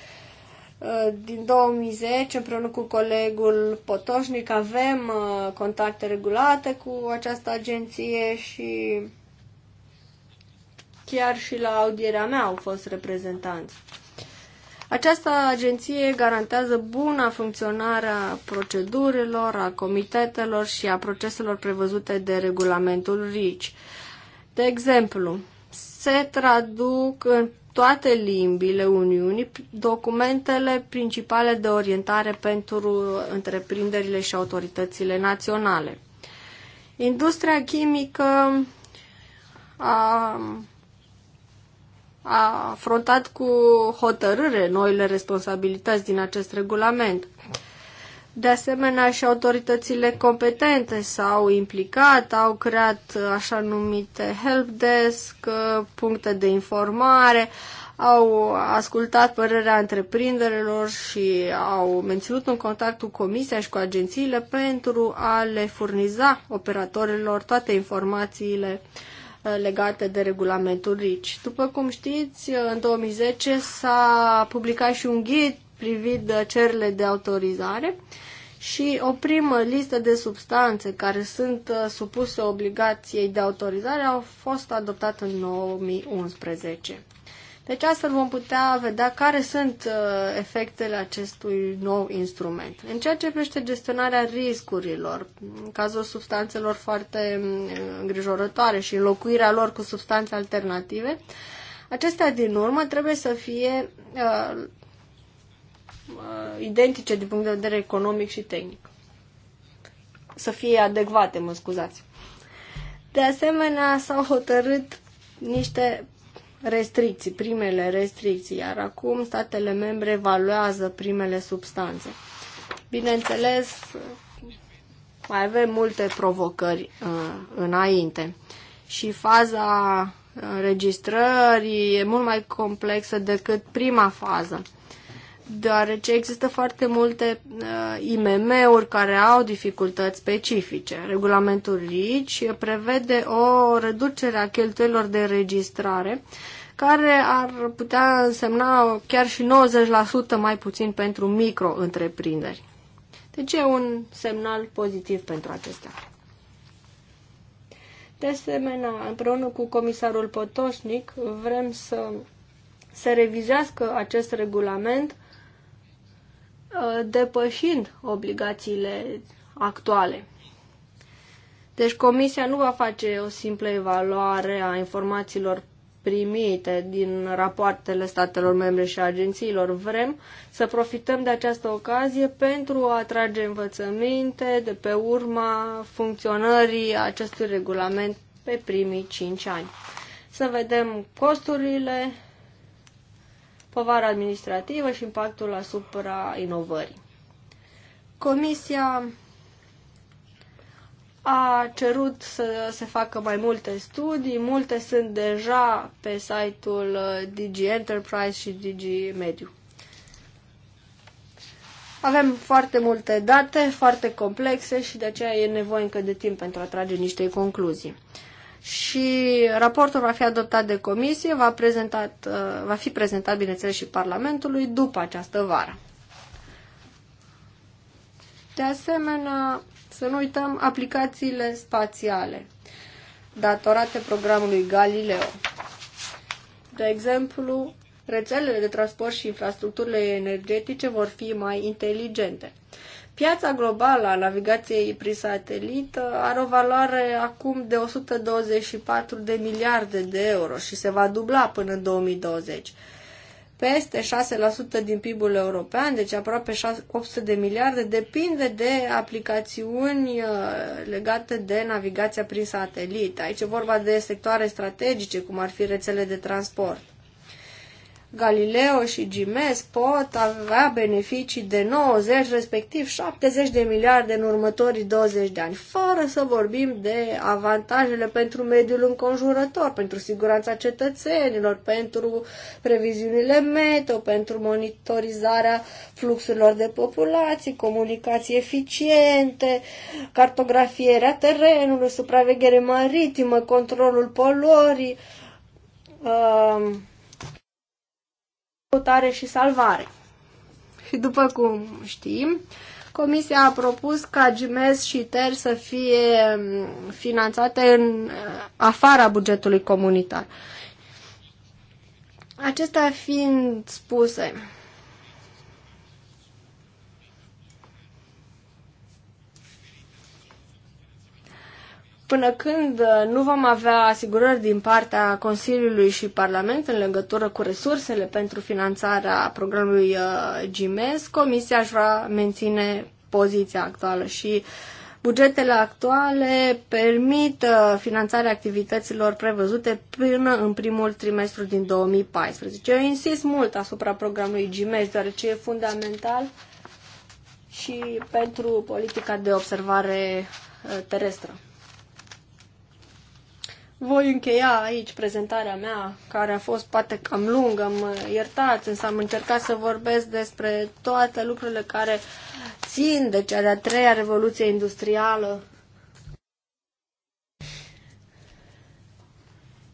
Din 2010, împreună cu colegul Potoșnic, avem uh, contacte regulate cu această agenție și chiar și la audierea mea au fost reprezentanți. Această agenție garantează buna funcționare a procedurilor, a comitetelor și a proceselor prevăzute de regulamentul RICI. De exemplu, se traduc în toate limbile Uniunii documentele principale de orientare pentru întreprinderile și autoritățile naționale. Industria chimică a a afrontat cu hotărâre noile responsabilități din acest regulament. De asemenea, și autoritățile competente s-au implicat, au creat așa numite helpdesk, puncte de informare, au ascultat părerea întreprinderilor și au menținut un contact cu comisia și cu agențiile pentru a le furniza operatorilor toate informațiile uh, Uh, legate de regulamentul RICI. După cum știți, uh, în 2010 s-a publicat și un ghid privind uh, cererile de autorizare și o primă listă de substanțe care sunt supuse obligației de autorizare au fost adoptate în 2011. Deci astfel vom putea vedea care sunt uh, efectele acestui nou instrument. În ceea ce privește gestionarea riscurilor, în cazul substanțelor foarte mm, îngrijorătoare și înlocuirea lor cu substanțe alternative, acestea din urmă trebuie să fie uh, uh, identice din punct de vedere economic și tehnic. Să fie adecvate, mă scuzați. De asemenea, s-au hotărât niște restricții, primele restricții, iar acum statele membre evaluează primele substanțe. Bineînțeles, mai avem multe provocări uh, înainte și faza uh, înregistrării e mult mai complexă decât prima fază deoarece există foarte multe uh, IMM-uri care au dificultăți specifice. Regulamentul RIC prevede o reducere a cheltuielor de registrare care ar putea însemna chiar și 90% mai puțin pentru micro-întreprinderi. Deci e un semnal pozitiv pentru acestea. De asemenea, împreună cu comisarul Potosnic, vrem să se revizească acest regulament Uh, depășind obligațiile actuale. Deci comisia nu va face o simplă evaluare a informațiilor primite din rapoartele statelor membre și agențiilor. Vrem să profităm de această ocazie pentru a atrage învățăminte de pe urma funcționării acestui regulament pe primii 5 ani. Să vedem costurile, povara administrativă și impactul asupra inovării. Comisia a cerut să se facă mai multe studii, multe sunt deja pe site-ul uh, Digi Enterprise și Digi Mediu. Avem foarte multe date, foarte complexe și de aceea e nevoie încă de timp pentru a trage niște concluzii și raportul va fi adoptat de comisie, va, prezentat, uh, va fi prezentat, bineînțeles, și Parlamentului după această vară. De asemenea, să nu uităm aplicațiile spațiale datorate programului Galileo. De exemplu, rețelele de transport și infrastructurile energetice vor fi mai inteligente. Piața globală a navigației prin satelit uh, are o valoare acum de 124 de miliarde de euro și se va dubla până în 2020. Peste 6% din PIB-ul european, deci aproape 800 de miliarde, depinde de aplicațiuni uh, legate de navigația prin satelit. Aici e vorba de sectoare strategice, cum ar fi rețele de transport. Galileo și Gimes pot avea beneficii de 90, respectiv 70 de miliarde în următorii 20 de ani, fără să vorbim de avantajele pentru mediul înconjurător, pentru siguranța cetățenilor, pentru previziunile meteo, pentru monitorizarea fluxurilor de populații, comunicații eficiente, cartografierea terenului, supraveghere maritimă, controlul poluării, uh, căutare și salvare. Și după cum știm, Comisia a propus ca GMS și TER să fie mm, finanțate în uh, afara bugetului comunitar. Acestea fiind spuse, până când uh, nu vom avea asigurări din partea Consiliului și Parlament în legătură cu resursele pentru finanțarea programului uh, GIMES, Comisia își va menține poziția actuală și bugetele actuale permit uh, finanțarea activităților prevăzute până în primul trimestru din 2014. Eu insist mult asupra programului GIMES, deoarece e fundamental și pentru politica de observare terestră. Voi încheia aici prezentarea mea, care a fost poate cam lungă, mă iertați, însă am încercat să vorbesc despre toate lucrurile care țin de cea de-a treia revoluție industrială.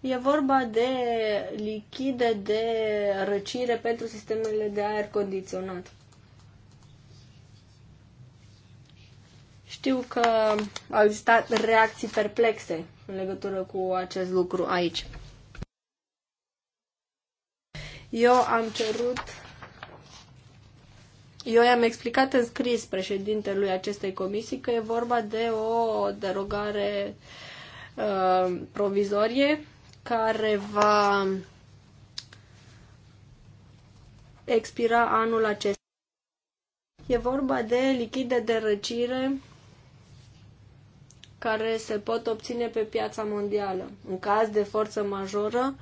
E vorba de lichide de răcire pentru sistemele de aer condiționat. Știu că au existat reacții perplexe în legătură cu acest lucru aici. Eu am cerut eu i-am explicat în scris președintelui acestei comisii că e vorba de o derogare uh, provizorie care va expira anul acesta. E vorba de lichide de răcire care se pot obține pe piața mondială. În caz de forță majoră,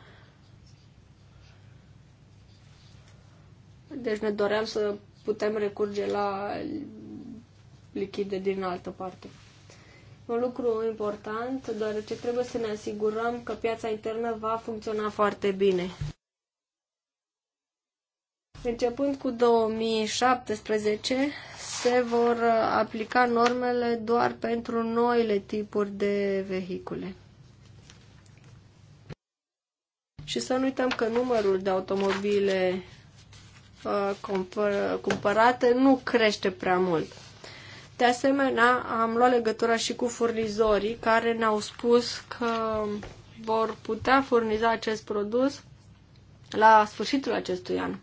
deci ne doream să putem recurge la lichide din altă parte. Un lucru important, deoarece trebuie să ne asigurăm că piața internă va funcționa foarte bine. Începând cu 2017, se vor uh, aplica normele doar pentru noile tipuri de vehicule. Și să nu uităm că numărul de automobile uh, cumpăr- cumpărate nu crește prea mult. De asemenea, am luat legătura și cu furnizorii care ne-au spus că vor putea furniza acest produs la sfârșitul acestui an.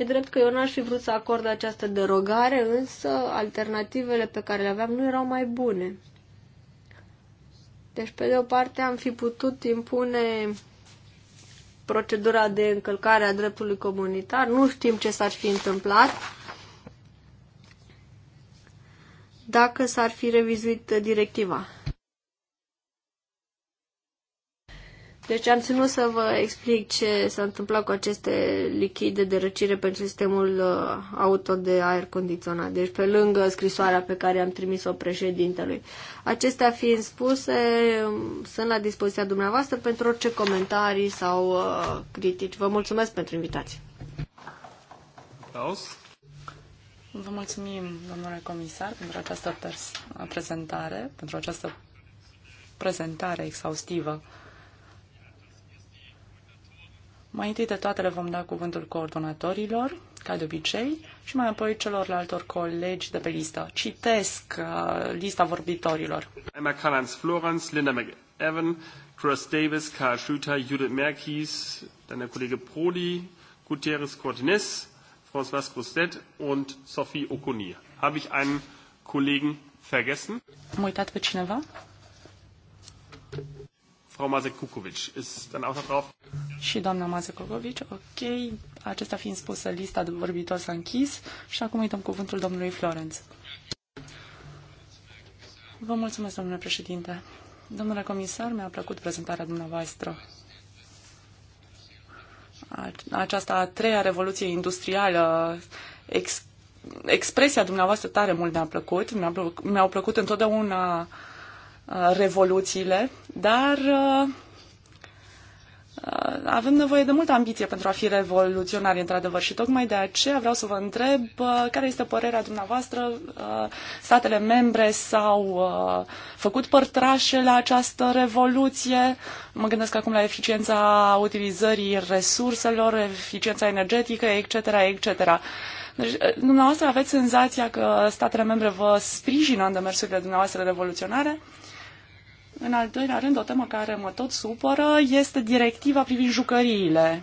E drept că eu n-aș fi vrut să acord această derogare, însă alternativele pe care le aveam nu erau mai bune. Deci, pe de o parte, am fi putut impune procedura de încălcare a dreptului comunitar. Nu știm ce s-ar fi întâmplat dacă s-ar fi revizuit directiva. Deci am ținut să vă explic ce s-a întâmplat cu aceste lichide de răcire pentru sistemul uh, auto de aer condiționat. Deci pe lângă scrisoarea pe care am trimis-o președintelui. Acestea fiind spuse, um, sunt la dispoziția dumneavoastră pentru orice comentarii sau uh, critici. Vă mulțumesc pentru invitație. Aplauz. Vă mulțumim, domnule comisar, pentru această prezentare, pentru această prezentare exhaustivă. Mai întâi de toate le vom da cuvântul coordonatorilor, ca de obicei, și mai apoi celorlaltor colegi de pe listă. Citesc uh, lista vorbitorilor. Emma Callans Florence, Linda McEwan, Chris Davis, Karl Schüter, Judith Merkis, dann der Kollege Prodi, Gutierrez Cortines, François Grostet und Sophie Okoni. Habe ich einen Kollegen vergessen? Am uitat pe cineva? Frau Mazekukovic ist dann auch noch drauf. Și doamna Mazekukovic, ok. Acesta fiind spusă, lista de vorbitori s-a închis și acum îi dăm cuvântul domnului Florenț. Vă mulțumesc, domnule președinte. Domnule comisar, mi-a plăcut prezentarea dumneavoastră. Aceasta a treia revoluție industrială ex, expresia dumneavoastră tare mult mi-a plăcut. mi mi-au plăcut întotdeauna uh, Uh, revoluțiile, dar uh, uh, avem nevoie de multă ambiție pentru a fi revoluționari, într-adevăr, și tocmai de aceea vreau să vă întreb care este părerea dumneavoastră. Statele membre s-au făcut părtrașe la această revoluție. Mă gândesc acum la eficiența utilizării resurselor, eficiența energetică, etc., etc. Deci, dumneavoastră aveți senzația că statele membre vă sprijină în demersurile dumneavoastră revoluționare? În al doilea rând, o temă care mă tot supără este directiva privind jucăriile.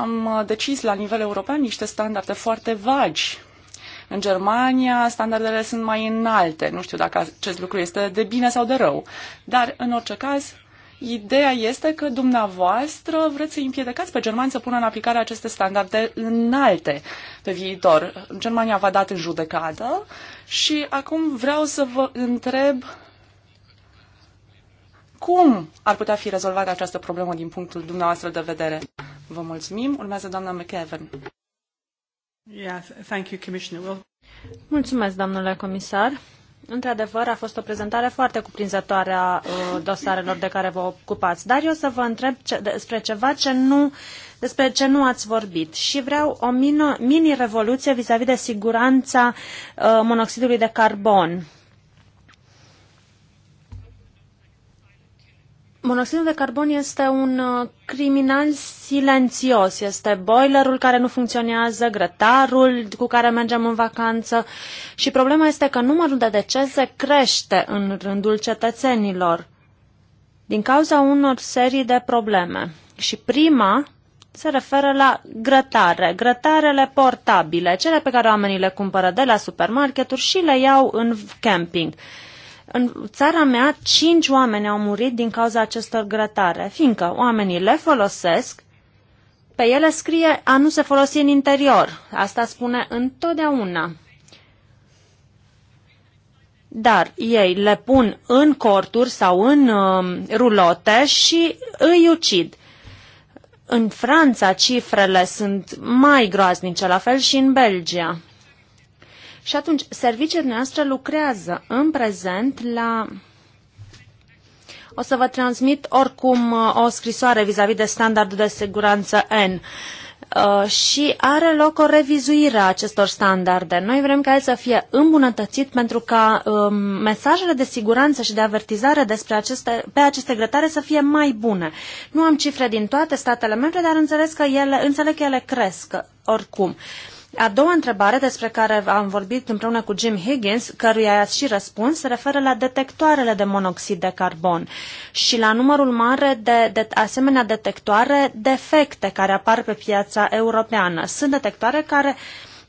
Am decis la nivel european niște standarde foarte vagi. În Germania standardele sunt mai înalte. Nu știu dacă acest lucru este de bine sau de rău. Dar, în orice caz, Ideea este că dumneavoastră vreți să împiedicați pe germani să pună în aplicare aceste standarde înalte pe viitor. Germania v-a dat în judecată și acum vreau să vă întreb cum ar putea fi rezolvată această problemă din punctul dumneavoastră de vedere. Vă mulțumim. Urmează doamna McEwen. Yeah, thank you, Commissioner. Well... Mulțumesc, domnule comisar. Într-adevăr, a fost o prezentare foarte cuprinzătoare a uh, dosarelor de care vă ocupați, dar eu să vă întreb ce, despre ceva ce nu, despre ce nu ați vorbit și vreau o mini-revoluție vis-a-vis de siguranța uh, monoxidului de carbon Monoxidul de carbon este un uh, criminal silențios. Este boilerul care nu funcționează, grătarul cu care mergem în vacanță și problema este că numărul de decese crește în rândul cetățenilor din cauza unor serii de probleme. Și prima se referă la grătare, grătarele portabile, cele pe care oamenii le cumpără de la supermarketuri și le iau în camping. În țara mea, cinci oameni au murit din cauza acestor grătare, fiindcă oamenii le folosesc, pe ele scrie a nu se folosi în interior. Asta spune întotdeauna. Dar ei le pun în corturi sau în uh, rulote și îi ucid. În Franța cifrele sunt mai groaznice, la fel și în Belgia. Și atunci, serviciile noastre lucrează în prezent la o să vă transmit oricum uh, o scrisoare vis-a-vis -vis de standardul de siguranță N. Uh, și are loc o revizuire a acestor standarde. Noi vrem ca el să fie îmbunătățit pentru ca um, mesajele de siguranță și de avertizare despre aceste, pe aceste grătare să fie mai bune. Nu am cifre din toate statele membre, dar înțeles că ele, înțeleg că ele cresc oricum. Uh, a doua întrebare despre care am vorbit împreună cu Jim Higgins, căruia i-ați și răspuns, se referă la detectoarele de monoxid de carbon și la numărul mare de, de asemenea detectoare defecte care apar pe piața europeană. Sunt detectoare care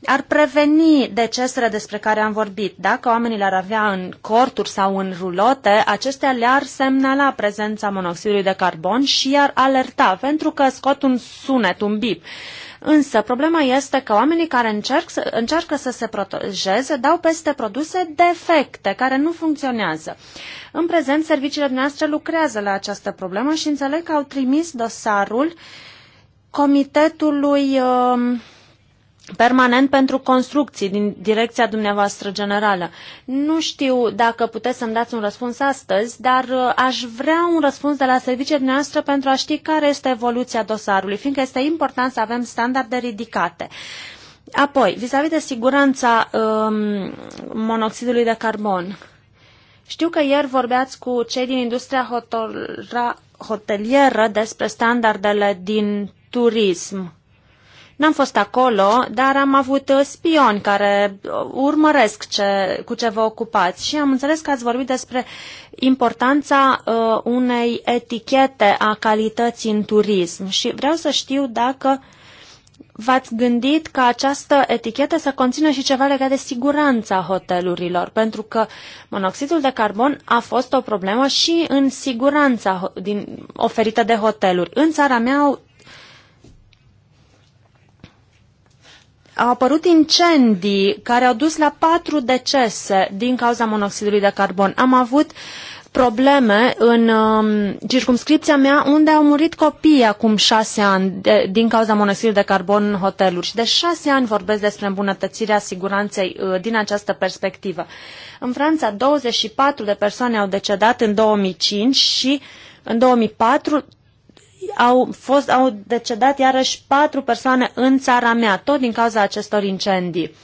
ar preveni decesele despre care am vorbit. Dacă oamenii le-ar avea în corturi sau în rulote, acestea le-ar semnala prezența monoxidului de carbon și i-ar alerta, pentru că scot un sunet, un bip. Însă problema este că oamenii care încerc să, încearcă să se protejeze dau peste produse defecte care nu funcționează. În prezent, serviciile noastre lucrează la această problemă și înțeleg că au trimis dosarul Comitetului uh, permanent pentru construcții din direcția dumneavoastră generală. Nu știu dacă puteți să-mi dați un răspuns astăzi, dar uh, aș vrea un răspuns de la serviciile dumneavoastră pentru a ști care este evoluția dosarului, fiindcă este important să avem standarde ridicate. Apoi, vis-a-vis -vis de siguranța um, monoxidului de carbon, știu că ieri vorbeați cu cei din industria hotora, hotelieră despre standardele din turism. N-am fost acolo, dar am avut uh, spioni care uh, urmăresc ce, cu ce vă ocupați și am înțeles că ați vorbit despre importanța uh, unei etichete a calității în turism și vreau să știu dacă v-ați gândit că această etichetă să conțină și ceva legat de siguranța hotelurilor, pentru că monoxidul de carbon a fost o problemă și în siguranța din, oferită de hoteluri. În țara mea au Au apărut incendii care au dus la patru decese din cauza monoxidului de carbon. Am avut probleme în um, circumscripția mea unde au murit copii acum șase ani de, din cauza monoxidului de carbon în hoteluri și de șase ani vorbesc despre îmbunătățirea siguranței uh, din această perspectivă. În Franța 24 de persoane au decedat în 2005 și în 2004 au, fost, au decedat iarăși patru persoane în țara mea, tot din cauza acestor incendii.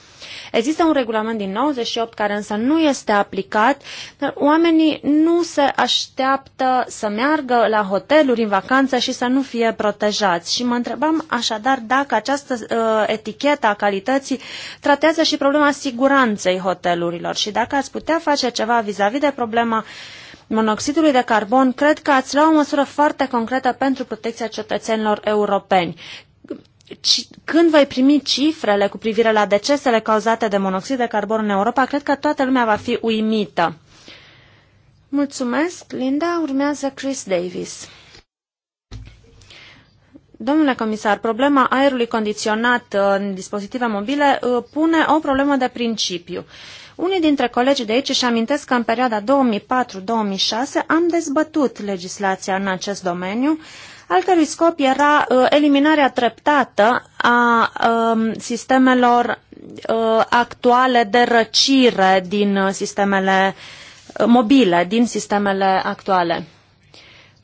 Există un regulament din 98 care însă nu este aplicat, dar oamenii nu se așteaptă să meargă la hoteluri în vacanță și să nu fie protejați. Și mă întrebam așadar dacă această uh, etichetă a calității tratează și problema siguranței hotelurilor și dacă ați putea face ceva vis-a-vis -vis de problema uh, monoxidului de carbon, cred că ați luat o măsură foarte concretă pentru protecția cetățenilor europeni. Când voi primi cifrele cu privire la decesele cauzate de monoxid de carbon în Europa, cred că toată lumea va fi uimită. Mulțumesc, Linda. Urmează Chris Davis. Domnule comisar, problema aerului condiționat uh, în dispozitive mobile uh, pune o problemă de principiu. Uh, unii dintre colegii de aici își amintesc că în perioada 2004-2006 am dezbătut legislația în acest domeniu, al cărui scop era uh, eliminarea treptată a um, sistemelor uh, actuale de răcire din sistemele uh, mobile, din sistemele actuale.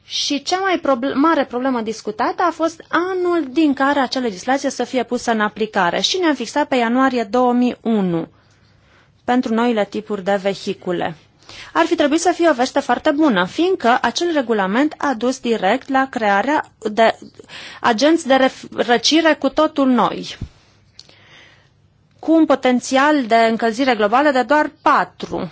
Și cea mai proble- mare problemă discutată a fost anul din care acea legislație să fie pusă în aplicare și ne-am fixat pe ianuarie 2001 pentru noile tipuri de vehicule. Ar fi trebuit să fie o veste foarte bună, fiindcă acel regulament a dus direct la crearea de agenți de răcire cu totul noi, cu un potențial de încălzire globală de doar 4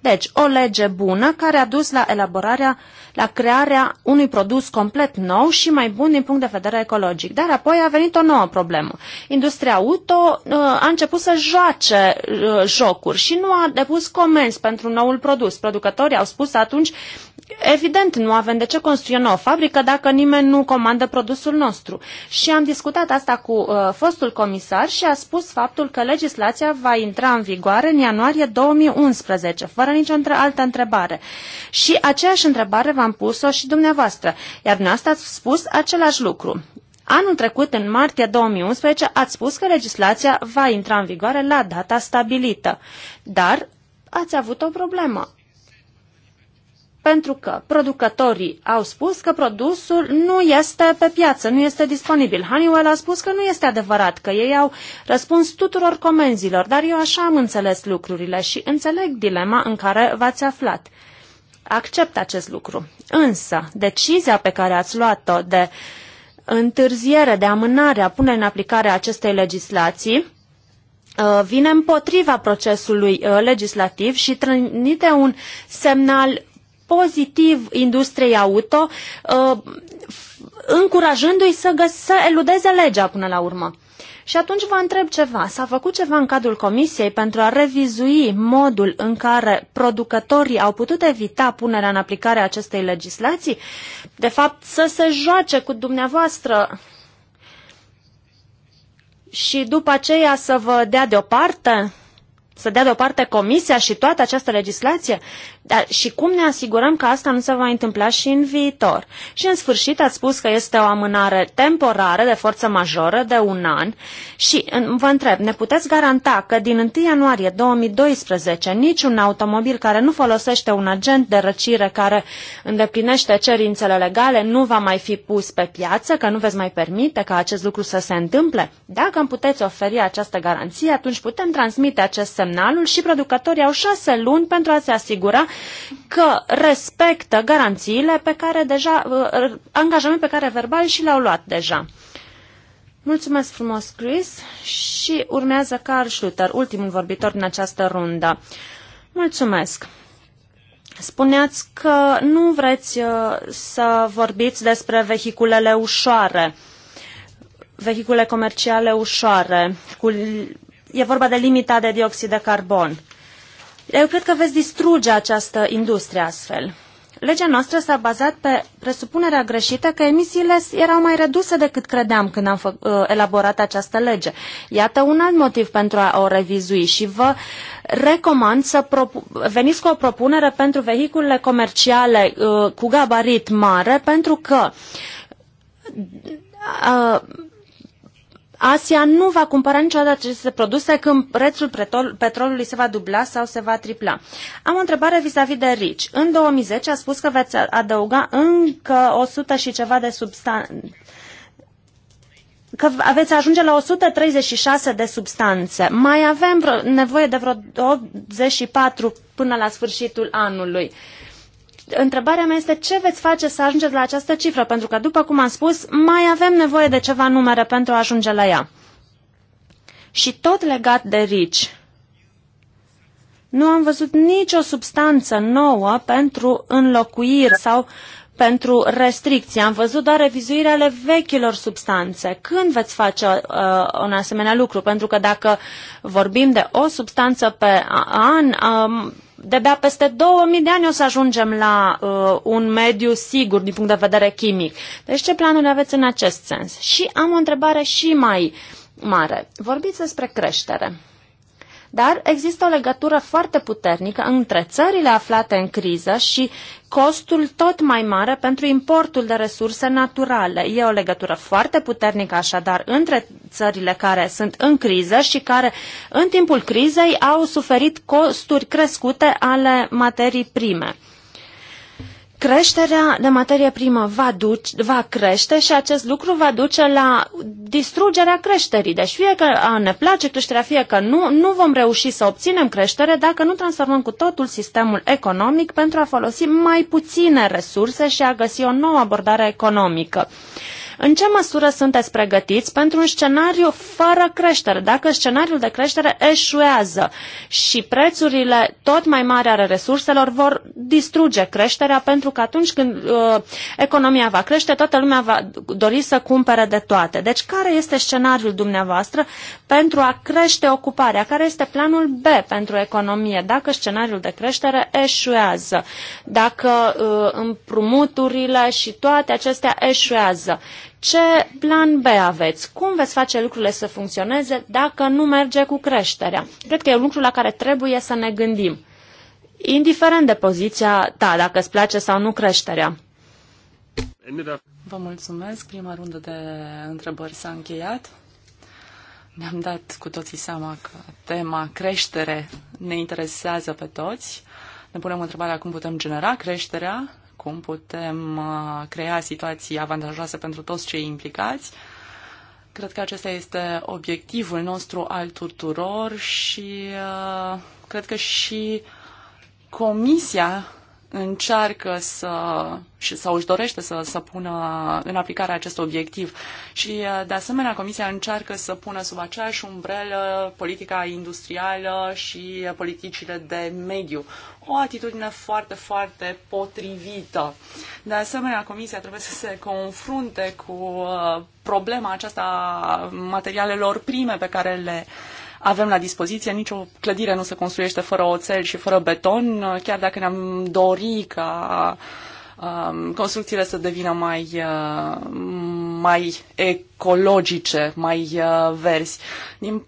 deci, o lege bună care a dus la elaborarea, la crearea unui produs complet nou și mai bun din punct de vedere ecologic. Dar apoi a venit o nouă problemă. Industria auto uh, a început să joace uh, jocuri și nu a depus comenzi pentru noul produs. Producătorii au spus atunci Evident, nu avem de ce construi o fabrică dacă nimeni nu comandă produsul nostru. Și am discutat asta cu uh, fostul comisar și a spus faptul că legislația va intra în vigoare în ianuarie 2011, fără nicio între altă întrebare. Și aceeași întrebare v-am pus-o și dumneavoastră, iar dumneavoastră ați spus același lucru. Anul trecut, în martie 2011, ați spus că legislația va intra în vigoare la data stabilită. Dar ați avut o problemă pentru că producătorii au spus că produsul nu este pe piață, nu este disponibil. Honeywell a spus că nu este adevărat, că ei au răspuns tuturor comenzilor, dar eu așa am înțeles lucrurile și înțeleg dilema în care v-ați aflat. Accept acest lucru. Însă, decizia pe care ați luat-o de întârziere, de amânare a punerii în aplicare a acestei legislații, uh, vine împotriva procesului uh, legislativ și trănite un semnal pozitiv industriei auto, uh, încurajându-i să, găs- să eludeze legea până la urmă. Și atunci vă întreb ceva. S-a făcut ceva în cadrul comisiei pentru a revizui modul în care producătorii au putut evita punerea în aplicare a acestei legislații? De fapt, să se joace cu dumneavoastră și după aceea să vă dea deoparte? să dea deoparte comisia și toată această legislație? Dar și cum ne asigurăm că asta nu se va întâmpla și în viitor? Și în sfârșit ați spus că este o amânare temporară de forță majoră de un an și vă întreb, ne puteți garanta că din 1 ianuarie 2012 niciun automobil care nu folosește un agent de răcire care îndeplinește cerințele legale nu va mai fi pus pe piață, că nu veți mai permite ca acest lucru să se întâmple? Dacă îmi puteți oferi această garanție, atunci putem transmite acest semn semnalul și producătorii au șase luni pentru a se asigura că respectă garanțiile pe care deja, uh, angajamente pe care verbal și le-au luat deja. Mulțumesc frumos, Chris, și urmează Carl Schluter, ultimul vorbitor din această rundă. Mulțumesc! Spuneați că nu vreți uh, să vorbiți despre vehiculele ușoare, vehicule comerciale ușoare, cu e vorba de limita de dioxid de carbon. Eu cred că veți distruge această industrie astfel. Legea noastră s-a bazat pe presupunerea greșită că emisiile erau mai reduse decât credeam când am uh, elaborat această lege. Iată un alt motiv pentru a o revizui și vă recomand să veniți cu o propunere pentru vehiculele comerciale uh, cu gabarit mare pentru că uh, Asia nu va cumpăra niciodată aceste produse când prețul petrolului se va dubla sau se va tripla. Am o întrebare vis-a-vis -vis de RICI. În 2010 a spus că veți adăuga încă 100 și ceva de substanțe că veți ajunge la 136 de substanțe. Mai avem vreo, nevoie de vreo 84 până la sfârșitul anului. Uh, întrebarea mea este ce veți face să ajungeți la această cifră, pentru că, după cum am spus, mai avem nevoie de ceva numere pentru a ajunge la ea. Și tot legat de RICI, nu am văzut nicio substanță nouă pentru înlocuire sau pentru restricții. Am văzut doar revizuirea ale vechilor substanțe. Când veți face uh, un asemenea lucru? Pentru că dacă vorbim de o substanță pe an, um, de-abia peste 2000 de ani o să ajungem la uh, un mediu sigur din punct de vedere chimic. Deci ce planuri aveți în acest sens? Și am o întrebare și mai mare. Vorbiți despre creștere. Dar există o legătură foarte puternică între țările aflate în criză și costul tot mai mare pentru importul de resurse naturale. E o legătură foarte puternică așadar între țările care sunt în criză și care în timpul crizei au suferit costuri crescute ale materii prime creșterea de materie primă va, duce, va crește și acest lucru va duce la distrugerea creșterii. Deci fie că ne place creșterea, fie că nu, nu vom reuși să obținem creștere dacă nu transformăm cu totul sistemul economic pentru a folosi mai puține resurse și a găsi o nouă abordare economică. În ce măsură sunteți pregătiți pentru un scenariu fără creștere? Dacă scenariul de creștere eșuează și prețurile tot mai mari ale resurselor vor distruge creșterea pentru că atunci când uh, economia va crește, toată lumea va dori să cumpere de toate. Deci care este scenariul dumneavoastră pentru a crește ocuparea? Care este planul B pentru economie dacă scenariul de creștere eșuează? Dacă uh, împrumuturile și toate acestea eșuează? Ce plan B aveți? Cum veți face lucrurile să funcționeze dacă nu merge cu creșterea? Cred că e un lucru la care trebuie să ne gândim. Indiferent de poziția ta, dacă îți place sau nu creșterea. Vă mulțumesc. Prima rundă de întrebări s-a încheiat. Ne-am dat cu toții seama că tema creștere ne interesează pe toți. Ne punem întrebarea cum putem genera creșterea cum putem uh, crea situații avantajoase pentru toți cei implicați. Cred că acesta este obiectivul nostru al tuturor și uh, cred că și Comisia încearcă să și, sau își dorește să, să pună în aplicare acest obiectiv. Și, uh, de asemenea, Comisia încearcă să pună sub aceeași umbrelă politica industrială și politicile de mediu. O atitudine foarte, foarte potrivită. De asemenea, Comisia trebuie să se confrunte cu uh, problema aceasta a materialelor prime pe care le uh, avem la dispoziție. Nicio clădire nu se construiește fără oțel și fără beton, chiar dacă ne-am dori ca um, construcțiile să devină mai, uh, mai ecologice, mai uh, verzi. Din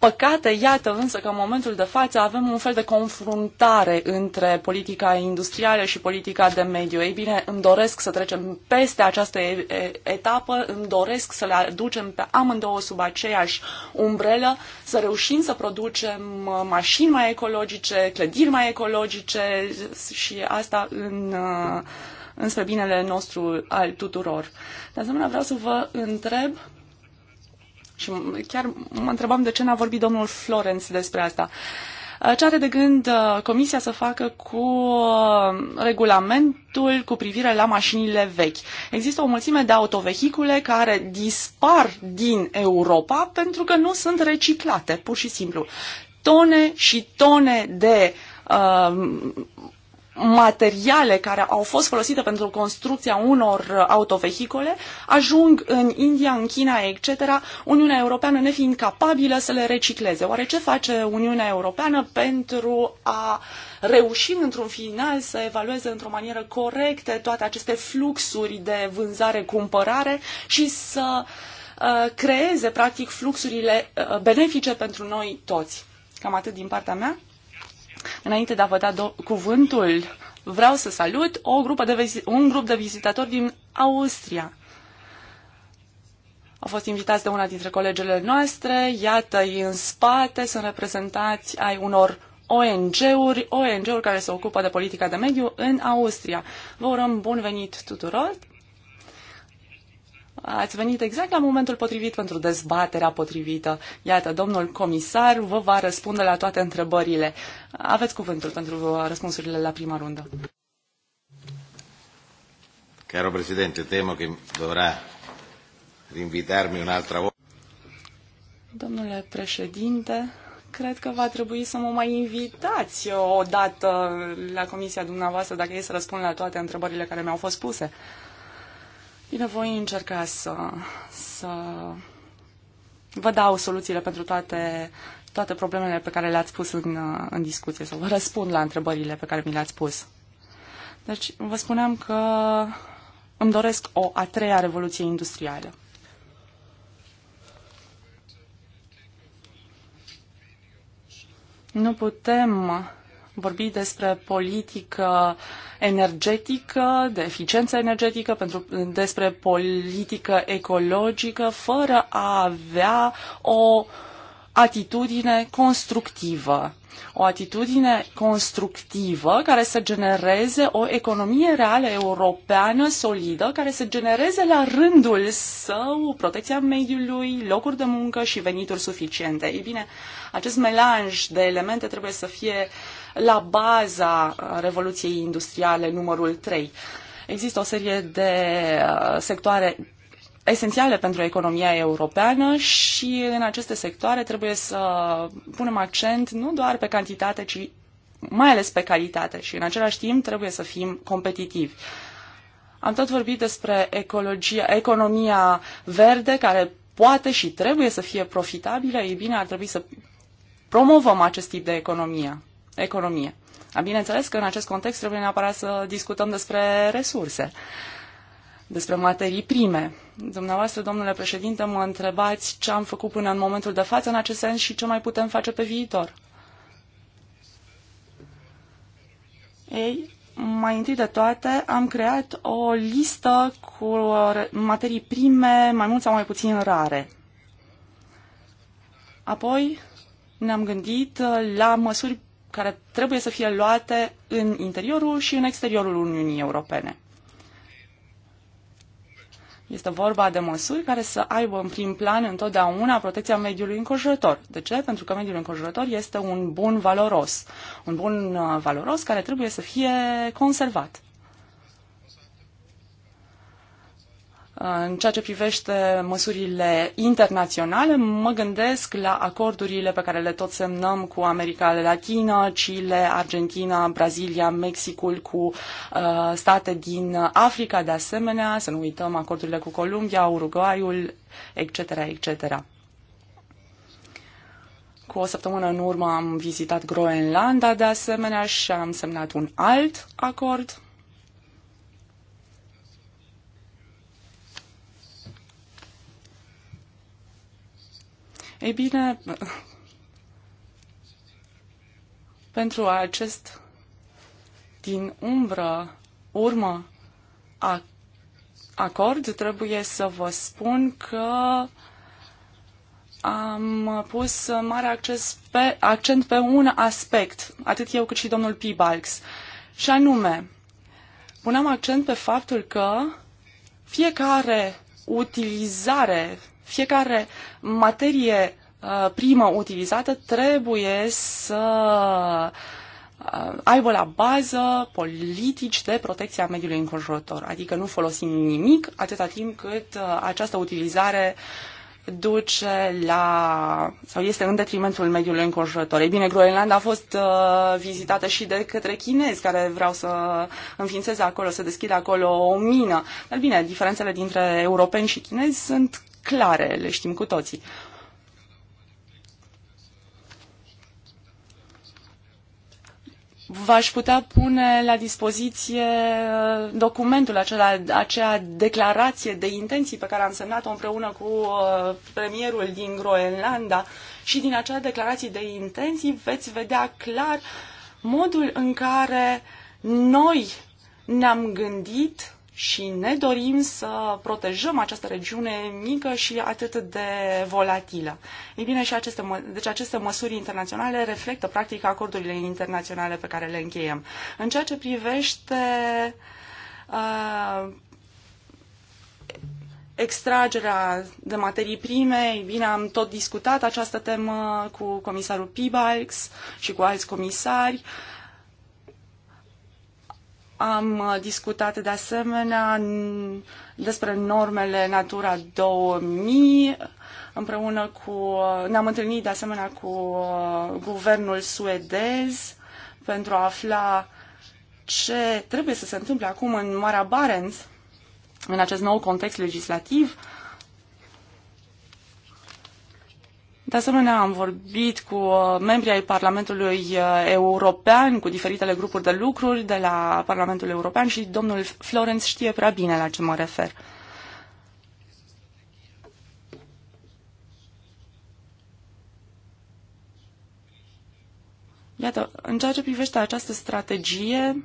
Păcate, iată însă că în momentul de față avem un fel de confruntare între politica industrială și politica de mediu. Ei bine, îmi doresc să trecem peste această etapă, îmi doresc să le aducem pe amândouă sub aceeași umbrelă, să reușim să producem uh, mașini mai ecologice, clădiri mai ecologice și asta în uh, înspre binele nostru al tuturor. De asemenea, vreau să vă întreb și chiar mă întrebam de ce n-a vorbit domnul Florenț despre asta. Uh, ce are de gând uh, Comisia să facă cu uh, regulamentul cu privire la mașinile vechi? Există o mulțime de autovehicule care dispar din Europa pentru că nu sunt reciclate, pur și simplu. Tone și tone de uh, materiale care au fost folosite pentru construcția unor uh, autovehicole ajung în India, în China, etc., Uniunea Europeană nefiind capabilă să le recicleze. Oare ce face Uniunea Europeană pentru a reuși într-un final să evalueze într-o manieră corectă toate aceste fluxuri de vânzare-cumpărare și să uh, creeze, practic, fluxurile uh, benefice pentru noi toți? Cam atât din partea mea. Înainte de a vă da cuvântul, vreau să salut o grupă de un grup de vizitatori din Austria. Au fost invitați de una dintre colegele noastre, iată-i în spate, sunt reprezentați ai unor ONG-uri, ONG-uri care se ocupă de politica de mediu în Austria. Vă urăm bun venit tuturor Ați venit exact la momentul potrivit pentru dezbaterea potrivită. Iată, domnul comisar vă va răspunde la toate întrebările. Aveți cuvântul pentru răspunsurile la prima rundă. Caro președinte, temo che dovrà rinvitarmi un'altra volta. Domnule președinte, cred că va trebui să mă mai invitați o dată la comisia dumneavoastră dacă e să răspund la toate întrebările care mi-au fost puse. Bine, voi încerca să, să vă dau soluțiile pentru toate, toate problemele pe care le-ați pus în, în discuție, să vă răspund la întrebările pe care mi le-ați pus. Deci, vă spuneam că îmi doresc o a treia revoluție industrială. Nu putem vorbi despre politică energetică, de eficiență energetică, pentru, despre politică ecologică, fără a avea o atitudine constructivă. O atitudine constructivă care să genereze o economie reală europeană solidă, care să genereze la rândul său protecția mediului, locuri de muncă și venituri suficiente. Ei bine, acest melanj de elemente trebuie să fie uh, la baza Revoluției Industriale numărul 3. Există o serie de uh, sectoare esențiale pentru economia europeană și în aceste sectoare trebuie să punem accent nu doar pe cantitate, ci mai ales pe calitate și în același timp trebuie să fim competitivi. Am tot vorbit despre ecologia, economia verde care poate și trebuie să fie profitabilă, ei bine ar trebui să promovăm acest tip de economie economie. Bineînțeles că în acest context trebuie neapărat să discutăm despre resurse, despre materii prime. Dumneavoastră, domnule președinte, mă întrebați ce am făcut până în momentul de față în acest sens și ce mai putem face pe viitor. Ei, mai întâi de toate, am creat o listă cu materii prime, mai mult sau mai puțin rare. Apoi ne-am gândit la măsuri care trebuie să fie luate în interiorul și în exteriorul Uniunii Europene. Este vorba de măsuri care să aibă în prim plan întotdeauna protecția mediului înconjurător. De ce? Pentru că mediul înconjurător este un bun valoros. Un bun uh, valoros care trebuie să fie conservat. În ceea ce privește măsurile internaționale, mă gândesc la acordurile pe care le tot semnăm cu America Latină, Chile, Argentina, Brazilia, Mexicul, cu uh, state din Africa, de asemenea, să nu uităm acordurile cu Columbia, Uruguayul, etc., etc. Cu o săptămână în urmă am vizitat Groenlanda, de asemenea, și am semnat un alt acord Ei bine, pentru acest din umbră, urmă acord, trebuie să vă spun că am pus mare acces pe, accent pe un aspect, atât eu cât și domnul Pibalx, și anume, puneam accent pe faptul că fiecare utilizare fiecare materie uh, primă utilizată trebuie să uh, aibă la bază politici de protecție a mediului înconjurător. Adică nu folosim nimic atâta timp cât uh, această utilizare duce la sau este în detrimentul mediului înconjurător. Ei bine, Groenlanda a fost uh, vizitată și de către chinezi care vreau să înființeze acolo, să deschidă acolo o mină. Dar bine, diferențele dintre europeni și chinezi sunt clare, le știm cu toții. v-aș putea pune la dispoziție uh, documentul acela, acea declarație de intenții pe care am semnat-o împreună cu uh, premierul din Groenlanda și din acea declarație de intenții veți vedea clar modul în care noi ne-am gândit și ne dorim să protejăm această regiune mică și atât de volatilă. Ei bine, și aceste, deci aceste măsuri internaționale reflectă practic acordurile internaționale pe care le încheiem. În ceea ce privește uh, extragerea de materii prime, ei bine, am tot discutat această temă cu comisarul Pibalx și cu alți comisari. Uh, am uh, discutat de asemenea despre normele Natura 2000 împreună cu uh, ne-am întâlnit de asemenea cu uh, guvernul suedez pentru a afla ce trebuie să se întâmple acum în Marea Barents în acest nou context legislativ De asemenea, am vorbit cu uh, membrii ai Parlamentului uh, European, cu diferitele grupuri de lucruri de la Parlamentul European și domnul Florenț știe prea bine la ce mă refer. Iată, în ceea ce privește această strategie,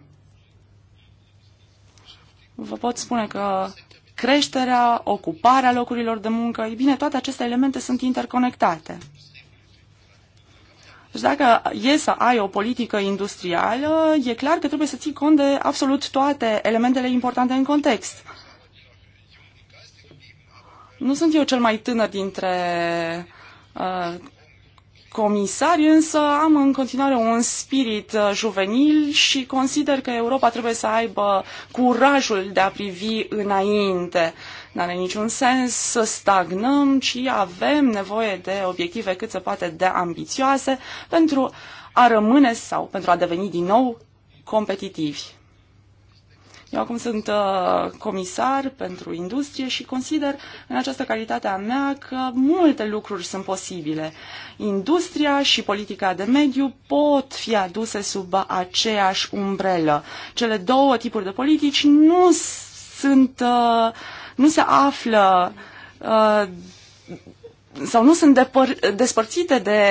vă pot spune că creșterea, ocuparea locurilor de muncă. Ei bine, toate aceste elemente sunt interconectate. Deci dacă e să ai o politică industrială, e clar că trebuie să ții cont de absolut toate elementele importante în context. Nu sunt eu cel mai tânăr dintre uh, comisari, însă am în continuare un spirit uh, juvenil și consider că Europa trebuie să aibă curajul de a privi înainte. N-are niciun sens să stagnăm, ci avem nevoie de obiective cât se poate de ambițioase pentru a rămâne sau pentru a deveni din nou competitivi. Eu acum sunt uh, comisar pentru industrie și consider în această calitate a mea că multe lucruri sunt posibile. Industria și politica de mediu pot fi aduse sub aceeași umbrelă. Cele două tipuri de politici nu sunt, uh, nu se află uh, sau nu sunt depăr- despărțite de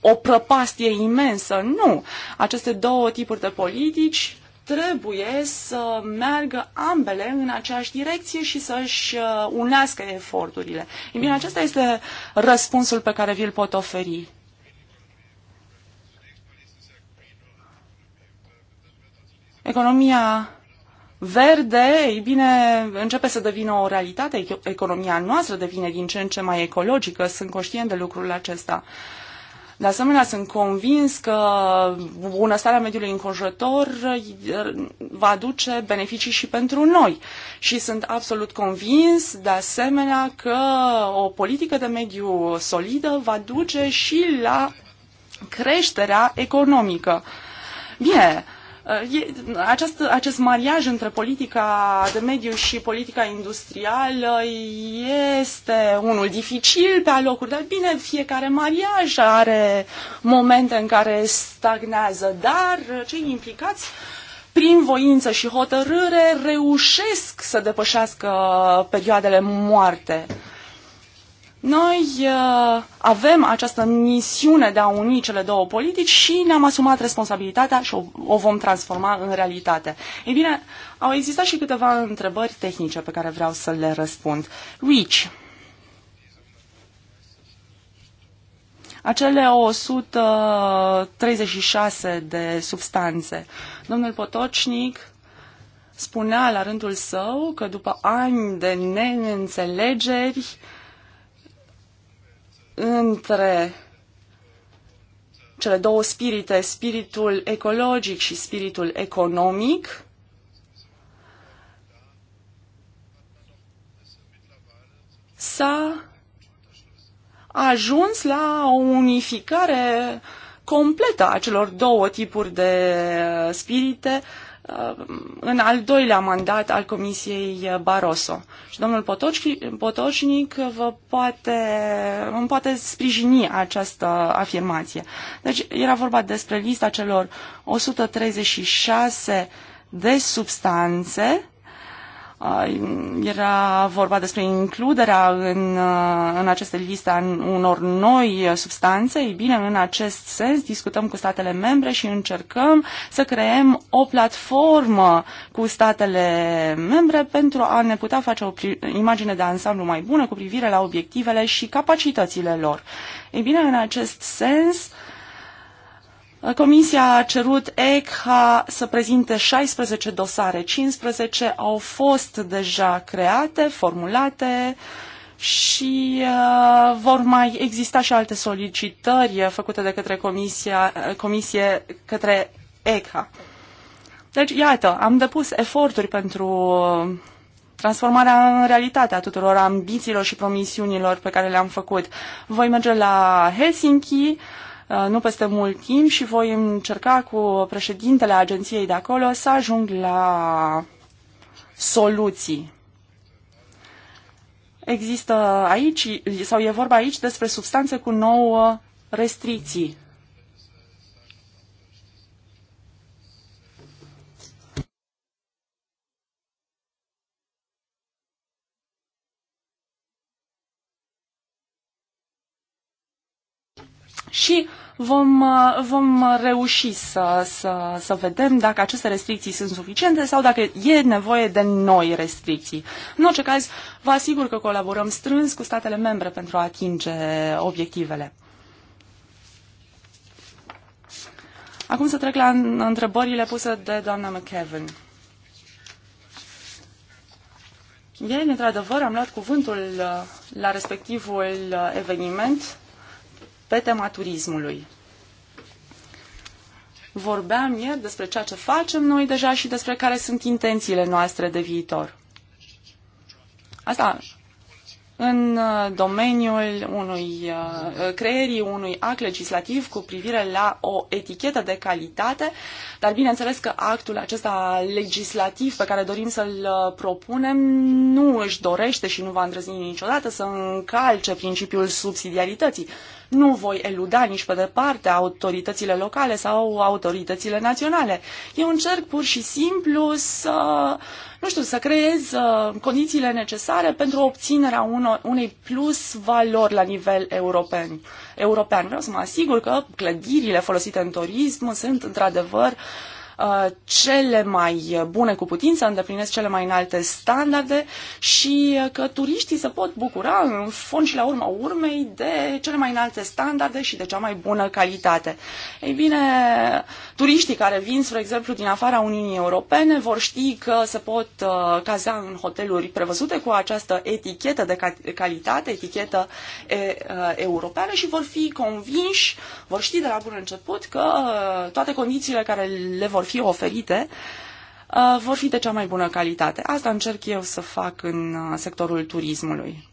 o prăpastie imensă. Nu. Aceste două tipuri de politici trebuie să meargă ambele în aceeași direcție și să-și uh, unească eforturile. E bine, acesta este răspunsul pe care vi-l pot oferi. Economia verde, ei bine, începe să devină o realitate. Economia noastră devine din ce în ce mai ecologică. Sunt conștient de lucrul acesta. Uh, de asemenea, sunt convins că bunăstarea mediului înconjurător eh, va aduce beneficii și pentru noi. Și sunt absolut convins, de asemenea, că o politică de mediu solidă va duce și la creșterea economică. Bine, Uh, acest, acest mariaj între politica de mediu și politica industrială este unul dificil pe alocuri, dar bine, fiecare mariaj are momente în care stagnează, dar cei implicați prin voință și hotărâre reușesc să depășească perioadele moarte noi uh, avem această misiune de a uni cele două politici și ne-am asumat responsabilitatea și o, o vom transforma în realitate. Ei bine, au existat și câteva întrebări tehnice pe care vreau să le răspund. REACH. Acele 136 de substanțe. Domnul Potocnic spunea la rândul său că după ani de neînțelegeri, uh, între cele două spirite, spiritul ecologic și spiritul economic. S-a ajuns la o unificare completă a celor două tipuri de spirite uh, Uh, în al doilea mandat al Comisiei uh, Barroso. Și domnul Potoșnic vă poate, îmi poate sprijini această afirmație. Deci era vorba despre lista celor 136 de substanțe Uh, era vorba despre includerea în, uh, în aceste liste a unor noi substanțe. Ei bine, în acest sens discutăm cu statele membre și încercăm să creăm o platformă cu statele membre pentru a ne putea face o imagine de ansamblu mai bună cu privire la obiectivele și capacitățile lor. Ei bine, în acest sens, uh, Comisia a cerut ECHA să prezinte 16 dosare, 15 au fost deja create, formulate și uh, vor mai exista și alte solicitări făcute de către comisia, uh, comisie către ECHA. Deci, iată, am depus eforturi pentru uh, transformarea în realitate a tuturor ambițiilor și promisiunilor pe care le-am făcut. Voi merge la Helsinki, uh, Uh, nu peste mult timp și voi încerca cu președintele agenției de acolo să ajung la soluții. Există aici, sau e vorba aici despre substanțe cu nouă restricții. și vom, uh, vom reuși să, să, să vedem dacă aceste restricții sunt suficiente sau dacă e nevoie de noi restricții. În orice caz, vă asigur că colaborăm strâns cu statele membre pentru a atinge obiectivele. Acum să trec la întrebările puse de doamna McKevin. Ei, într-adevăr, am luat cuvântul uh, la respectivul uh, eveniment pe tema turismului. Vorbeam ieri despre ceea ce facem noi deja și despre care sunt intențiile noastre de viitor. Asta în uh, domeniul unui uh, creierii unui act legislativ cu privire la o etichetă de calitate, dar bineînțeles că actul acesta legislativ pe care dorim să-l uh, propunem nu își dorește și nu va îndrăzni niciodată să încalce principiul subsidiarității. Nu voi eluda nici pe departe autoritățile locale sau autoritățile naționale. Eu încerc pur și simplu să, nu știu, să creez uh, condițiile necesare pentru obținerea unei plus valori la nivel european. european. Vreau să mă asigur că clădirile folosite în turism sunt într-adevăr uh, Uh, cele mai bune cu putință, îndeplinesc cele mai înalte standarde și uh, că turiștii se pot bucura în fond și la urma urmei de cele mai înalte standarde și de cea mai bună calitate. Ei bine, turiștii care vin, spre exemplu, din afara Uniunii Europene vor ști că se pot uh, caza în hoteluri prevăzute cu această etichetă de calitate, etichetă europeană și vor fi convinși, vor ști de la bun început că toate condițiile care le vor fi fie oferite uh, vor fi de cea mai bună calitate. Asta încerc eu să fac în uh, sectorul turismului.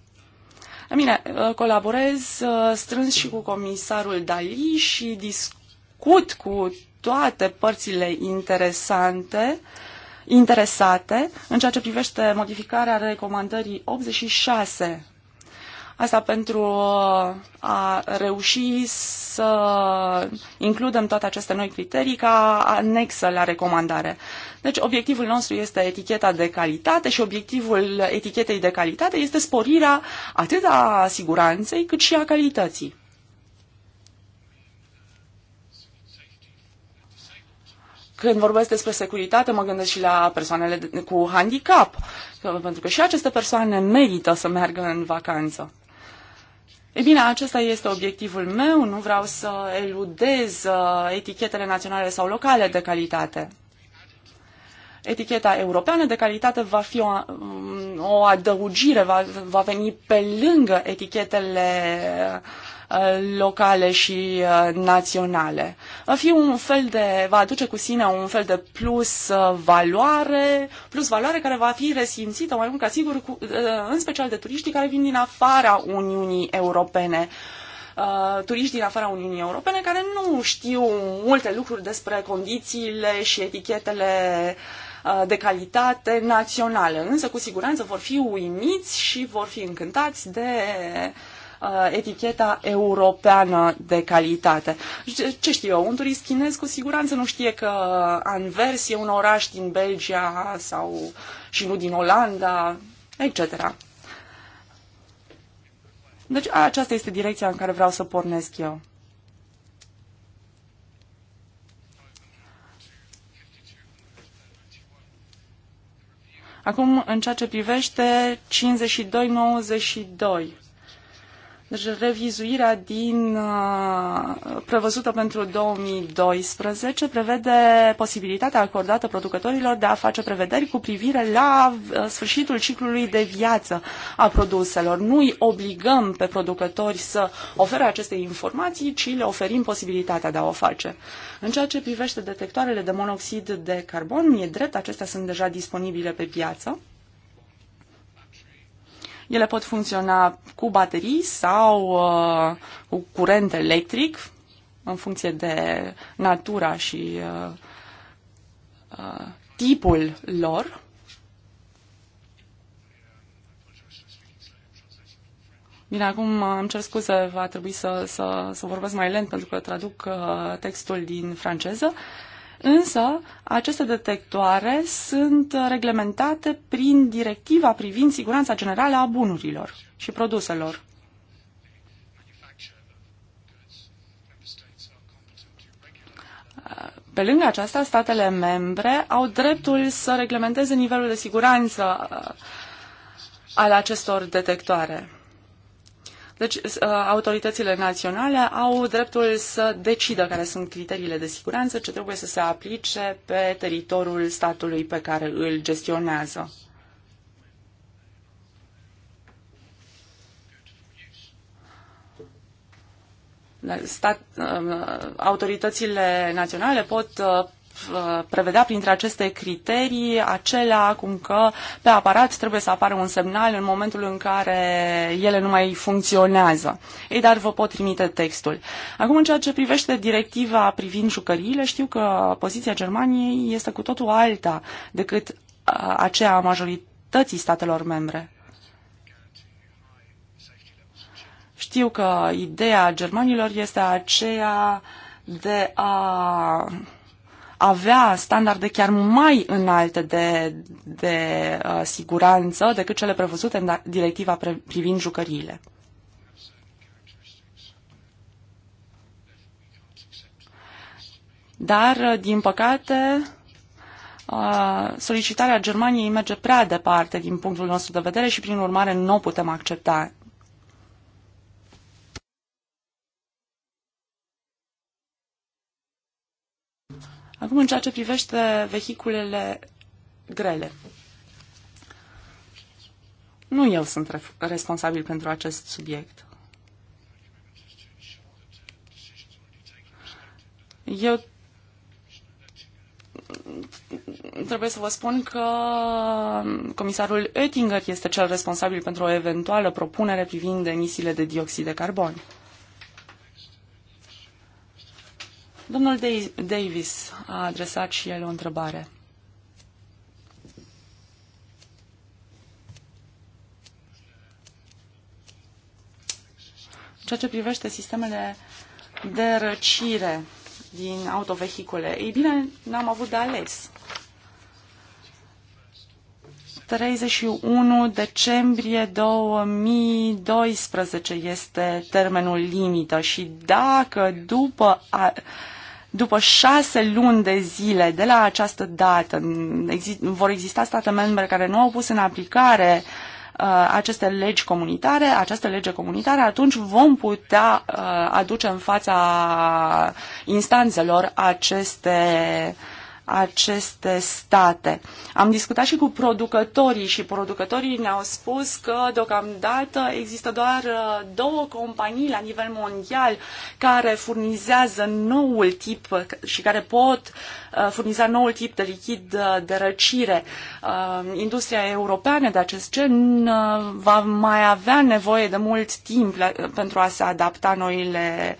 Bine, uh, colaborez strâns și cu comisarul Dali și discut cu toate părțile interesante interesate în ceea ce privește modificarea recomandării 86 Asta pentru uh, a reuși să includem toate aceste noi criterii ca anexă la recomandare. Deci obiectivul nostru este eticheta de calitate și obiectivul etichetei de calitate este sporirea atât a siguranței cât și a calității. când vorbesc despre securitate, mă gândesc și la persoanele cu handicap, pentru că și aceste persoane merită să meargă în vacanță. E bine, acesta este obiectivul meu, nu vreau să eludez uh, etichetele naționale sau locale de calitate. Eticheta europeană de calitate va fi o, um, o adăugire, va, va veni pe lângă etichetele Uh, locale și uh, naționale. Va fi un fel de, va aduce cu sine un fel de plus uh, valoare, plus valoare care va fi resimțită mai mult ca sigur, cu, în special de turiștii care vin din afara Uniunii Europene turiști din afara Uniunii Europene care nu știu multe lucruri despre condițiile și etichetele de calitate naționale, însă cu siguranță vor fi uimiți și vor fi încântați de uh, Uh, eticheta europeană de calitate. Ce știu eu, un turist chinez cu siguranță nu știe că Anvers e un oraș din Belgia sau și nu din Olanda, etc. Deci aceasta este direcția în care vreau să pornesc eu. Acum, în ceea ce privește 52-92. Deci revizuirea din, uh, prevăzută pentru 2012 prevede posibilitatea acordată producătorilor de a face prevederi cu privire la uh, sfârșitul ciclului de viață a produselor. Nu îi obligăm pe producători să ofere aceste informații, ci le oferim posibilitatea de a o face. În ceea ce privește detectoarele de monoxid de carbon, e drept, acestea sunt deja disponibile pe piață. Ele pot funcționa cu baterii sau uh, cu curent electric, în funcție de natura și uh, uh, tipul lor. Bine, acum am uh, cer scuze, va trebui să, să, să vorbesc mai lent pentru că traduc uh, textul din franceză. Uh, Însă, aceste detectoare sunt reglementate prin directiva privind siguranța generală a bunurilor și produselor. Pe lângă aceasta, statele membre au dreptul să reglementeze nivelul de siguranță uh, al acestor detectoare. Deci uh, autoritățile naționale au dreptul să decidă care sunt criteriile de siguranță ce trebuie să se aplice pe teritoriul statului pe care îl gestionează. stat, uh, autoritățile naționale pot uh, Uh, prevedea printre aceste criterii acelea cum că pe aparat trebuie să apară un semnal în momentul în care ele nu mai funcționează. Ei, dar vă pot trimite textul. Acum, în ceea ce privește directiva privind jucăriile, știu că poziția Germaniei este cu totul alta decât uh, aceea a majorității statelor membre. Știu că ideea germanilor este aceea de a avea standarde chiar mai înalte de, de uh, siguranță decât cele prevăzute în da, directiva pre- privind jucăriile. Dar, uh, din păcate, uh, solicitarea Germaniei merge prea departe din punctul nostru de vedere și, prin urmare, nu o putem accepta. Acum, în ceea ce privește vehiculele grele. Nu eu sunt responsabil pentru acest subiect. Eu trebuie să vă spun că comisarul Oettinger este cel responsabil pentru o eventuală propunere privind emisiile de dioxid de carbon. Domnul Davis a adresat și el o întrebare. ceea ce privește sistemele de răcire din autovehicule, ei bine, n-am avut de ales. 31 decembrie 2012 este termenul limită și dacă după a, după șase luni de zile de la această dată vor exista state membre care nu au pus în aplicare uh, aceste legi comunitare, această lege comunitare, atunci vom putea uh, aduce în fața instanțelor aceste uh, aceste state. Am discutat și cu producătorii și producătorii ne-au spus că deocamdată există doar uh, două companii la nivel mondial care furnizează noul tip și care pot uh, furniza noul tip de lichid uh, de răcire. Industria europeană de acest gen va mai avea nevoie de mult timp pentru a se adapta noile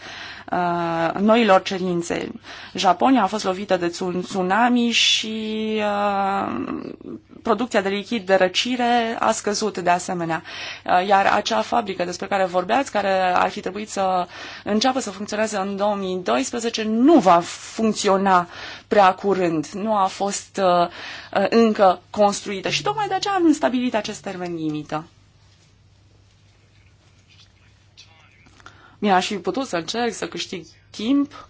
Uh, noilor cerințe. Japonia a fost lovită de tsunami și uh, producția de lichid de răcire a scăzut de asemenea. Uh, iar acea fabrică despre care vorbeați, care ar fi trebuit să înceapă să funcționeze în 2012, nu va funcționa prea curând. Nu a fost uh, uh, încă construită și tocmai de aceea am stabilit acest termen limită. Bine, aș fi putut să încerc să câștig timp,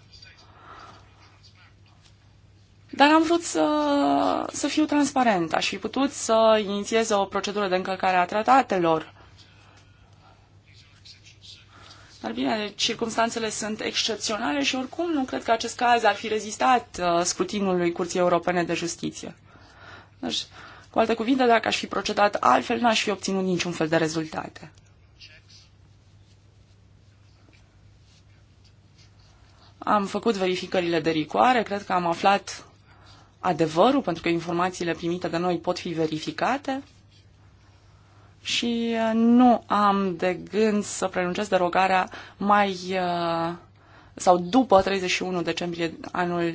dar am vrut să, să fiu transparent. Aș fi putut să inițiez o procedură de încălcare a tratatelor. Dar bine, circumstanțele sunt excepționale și oricum nu cred că acest caz ar fi rezistat uh, scrutinului Curții Europene de Justiție. Deci, cu alte cuvinte, dacă aș fi procedat altfel, n-aș fi obținut niciun fel de rezultate. Am făcut verificările de ricoare, cred că am aflat adevărul, pentru că informațiile primite de noi pot fi verificate și uh, nu am de gând să prelungesc derogarea mai uh, sau după 31 decembrie anul,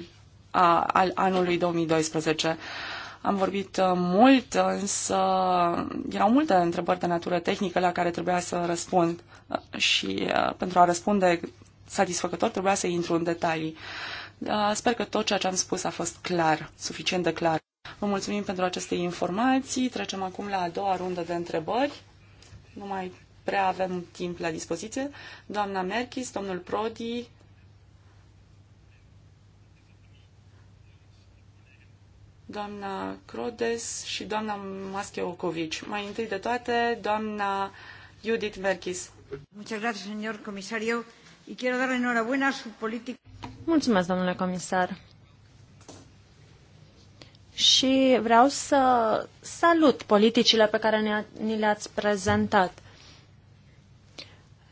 a, al anului 2012. Am vorbit uh, mult, însă erau multe întrebări de natură tehnică la care trebuia să răspund și pentru a răspunde satisfăcător, trebuia să intru în detalii. Da, sper că tot ceea ce am spus a fost clar, suficient de clar. Vă mulțumim pentru aceste informații. Trecem acum la a doua rundă de întrebări. Nu mai prea avem timp la dispoziție. Doamna Merchis, domnul Prodi, doamna Crodes și doamna Mascheocovici. Mai întâi de toate, doamna Judith Merchis. Muchas gracias, señor comisario y quiero darle enhorabuena a su política. Mulțumesc, domnule comisar. Și vreau să salut politicile pe care ni le-ați prezentat.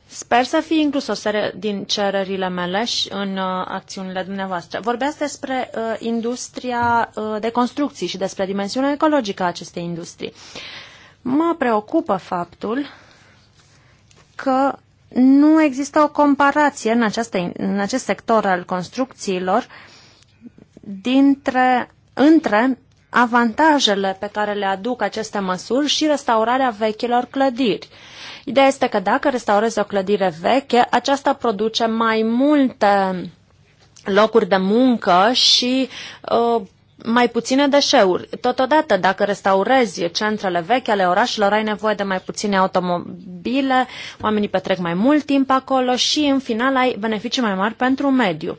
Sper să fie inclus o serie din cererile mele și în uh, acțiunile dumneavoastră. Vorbeați despre uh, industria uh, de construcții și despre dimensiunea ecologică a acestei industrii. Mă preocupă faptul că nu există o comparație în, această, în acest sector al construcțiilor dintre, între avantajele pe care le aduc aceste măsuri și restaurarea vechilor clădiri. Ideea este că dacă restaurezi o clădire veche, aceasta produce mai multe locuri de muncă și uh, mai puține deșeuri. Totodată, dacă restaurezi centrele vechi ale orașelor, ai nevoie de mai puține automobile, oamenii petrec mai mult timp acolo și, în final, ai beneficii mai mari pentru mediu.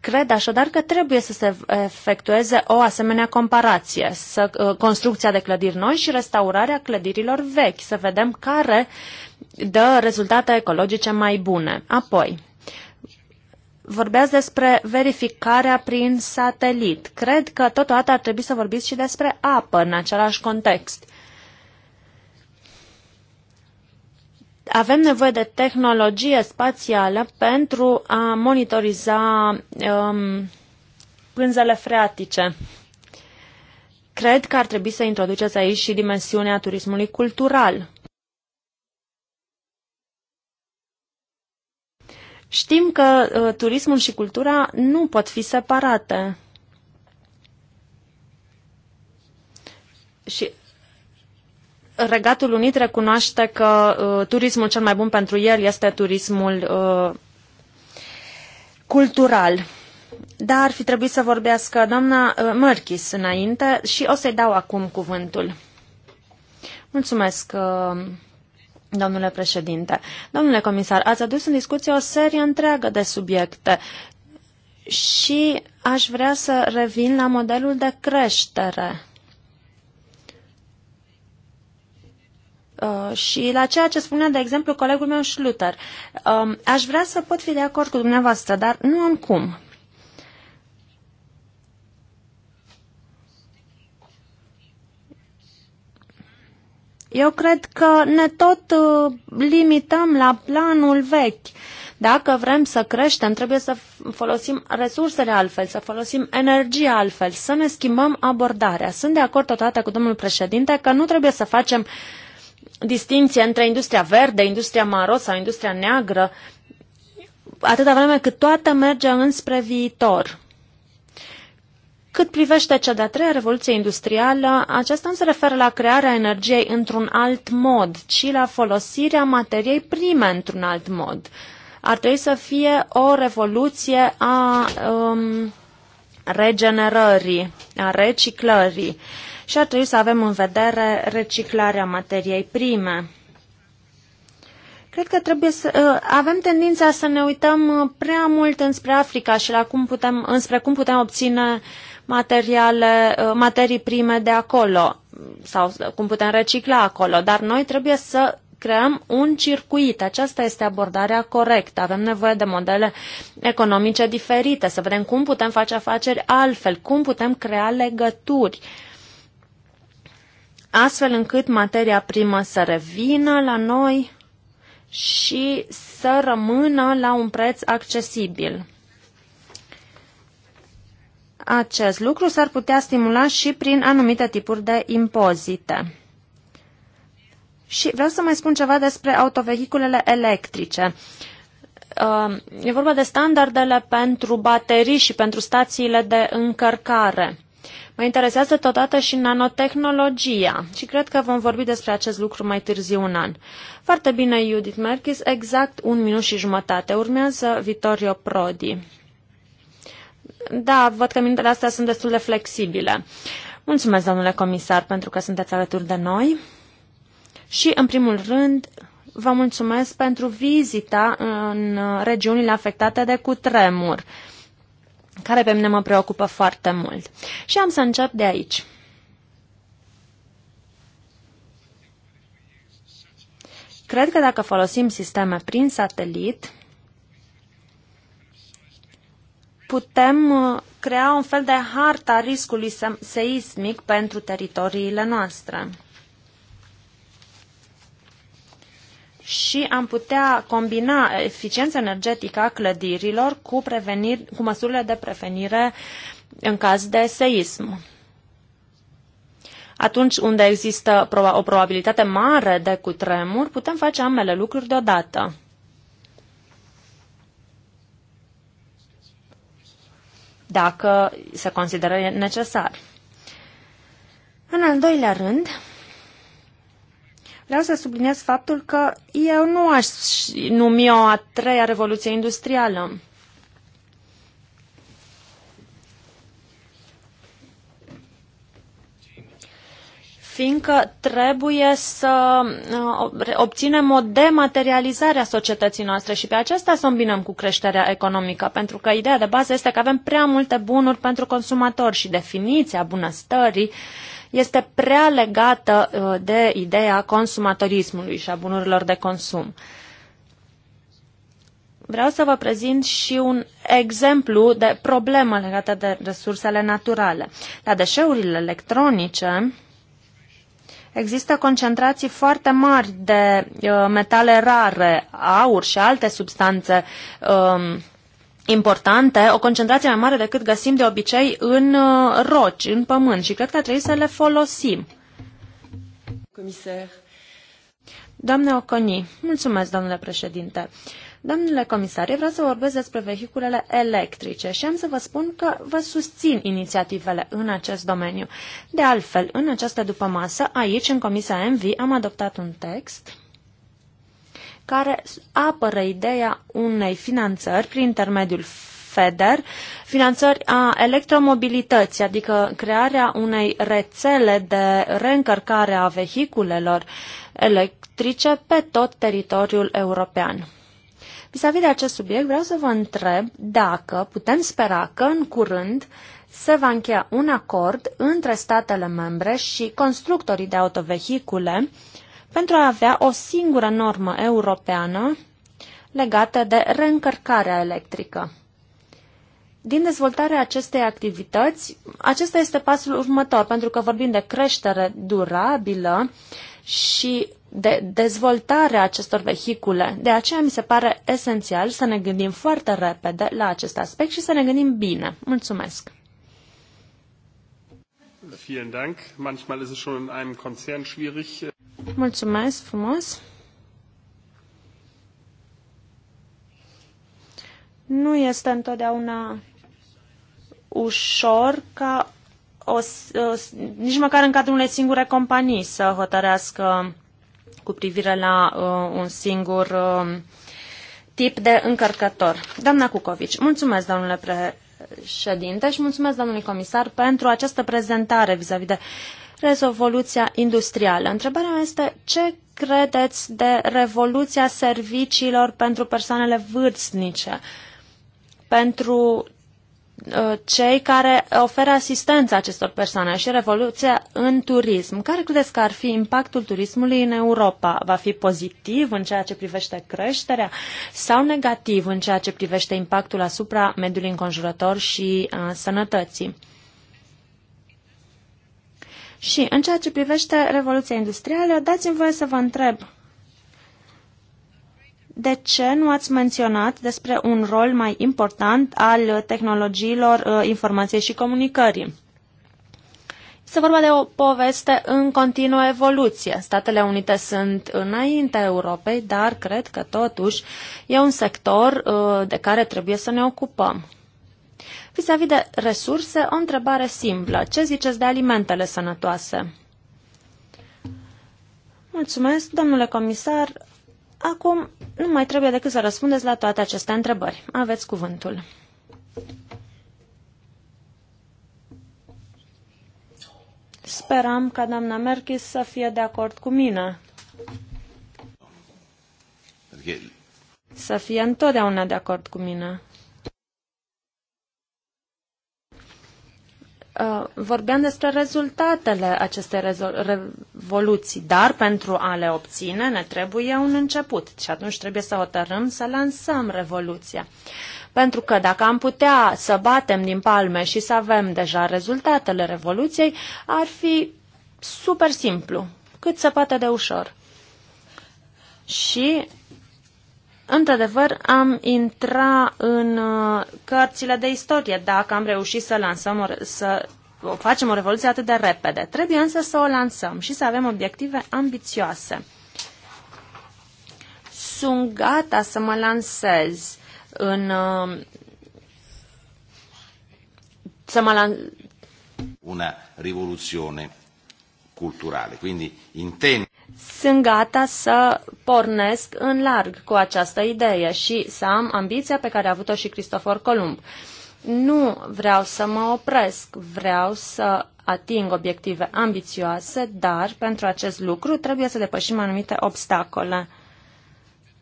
Cred așadar că trebuie să se efectueze o asemenea comparație, să, ă, construcția de clădiri noi și restaurarea clădirilor vechi, să vedem care dă rezultate ecologice mai bune. Apoi, vorbeați despre verificarea prin satelit. Cred că totodată ar trebui să vorbiți și despre apă în același context. Avem nevoie de tehnologie spațială pentru a monitoriza um, pânzele freatice. Cred că ar trebui să introduceți aici și dimensiunea turismului cultural. Știm că uh, turismul și cultura nu pot fi separate. Și Regatul Unit recunoaște că uh, turismul cel mai bun pentru el este turismul uh, cultural. Dar ar fi trebuit să vorbească doamna uh, Mărchis înainte și o să-i dau acum cuvântul. Mulțumesc. Uh, Domnule președinte, domnule comisar, ați adus în discuție o serie întreagă de subiecte și aș vrea să revin la modelul de creștere uh, și la ceea ce spunea, de exemplu, colegul meu Schluter. Um, aș vrea să pot fi de acord cu dumneavoastră, dar nu am cum. Eu cred că ne tot uh, limităm la planul vechi. Dacă vrem să creștem, trebuie să folosim resursele altfel, să folosim energia altfel, să ne schimbăm abordarea. Sunt de acord totodată cu domnul președinte că nu trebuie să facem distinție între industria verde, industria maro sau industria neagră, atâta vreme cât toată merge înspre viitor. Cât privește cea de-a treia revoluție industrială, aceasta nu se referă la crearea energiei într-un alt mod, ci la folosirea materiei prime într-un alt mod. Ar trebui să fie o revoluție a um, regenerării, a reciclării și ar trebui să avem în vedere reciclarea materiei prime. Cred că trebuie să uh, avem tendința să ne uităm uh, prea mult înspre Africa și la cum putem, înspre cum putem obține uh, materiale, ă, materii prime de acolo sau cum putem recicla acolo, dar noi trebuie să creăm un circuit. Aceasta este abordarea corectă. Avem nevoie de modele economice diferite, să vedem cum putem face afaceri altfel, cum putem crea legături astfel încât materia primă să revină la noi și să rămână la un preț accesibil. Acest lucru s-ar putea stimula și prin anumite tipuri de impozite. Și vreau să mai spun ceva despre autovehiculele electrice. Uh, e vorba de standardele pentru baterii și pentru stațiile de încărcare. Mă interesează totodată și nanotehnologia și cred că vom vorbi despre acest lucru mai târziu un an. Foarte bine, Judith Merkis, exact un minut și jumătate. Urmează Vittorio Prodi. Da, văd că minutele astea sunt destul de flexibile. Mulțumesc, domnule comisar, pentru că sunteți alături de noi. Și, în primul rând, vă mulțumesc pentru vizita în regiunile afectate de cutremur, care pe mine mă preocupă foarte mult. Și am să încep de aici. Cred că dacă folosim sisteme prin satelit, putem uh, crea un fel de harta riscului seismic pentru teritoriile noastre. și am putea combina eficiența energetică a clădirilor cu, prevenir, cu măsurile de prevenire în caz de seism. Atunci unde există o probabilitate mare de cutremur, putem face ambele lucruri deodată. dacă se consideră necesar. În al doilea rând, vreau să subliniez faptul că eu nu aș numi o a treia revoluție industrială. fiindcă trebuie să uh, obținem o dematerializare a societății noastre și pe aceasta să o îmbinăm cu creșterea economică, pentru că ideea de bază este că avem prea multe bunuri pentru consumatori și definiția bunăstării este prea legată uh, de ideea consumatorismului și a bunurilor de consum vreau să vă prezint și un exemplu de problemă legată de resursele naturale. La deșeurile electronice, Există concentrații foarte mari de uh, metale rare, aur și alte substanțe um, importante, o concentrație mai mare decât găsim de obicei în uh, roci, în pământ și cred că trebuie să le folosim. Comisar. Doamne Oconi, mulțumesc, domnule președinte. Uh, Domnule comisar, vreau să vorbesc despre vehiculele electrice și am să vă spun că vă susțin inițiativele în acest domeniu. De altfel, în această dupămasă, aici, în Comisia MV, am adoptat un text care apără ideea unei finanțări prin intermediul FEDER, finanțări a electromobilității, adică crearea unei rețele de reîncărcare a vehiculelor electrice pe tot teritoriul european. Vis-a-vis de acest subiect, vreau să vă întreb dacă putem spera că în curând se va încheia un acord între statele membre și constructorii de autovehicule pentru a avea o singură normă europeană legată de reîncărcarea electrică. Din dezvoltarea acestei activități, acesta este pasul următor, pentru că vorbim de creștere durabilă și de dezvoltare a acestor vehicule. De aceea mi se pare esențial să ne gândim foarte repede la acest aspect și să ne gândim bine. Mulțumesc! Vielen Dank. Manchmal ist es schon in einem Konzern schwierig. Mulțumesc frumos! Nu este întotdeauna ușor ca o, o, nici măcar în cadrul unei singure companii să hotărească cu privire la uh, un singur uh, tip de încărcător. Doamna Cucovici, mulțumesc, domnule președinte, și mulțumesc, domnului comisar, pentru această prezentare vis-a-vis -vis de rezoluția industrială. Întrebarea mea este ce credeți de revoluția serviciilor pentru persoanele vârstnice? Pentru Uh, cei care oferă asistență acestor persoane și revoluția în turism. Care credeți că ar fi impactul turismului în Europa? Va fi pozitiv în ceea ce privește creșterea sau negativ în ceea ce privește impactul asupra mediului înconjurător și uh, sănătății? Și în ceea ce privește revoluția industrială, dați-mi voie să vă întreb de ce nu ați menționat despre un rol mai important al tehnologiilor uh, informației și comunicării? Se vorba de o poveste în continuă evoluție. Statele Unite sunt înaintea Europei, dar cred că totuși e un sector uh, de care trebuie să ne ocupăm. Vis-a-vis -vis de resurse, o întrebare simplă. Ce ziceți de alimentele sănătoase? Mulțumesc, domnule comisar. Acum nu mai trebuie decât să răspundeți la toate aceste întrebări. Aveți cuvântul. Speram ca doamna Merkis să fie de acord cu mine. Să fie întotdeauna de acord cu mine. Vorbeam despre rezultatele acestei revoluții, dar pentru a le obține ne trebuie un început și atunci trebuie să hotărâm să lansăm revoluția. Pentru că dacă am putea să batem din palme și să avem deja rezultatele revoluției, ar fi super simplu, cât se poate de ușor. Și Într-adevăr, am intrat în uh, cărțile de istorie dacă am reușit să lansăm o, să facem o revoluție atât de repede. Trebuie însă să o lansăm și să avem obiective ambițioase. Sunt gata să mă lansez în um, să mă lan... una revoluție culturală, quindi intendo sunt gata să pornesc în larg cu această idee și să am ambiția pe care a avut-o și Cristofor Columb. Uh, nu vreau să mă opresc, vreau să ating obiective ambițioase, dar pentru acest lucru trebuie să depășim anumite obstacole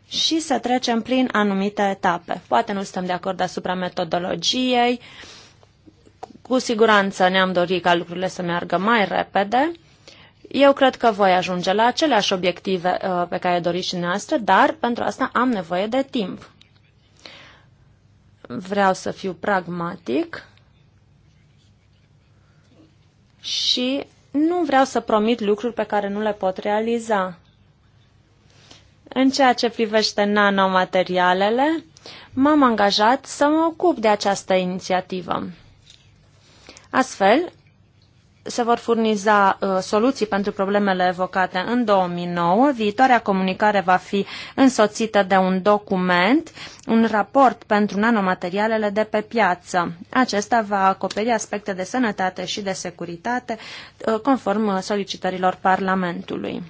și să trecem prin anumite etape. Poate nu suntem de acord asupra metodologiei, cu siguranță ne-am dorit ca lucrurile să meargă mai repede. Eu cred că voi ajunge la aceleași obiective uh, pe care doriți și noastră, dar pentru asta am nevoie de timp vreau să fiu pragmatic și nu vreau să promit lucruri pe care nu le pot realiza. În ceea ce privește nanomaterialele, m-am angajat să mă ocup de această inițiativă. Astfel, se vor furniza uh, soluții pentru problemele evocate în 2009. Viitoarea comunicare va fi însoțită de un document, un raport pentru nanomaterialele de pe piață. Acesta va acoperi aspecte de sănătate și de securitate uh, conform uh, solicitărilor Parlamentului.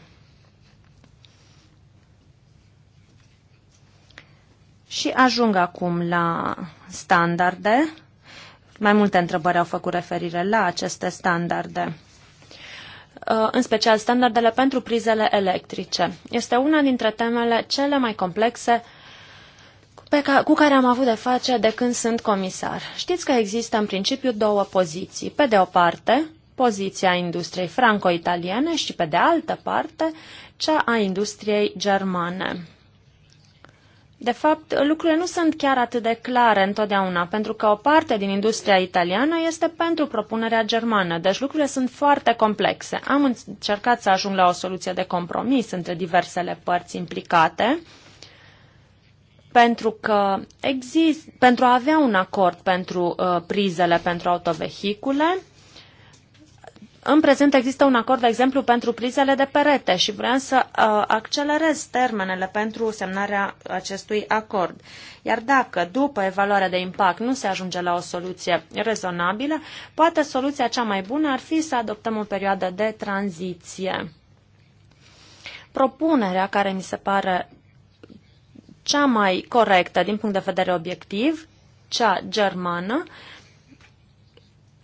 Și ajung acum la standarde. Mai multe întrebări au făcut referire la aceste standarde uh, în special standardele pentru prizele electrice. Este una dintre temele cele mai complexe pe ca, cu care am avut de face de când sunt comisar. Știți că există în principiu două poziții. Pe de o parte, poziția industriei franco-italiene și pe de altă parte, cea a industriei germane. De fapt, lucrurile nu sunt chiar atât de clare întotdeauna, pentru că o parte din industria italiană este pentru propunerea germană, deci lucrurile sunt foarte complexe. Am încercat să ajung la o soluție de compromis între diversele părți implicate, pentru că exist, pentru a avea un acord pentru uh, prizele pentru autovehicule, în prezent există un acord, de exemplu, pentru prizele de perete și vreau să uh, accelerez termenele pentru semnarea acestui acord. Iar dacă, după evaluarea de impact, nu se ajunge la o soluție rezonabilă, poate soluția cea mai bună ar fi să adoptăm o perioadă de tranziție. Propunerea care mi se pare cea mai corectă din punct de vedere obiectiv, cea germană, uh,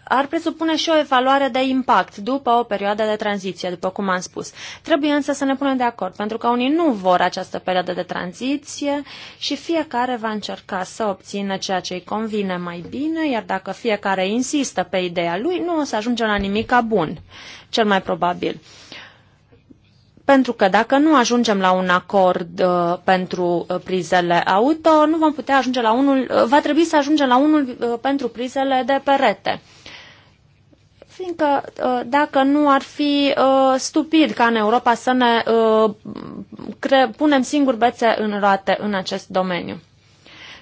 ar presupune și o evaluare de impact după o perioadă de tranziție, după cum am spus. Trebuie însă să ne punem de acord, pentru că unii nu vor această perioadă de tranziție și fiecare va încerca să obțină ceea ce îi convine mai bine, iar dacă fiecare insistă pe ideea lui, nu o să ajungem la ca bun, cel mai probabil. Pentru că dacă nu ajungem la un acord uh, pentru uh, prizele auto, nu vom putea ajunge la unul, uh, va trebui să ajungem la unul uh, pentru prizele de perete. Fiindcă uh, dacă nu ar fi uh, stupid ca în Europa să ne uh, punem singuri bețe în roate în acest domeniu.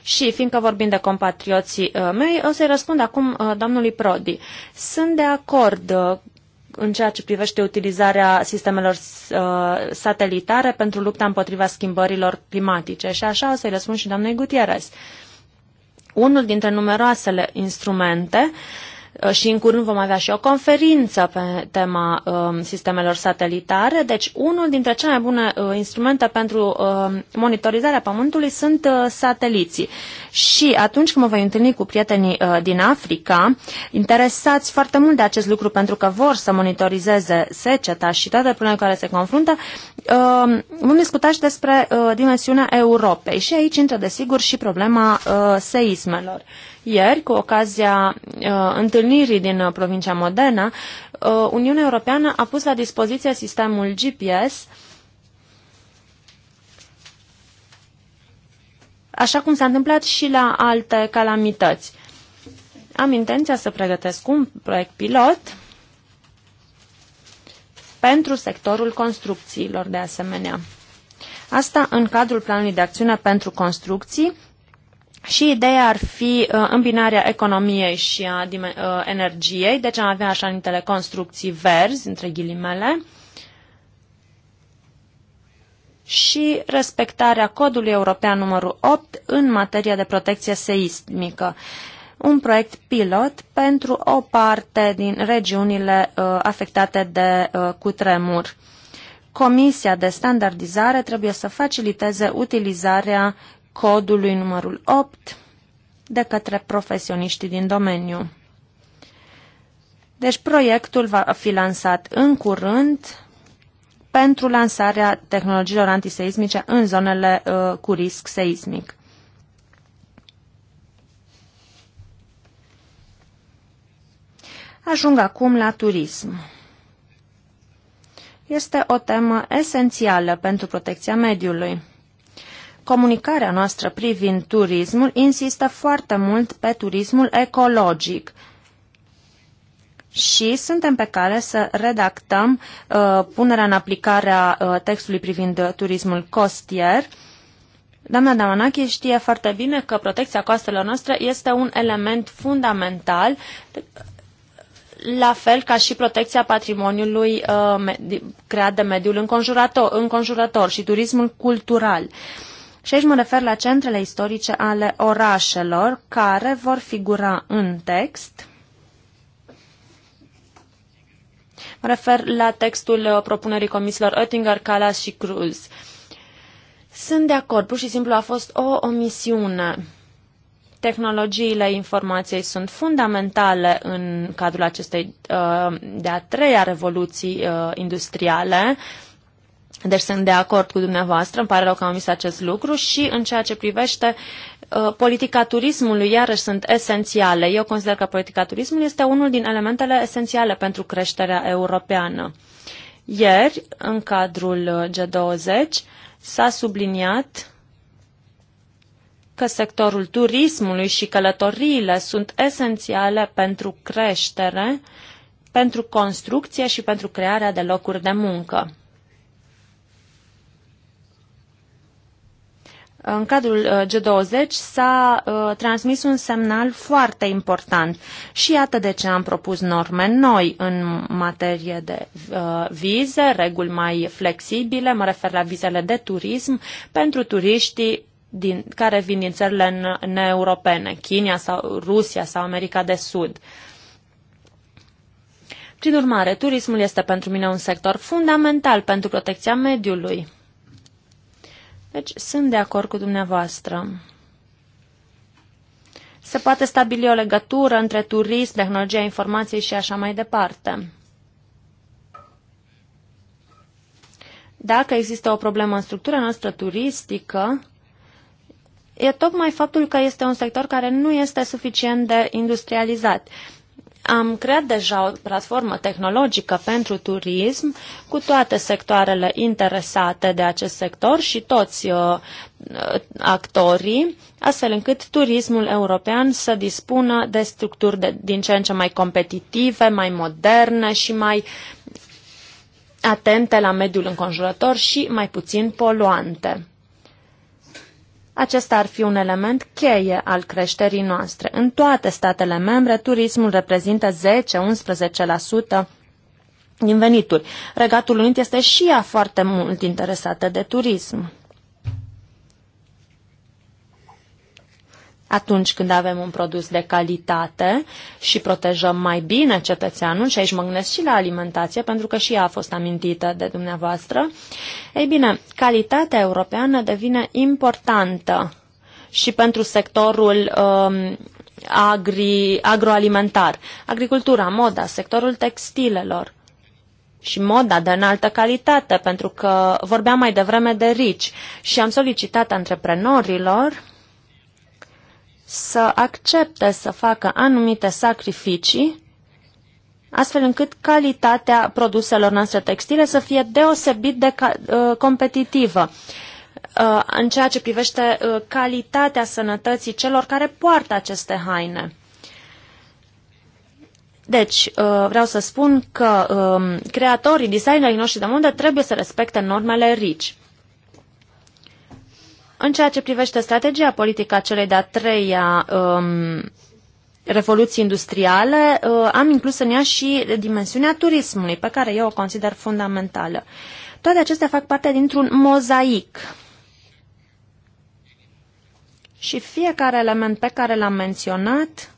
Și fiindcă vorbim de compatrioții mei, o să-i răspund acum domnului Prodi. Sunt de acord în ceea ce privește utilizarea sistemelor uh, satelitare pentru lupta împotriva schimbărilor climatice. Și așa o să-i răspund și doamnei Gutierrez. Unul dintre numeroasele instrumente uh, Uh, și în curând vom avea și o conferință pe tema um, sistemelor satelitare. Deci unul dintre cele mai bune uh, instrumente pentru um, monitorizarea Pământului sunt uh, sateliții. Și atunci când mă voi întâlni cu prietenii uh, din Africa, interesați foarte mult de acest lucru pentru că vor să monitorizeze seceta și toate problemele care se confruntă, uh, vom discuta și despre uh, dimensiunea Europei. Și aici intră, desigur, și problema uh, seismelor. Ieri, cu ocazia uh, întâlnirii din uh, provincia Modena, uh, Uniunea Europeană a pus la dispoziție sistemul GPS așa cum s-a întâmplat și la alte calamități. Am intenția să pregătesc un proiect pilot pentru sectorul construcțiilor de asemenea. Asta în cadrul planului de acțiune pentru construcții și ideea ar fi uh, îmbinarea economiei și a uh, energiei, deci am avea așa anumitele construcții verzi, între ghilimele, și respectarea codului european numărul 8 în materie de protecție seismică un proiect pilot pentru o parte din regiunile uh, afectate de uh, cutremur. Comisia de standardizare trebuie să faciliteze utilizarea codului numărul 8 de către profesioniștii din domeniu. Deci proiectul va fi lansat în curând pentru lansarea tehnologiilor antiseismice în zonele uh, cu risc seismic. Ajung acum la turism. Este o temă esențială pentru protecția mediului. Comunicarea noastră privind turismul insistă foarte mult pe turismul ecologic, și suntem pe cale să redactăm uh, punerea în aplicare a uh, textului privind turismul costier. Doamna Damanache știe foarte bine că protecția coastelor noastre este un element fundamental, la fel ca și protecția patrimoniului uh, creat de mediul înconjurător, înconjurător și turismul cultural. Și aici mă refer la centrele istorice ale orașelor, care vor figura în text Mă refer la textul uh, propunerii comisilor Oettinger, Calas și Cruz. Sunt de acord, pur și simplu a fost o omisiune. Tehnologiile informației sunt fundamentale în cadrul acestei uh, de-a treia revoluții uh, industriale, deci sunt de acord cu dumneavoastră, îmi pare rău că am omis acest lucru și în ceea ce privește Uh, politica turismului iarăși sunt esențiale. Eu consider că politica turismului este unul din elementele esențiale pentru creșterea europeană. Ieri, în cadrul uh, G20, s-a subliniat că sectorul turismului și călătoriile sunt esențiale pentru creștere, pentru construcție și pentru crearea de locuri de muncă. În cadrul uh, G20 s-a uh, transmis un semnal foarte important și iată de ce am propus norme noi în materie de uh, vize, reguli mai flexibile, mă refer la vizele de turism pentru turiștii din, care vin din țările neeuropene, China sau Rusia sau America de Sud. Prin urmare, turismul este pentru mine un sector fundamental pentru protecția mediului deci sunt de acord cu dumneavoastră. Se poate stabili o legătură între turism, tehnologia informației și așa mai departe. Dacă există o problemă în structura noastră turistică, e tocmai faptul că este un sector care nu este suficient de industrializat. Am creat deja o platformă tehnologică pentru turism cu toate sectoarele interesate de acest sector și toți uh, actorii, astfel încât turismul european să dispună de structuri de, din ce în ce mai competitive, mai moderne și mai atente la mediul înconjurător și mai puțin poluante. Acesta ar fi un element cheie al creșterii noastre. În toate statele membre, turismul reprezintă 10-11% din venituri. Regatul Unit este și ea foarte mult interesată de turism. atunci când avem un produs de calitate și protejăm mai bine cetățeanul, și aici mă gândesc și la alimentație, pentru că și ea a fost amintită de dumneavoastră, ei bine, calitatea europeană devine importantă și pentru sectorul um, agri, agroalimentar, agricultura, moda, sectorul textilelor și moda de înaltă calitate, pentru că vorbeam mai devreme de rici și am solicitat antreprenorilor să accepte să facă anumite sacrificii astfel încât calitatea produselor noastre textile să fie deosebit de uh, competitivă uh, în ceea ce privește uh, calitatea sănătății celor care poartă aceste haine. Deci, vreau să spun că um, creatorii, designerii noștri de munte trebuie să respecte normele RICI. În ceea ce privește strategia politică a celei de-a treia um, revoluții industriale, uh, am inclus în ea și dimensiunea turismului, pe care eu o consider fundamentală. Toate acestea fac parte dintr-un mozaic. Și fiecare element pe care l-am menționat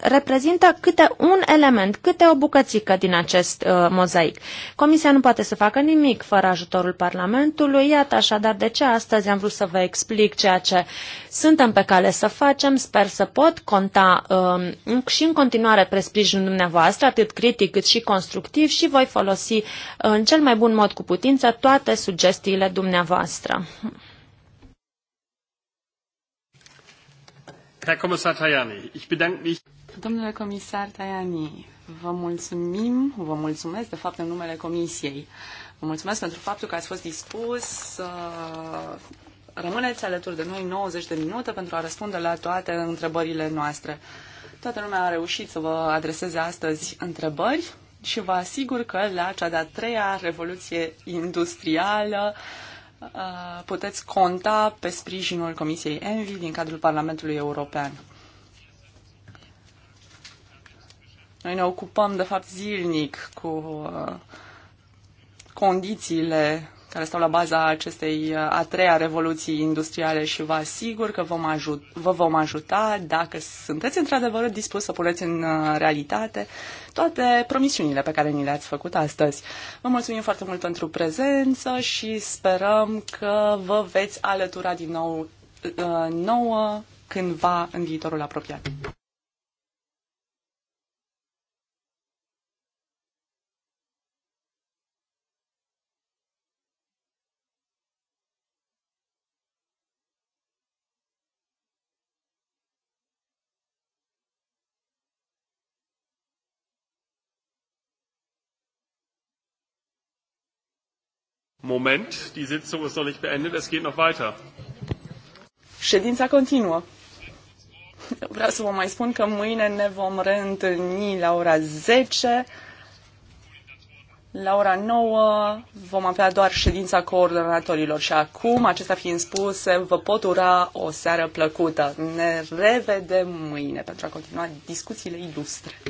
reprezintă câte un element, câte o bucățică din acest uh, mozaic. Comisia nu poate să facă nimic fără ajutorul Parlamentului, iată așadar de ce astăzi am vrut să vă explic ceea ce suntem pe cale să facem, sper să pot conta uh, și în continuare pe sprijinul dumneavoastră, atât critic cât și constructiv și voi folosi uh, în cel mai bun mod cu putință toate sugestiile dumneavoastră. Herr Kommissar Tajani, ich bedanke mich. Domnule comisar Tajani, vă mulțumim, vă mulțumesc de fapt în numele Comisiei. Vă mulțumesc pentru faptul că ați fost dispus să rămâneți alături de noi 90 de minute pentru a răspunde la toate întrebările noastre. Toată lumea a reușit să vă adreseze astăzi întrebări și vă asigur că la cea de-a treia revoluție industrială Uh, puteți conta pe sprijinul Comisiei Envi din cadrul Parlamentului European. Noi ne ocupăm, de fapt, zilnic cu uh, condițiile care stau la baza acestei a treia revoluții industriale și vă asigur că vom ajut, vă vom ajuta dacă sunteți într-adevăr dispus să puneți în uh, realitate toate promisiunile pe care ni le-ați făcut astăzi. Vă mulțumim foarte mult pentru prezență și sperăm că vă veți alătura din nou uh, nouă cândva în viitorul apropiat. Moment, die Sitzung ist noch nicht beendet, es geht noch weiter. Ședința continuă. Vreau să vă mai spun că mâine ne vom reîntâlni la ora 10. La ora 9 vom avea doar ședința coordonatorilor și acum, acesta fiind spus, vă pot ura o seară plăcută. Ne revedem mâine pentru a continua discuțiile ilustre.